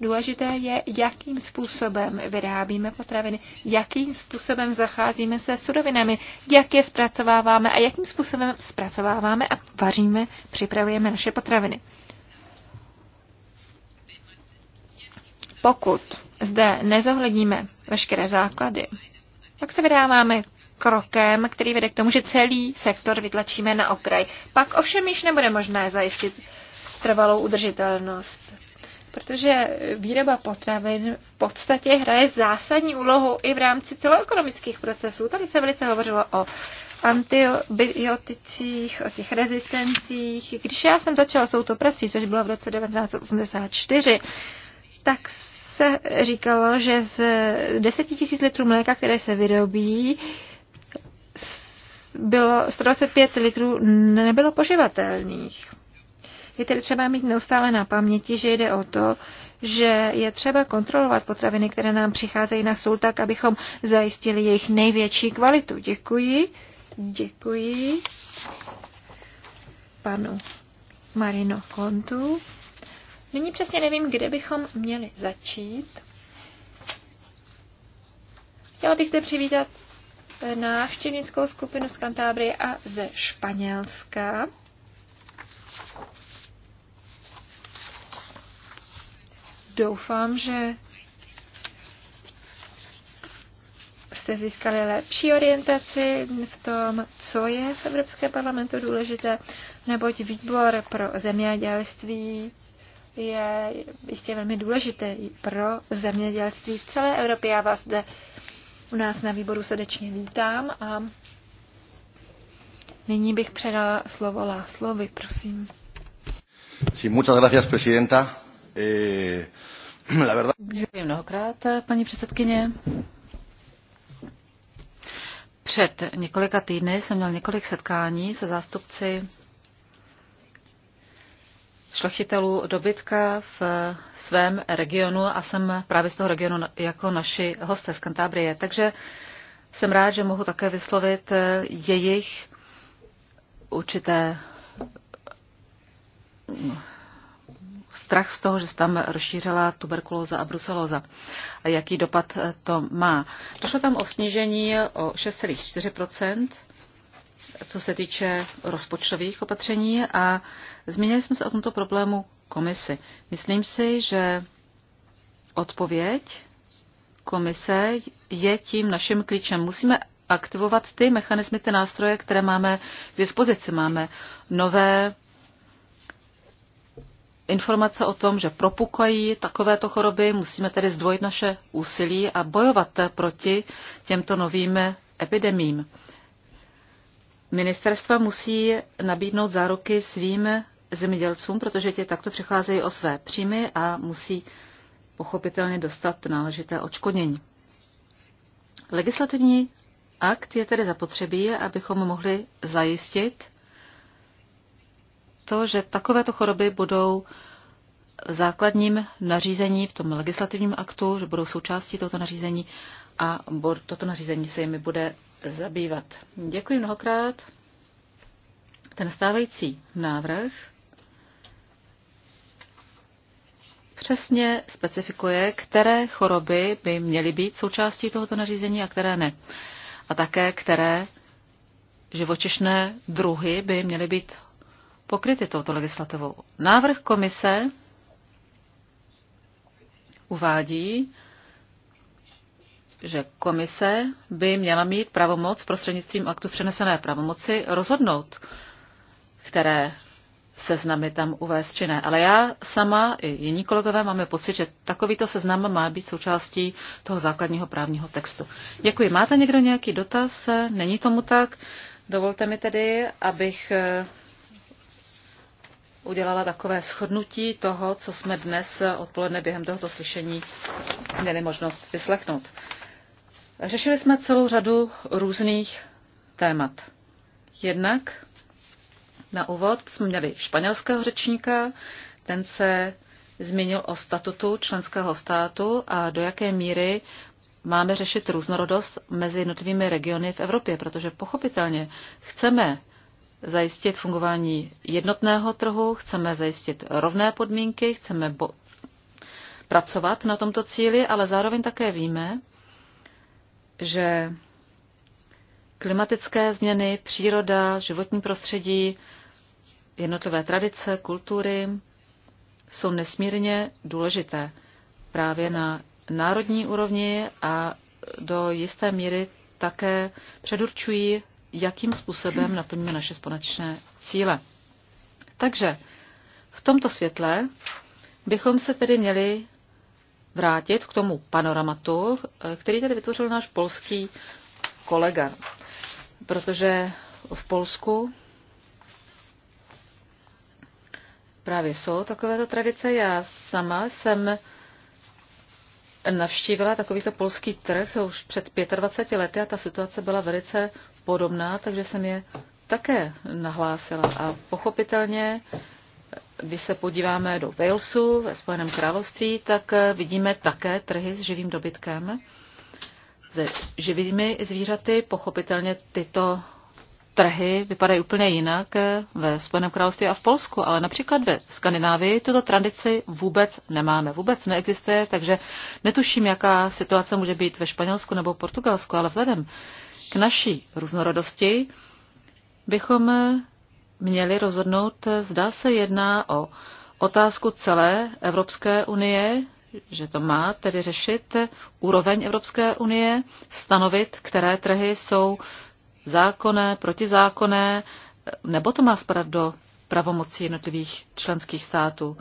Důležité je, jakým způsobem vyrábíme potraviny, jakým způsobem zacházíme se surovinami, jak je zpracováváme a jakým způsobem zpracováváme a vaříme, připravujeme naše potraviny. Pokud zde nezohledníme veškeré základy, pak se vydáváme krokem, který vede k tomu, že celý sektor vytlačíme na okraj. Pak ovšem již nebude možné zajistit trvalou udržitelnost. Protože výroba potravin v podstatě hraje zásadní úlohu i v rámci celoekonomických procesů. Tady se velice hovořilo o antibioticích, o těch rezistencích. Když já jsem začala s touto prací, což bylo v roce 1984, tak se říkalo, že z 10 000 litrů mléka, které se vyrobí, bylo 125 litrů nebylo poživatelných. Je tedy třeba mít neustále na paměti, že jde o to, že je třeba kontrolovat potraviny, které nám přicházejí na sůl, tak abychom zajistili jejich největší kvalitu. Děkuji. Děkuji panu Marino Kontu. Nyní přesně nevím, kde bychom měli začít. Chtěla bych zde přivítat návštěvnickou skupinu z Kantábrie a ze Španělska. Doufám, že jste získali lepší orientaci v tom, co je v Evropském parlamentu důležité, neboť výbor pro zemědělství je jistě velmi důležité pro zemědělství v celé Evropě. Já vás zde u nás na výboru srdečně vítám a nyní bych předala slovo Láslovi, prosím. Sí, muchas gracias, presidenta. Eh, la verdad... Děkuji mnohokrát, paní předsedkyně. Před několika týdny jsem měl několik setkání se zástupci šlechtitelů dobytka v svém regionu a jsem právě z toho regionu jako naši hosté z Kantábrie. Takže jsem rád, že mohu také vyslovit eh, jejich určité no, strach z toho, že se tam rozšířila tuberkulóza a bruselóza a jaký dopad eh, to má. Došlo tam o snížení o 6,4 co se týče rozpočtových opatření a Zmínili jsme se o tomto problému komisi. Myslím si, že odpověď komise je tím naším klíčem. Musíme aktivovat ty mechanismy, ty nástroje, které máme k dispozici. Máme nové informace o tom, že propukají takovéto choroby, musíme tedy zdvojit naše úsilí a bojovat proti těmto novým epidemím. Ministerstva musí nabídnout záruky svým zemědělcům, protože ti takto přecházejí o své příjmy a musí pochopitelně dostat náležité odškodnění. Legislativní akt je tedy zapotřebí, abychom mohli zajistit to, že takovéto choroby budou v základním nařízení, v tom legislativním aktu, že budou součástí tohoto nařízení a toto nařízení se jimi bude zabývat. Děkuji mnohokrát. Ten stávající návrh přesně specifikuje, které choroby by měly být součástí tohoto nařízení a které ne. A také, které živočišné druhy by měly být pokryty touto legislativou. Návrh komise uvádí, že komise by měla mít pravomoc prostřednictvím aktu přenesené pravomoci rozhodnout, které seznamy tam uvést či ne. Ale já sama i jiní kolegové máme pocit, že takovýto seznam má být součástí toho základního právního textu. Děkuji. Máte někdo nějaký dotaz? Není tomu tak? Dovolte mi tedy, abych eh, udělala takové shodnutí toho, co jsme dnes eh, odpoledne během tohoto slyšení měli možnost vyslechnout. Řešili jsme celou řadu různých témat. Jednak na úvod jsme měli španělského řečníka, ten se zmínil o statutu členského státu a do jaké míry máme řešit různorodost mezi jednotlivými regiony v Evropě, protože pochopitelně chceme zajistit fungování jednotného trhu, chceme zajistit rovné podmínky, chceme pracovat na tomto cíli, ale zároveň také víme, že klimatické změny, příroda, životní prostředí jednotlivé tradice, kultury jsou nesmírně důležité právě na národní úrovni a do jisté míry také předurčují, jakým způsobem naplníme naše společné cíle. Takže v tomto světle bychom se tedy měli vrátit k tomu panoramatu, který tedy vytvořil náš polský kolega. Protože v Polsku právě jsou takovéto tradice. Já sama jsem navštívila takovýto polský trh už před 25 lety a ta situace byla velice podobná, takže jsem je také nahlásila. A pochopitelně, když se podíváme do Walesu ve Spojeném království, tak vidíme také trhy s živým dobytkem. Se živými zvířaty pochopitelně tyto trhy vypadají úplně jinak eh, ve Spojeném království a v Polsku, ale například ve Skandinávii tuto tradici vůbec nemáme, vůbec neexistuje, takže netuším, jaká situace může být ve Španělsku nebo Portugalsku, ale vzhledem k naší různorodosti bychom eh, měli rozhodnout, eh, zda se jedná o otázku celé Evropské unie, že to má tedy řešit úroveň Evropské unie, stanovit, které trhy jsou zákonné, protizákonné, nebo to má spadat do pravomocí jednotlivých členských států.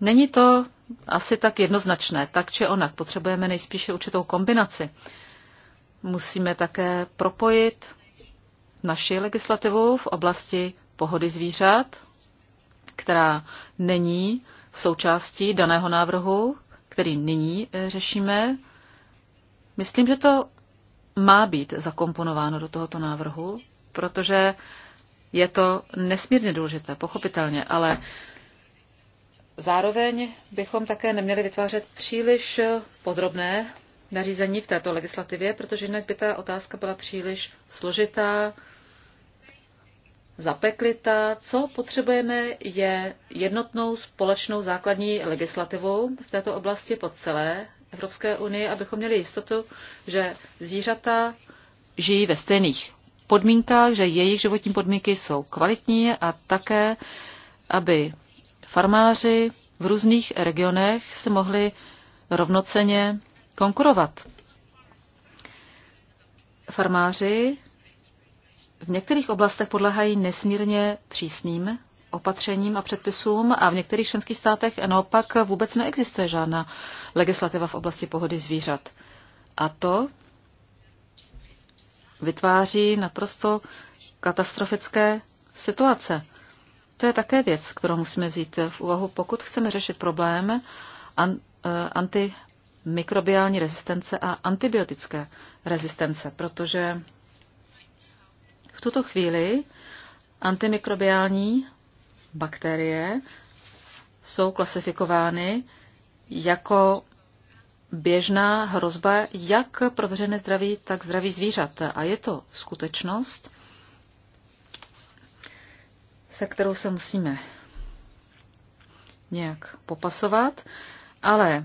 Není to asi tak jednoznačné, tak či onak. Potřebujeme nejspíše určitou kombinaci. Musíme také propojit naši legislativu v oblasti pohody zvířat, která není součástí daného návrhu, který nyní eh, řešíme. Myslím, že to má být zakomponováno do tohoto návrhu, protože je to nesmírně důležité, pochopitelně, ale zároveň bychom také neměli vytvářet příliš podrobné nařízení v této legislativě, protože jinak by ta otázka byla příliš složitá, zapeklitá. Co potřebujeme je jednotnou společnou základní legislativou v této oblasti po celé Evropské unii, abychom měli jistotu, že zvířata žijí ve stejných podmínkách, že jejich životní podmínky jsou kvalitní a také, aby farmáři v různých regionech se mohli rovnoceně konkurovat. Farmáři v některých oblastech podlehají nesmírně přísným opatřením a předpisům a v některých členských státech naopak vůbec neexistuje žádná legislativa v oblasti pohody zvířat. A to vytváří naprosto katastrofické situace. To je také věc, kterou musíme vzít v úvahu, pokud chceme řešit problém eh, antimikrobiální rezistence a antibiotické rezistence, protože v tuto chvíli antimikrobiální bakterie jsou klasifikovány jako běžná hrozba jak pro veřejné zdraví, tak zdraví zvířat. A je to skutečnost, se kterou se musíme nějak popasovat, ale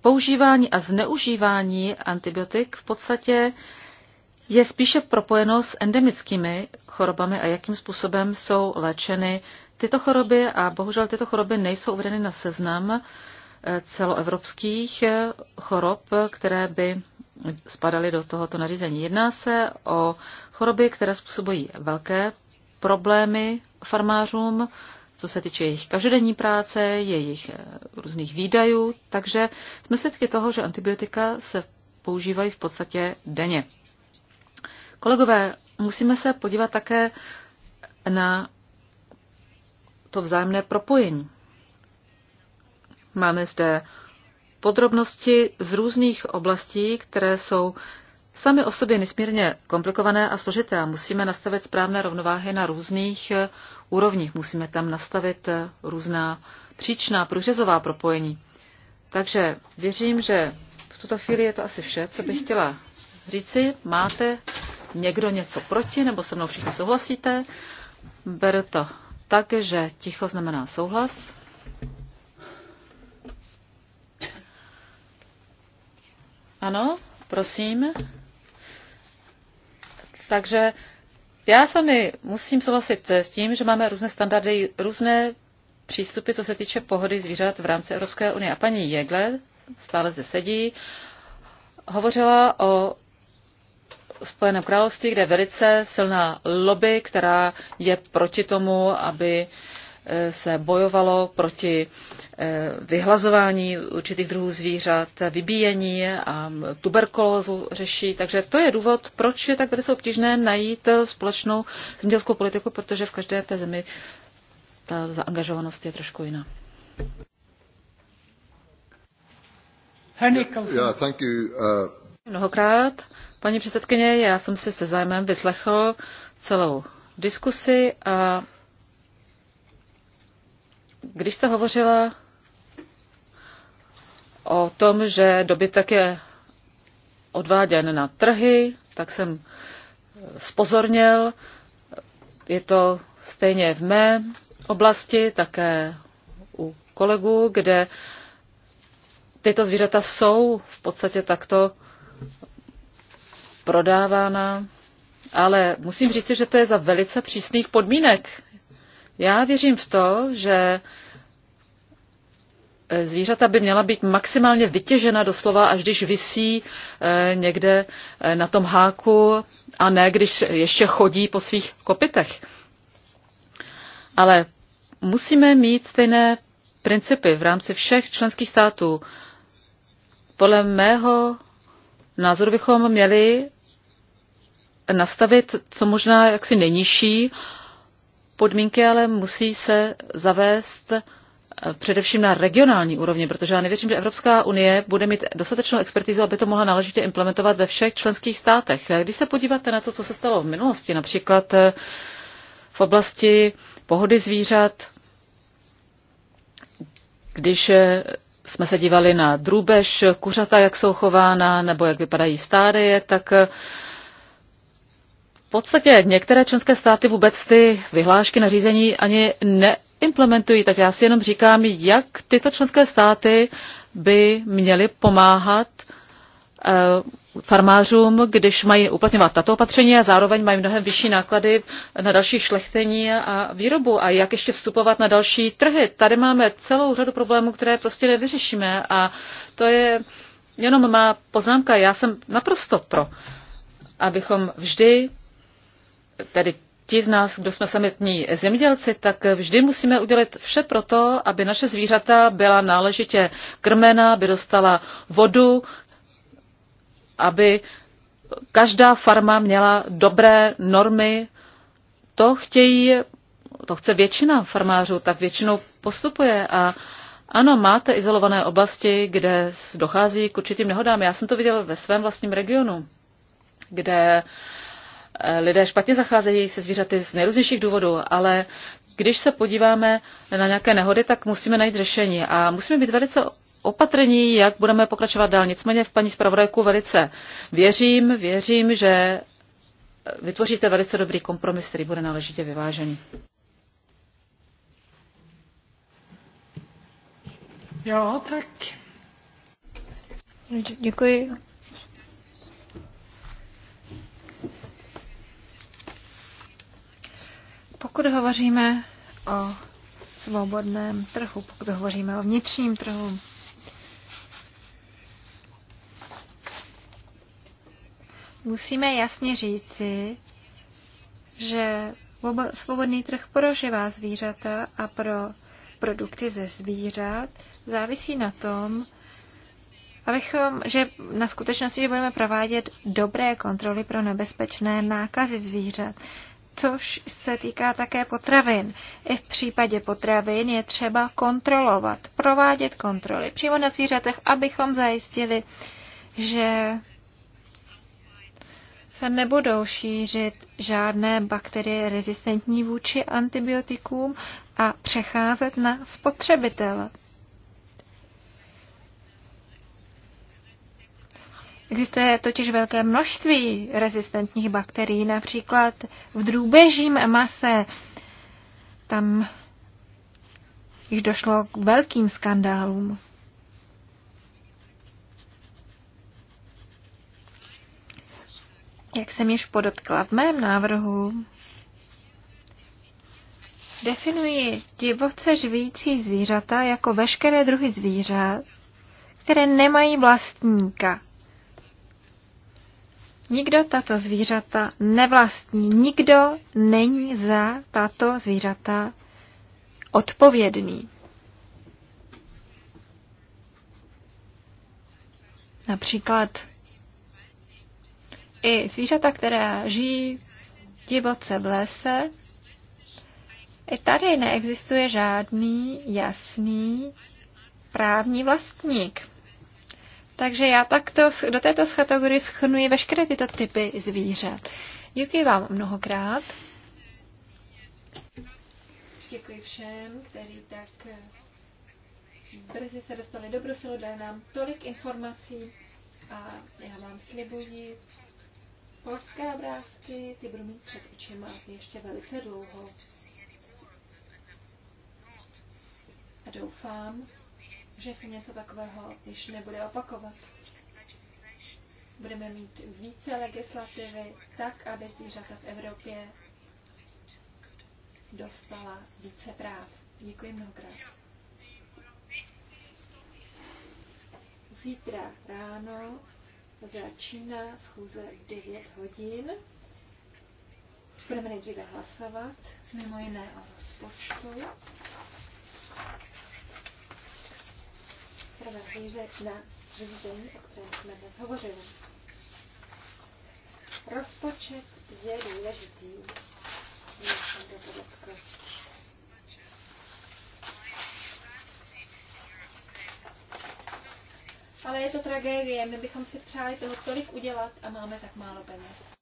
používání a zneužívání antibiotik v podstatě je spíše propojeno s endemickými chorobami a jakým způsobem jsou léčeny tyto choroby a bohužel tyto choroby nejsou uvedeny na seznam eh, celoevropských eh, chorob, které by spadaly do tohoto nařízení. Jedná se o choroby, které způsobují velké problémy farmářům, co se týče jejich každodenní práce, jejich eh, různých výdajů, takže jsme svědky toho, že antibiotika se používají v podstatě denně. Kolegové, musíme se podívat také na to vzájemné propojení. Máme zde podrobnosti z různých oblastí, které jsou sami o sobě nesmírně komplikované a složité a musíme nastavit správné rovnováhy na různých eh, úrovních. Musíme tam nastavit eh, různá příčná, průřezová propojení. Takže věřím, že v tuto chvíli je to asi vše, co bych chtěla říci. Máte někdo něco proti, nebo se mnou všichni souhlasíte. Beru to tak, že ticho znamená souhlas. Ano, prosím. Takže já s vámi musím souhlasit s tím, že máme různé standardy, různé přístupy, co se týče pohody zvířat v rámci Evropské unie. A paní Jegle stále zde sedí, hovořila o Spojeném království, kde je velice silná lobby, která je proti tomu, aby eh, se bojovalo proti eh, vyhlazování určitých druhů zvířat, vybíjení a tuberkulózu řeší. Takže to je důvod, proč je tak velice obtížné najít společnou zemědělskou politiku, protože v každé té zemi ta zaangažovanost je trošku jiná. Herr Yeah, thank you. Uh... Mnohokrát, paní předsedkyně, já jsem si se zájmem vyslechl celou diskusi a když jste hovořila o tom, že dobytek je odváděn na trhy, tak jsem spozornil. Je to stejně v mé oblasti, také u kolegů, kde tyto zvířata jsou v podstatě takto prodávána, ale musím říct, že to je za velice přísných podmínek. Já věřím v to, že eh, zvířata by měla být maximálně vytěžena doslova, až když visí eh, někde eh, na tom háku a ne když ještě chodí po svých kopitech. Ale musíme mít stejné principy v rámci všech členských států. Podle mého Názor bychom měli nastavit co možná jaksi nejnižší podmínky, ale musí se zavést eh, především na regionální úrovni, protože já nevěřím, že Evropská unie bude mít dostatečnou expertizu, aby to mohla náležitě implementovat ve všech členských státech. Eh, když se podíváte na to, co se stalo v minulosti, například eh, v oblasti pohody zvířat, když jsme se dívali na drůbež, kuřata, jak jsou chována, nebo jak vypadají stády, tak eh, v podstatě některé členské státy vůbec ty vyhlášky nařízení ani neimplementují. Tak já si jenom říkám, jak tyto členské státy by měly pomáhat eh, farmářům, když mají uplatňovat tato opatření a zároveň mají mnohem vyšší náklady na další šlechtení a výrobu a jak ještě vstupovat na další trhy. Tady máme celou řadu problémů, které prostě nevyřešíme a to je jenom má poznámka. Já jsem naprosto pro, abychom vždy, tedy ti z nás, kdo jsme samotní zemědělci, tak vždy musíme udělat vše proto, aby naše zvířata byla náležitě krmena, by dostala vodu, aby každá farma měla dobré normy. To chtějí, to chce většina farmářů, tak většinou postupuje a ano, máte izolované oblasti, kde dochází k určitým nehodám. Já jsem to viděl ve svém vlastním regionu, kde eh, lidé špatně zacházejí se zvířaty z nejrůznějších důvodů, ale když se podíváme na nějaké nehody, tak musíme najít řešení a musíme být velice opatrní, jak budeme pokračovat dál. Nicméně v paní zpravodajku velice věřím, věřím, že vytvoříte velice dobrý kompromis, který bude náležitě vyvážený. Jo, tak. Děkuji. Pokud hovoříme o svobodném trhu, pokud hovoříme o vnitřním trhu, musíme jasně říci, že svobodný trh pro živá zvířata a pro produkty ze zvířat závisí na tom, abychom, že na skutečnosti, že budeme provádět dobré kontroly pro nebezpečné nákazy zvířat, což se týká také potravin. I v případě potravin je třeba kontrolovat, provádět kontroly přímo na zvířatech, abychom zajistili, že se nebudou šířit žádné bakterie rezistentní vůči antibiotikům a přecházet na spotřebitele. Existuje totiž velké množství rezistentních bakterií, například v drůbežím mase. Tam již došlo k velkým skandálům. Jak jsem již podotkla v mém návrhu, definuji divoce živící zvířata jako veškeré druhy zvířat, které nemají vlastníka. Nikdo tato zvířata nevlastní, nikdo není za tato zvířata odpovědný. Například i zvířata, která žijí divoce v lese, i tady neexistuje žádný jasný právní vlastník. Takže já takto do této kategorie schrnuji veškeré tyto typy zvířat. Děkuji vám mnohokrát. Děkuji všem, kteří tak eh, brzy se dostali do Bruselu, dali nám tolik informací a já vám slibuji, Polské obrázky ty budu mít před očima ještě velice dlouho. A doufám, že se něco takového již nebude opakovat. Budeme mít více legislativy tak, aby zvířata v Evropě dostala více práv. Děkuji mnohokrát. Zítra ráno Začíná schůze v 9 hodin. Budeme nejdříve hlasovat, mimo jiné o rozpočtu. Budeme hlížet na řízení, o kterém jsme dnes hovořili. Rozpočet je důležitý. Já jsem to podotkl. Ale je to tragédie, my bychom si přáli toho tolik udělat a máme tak málo peněz.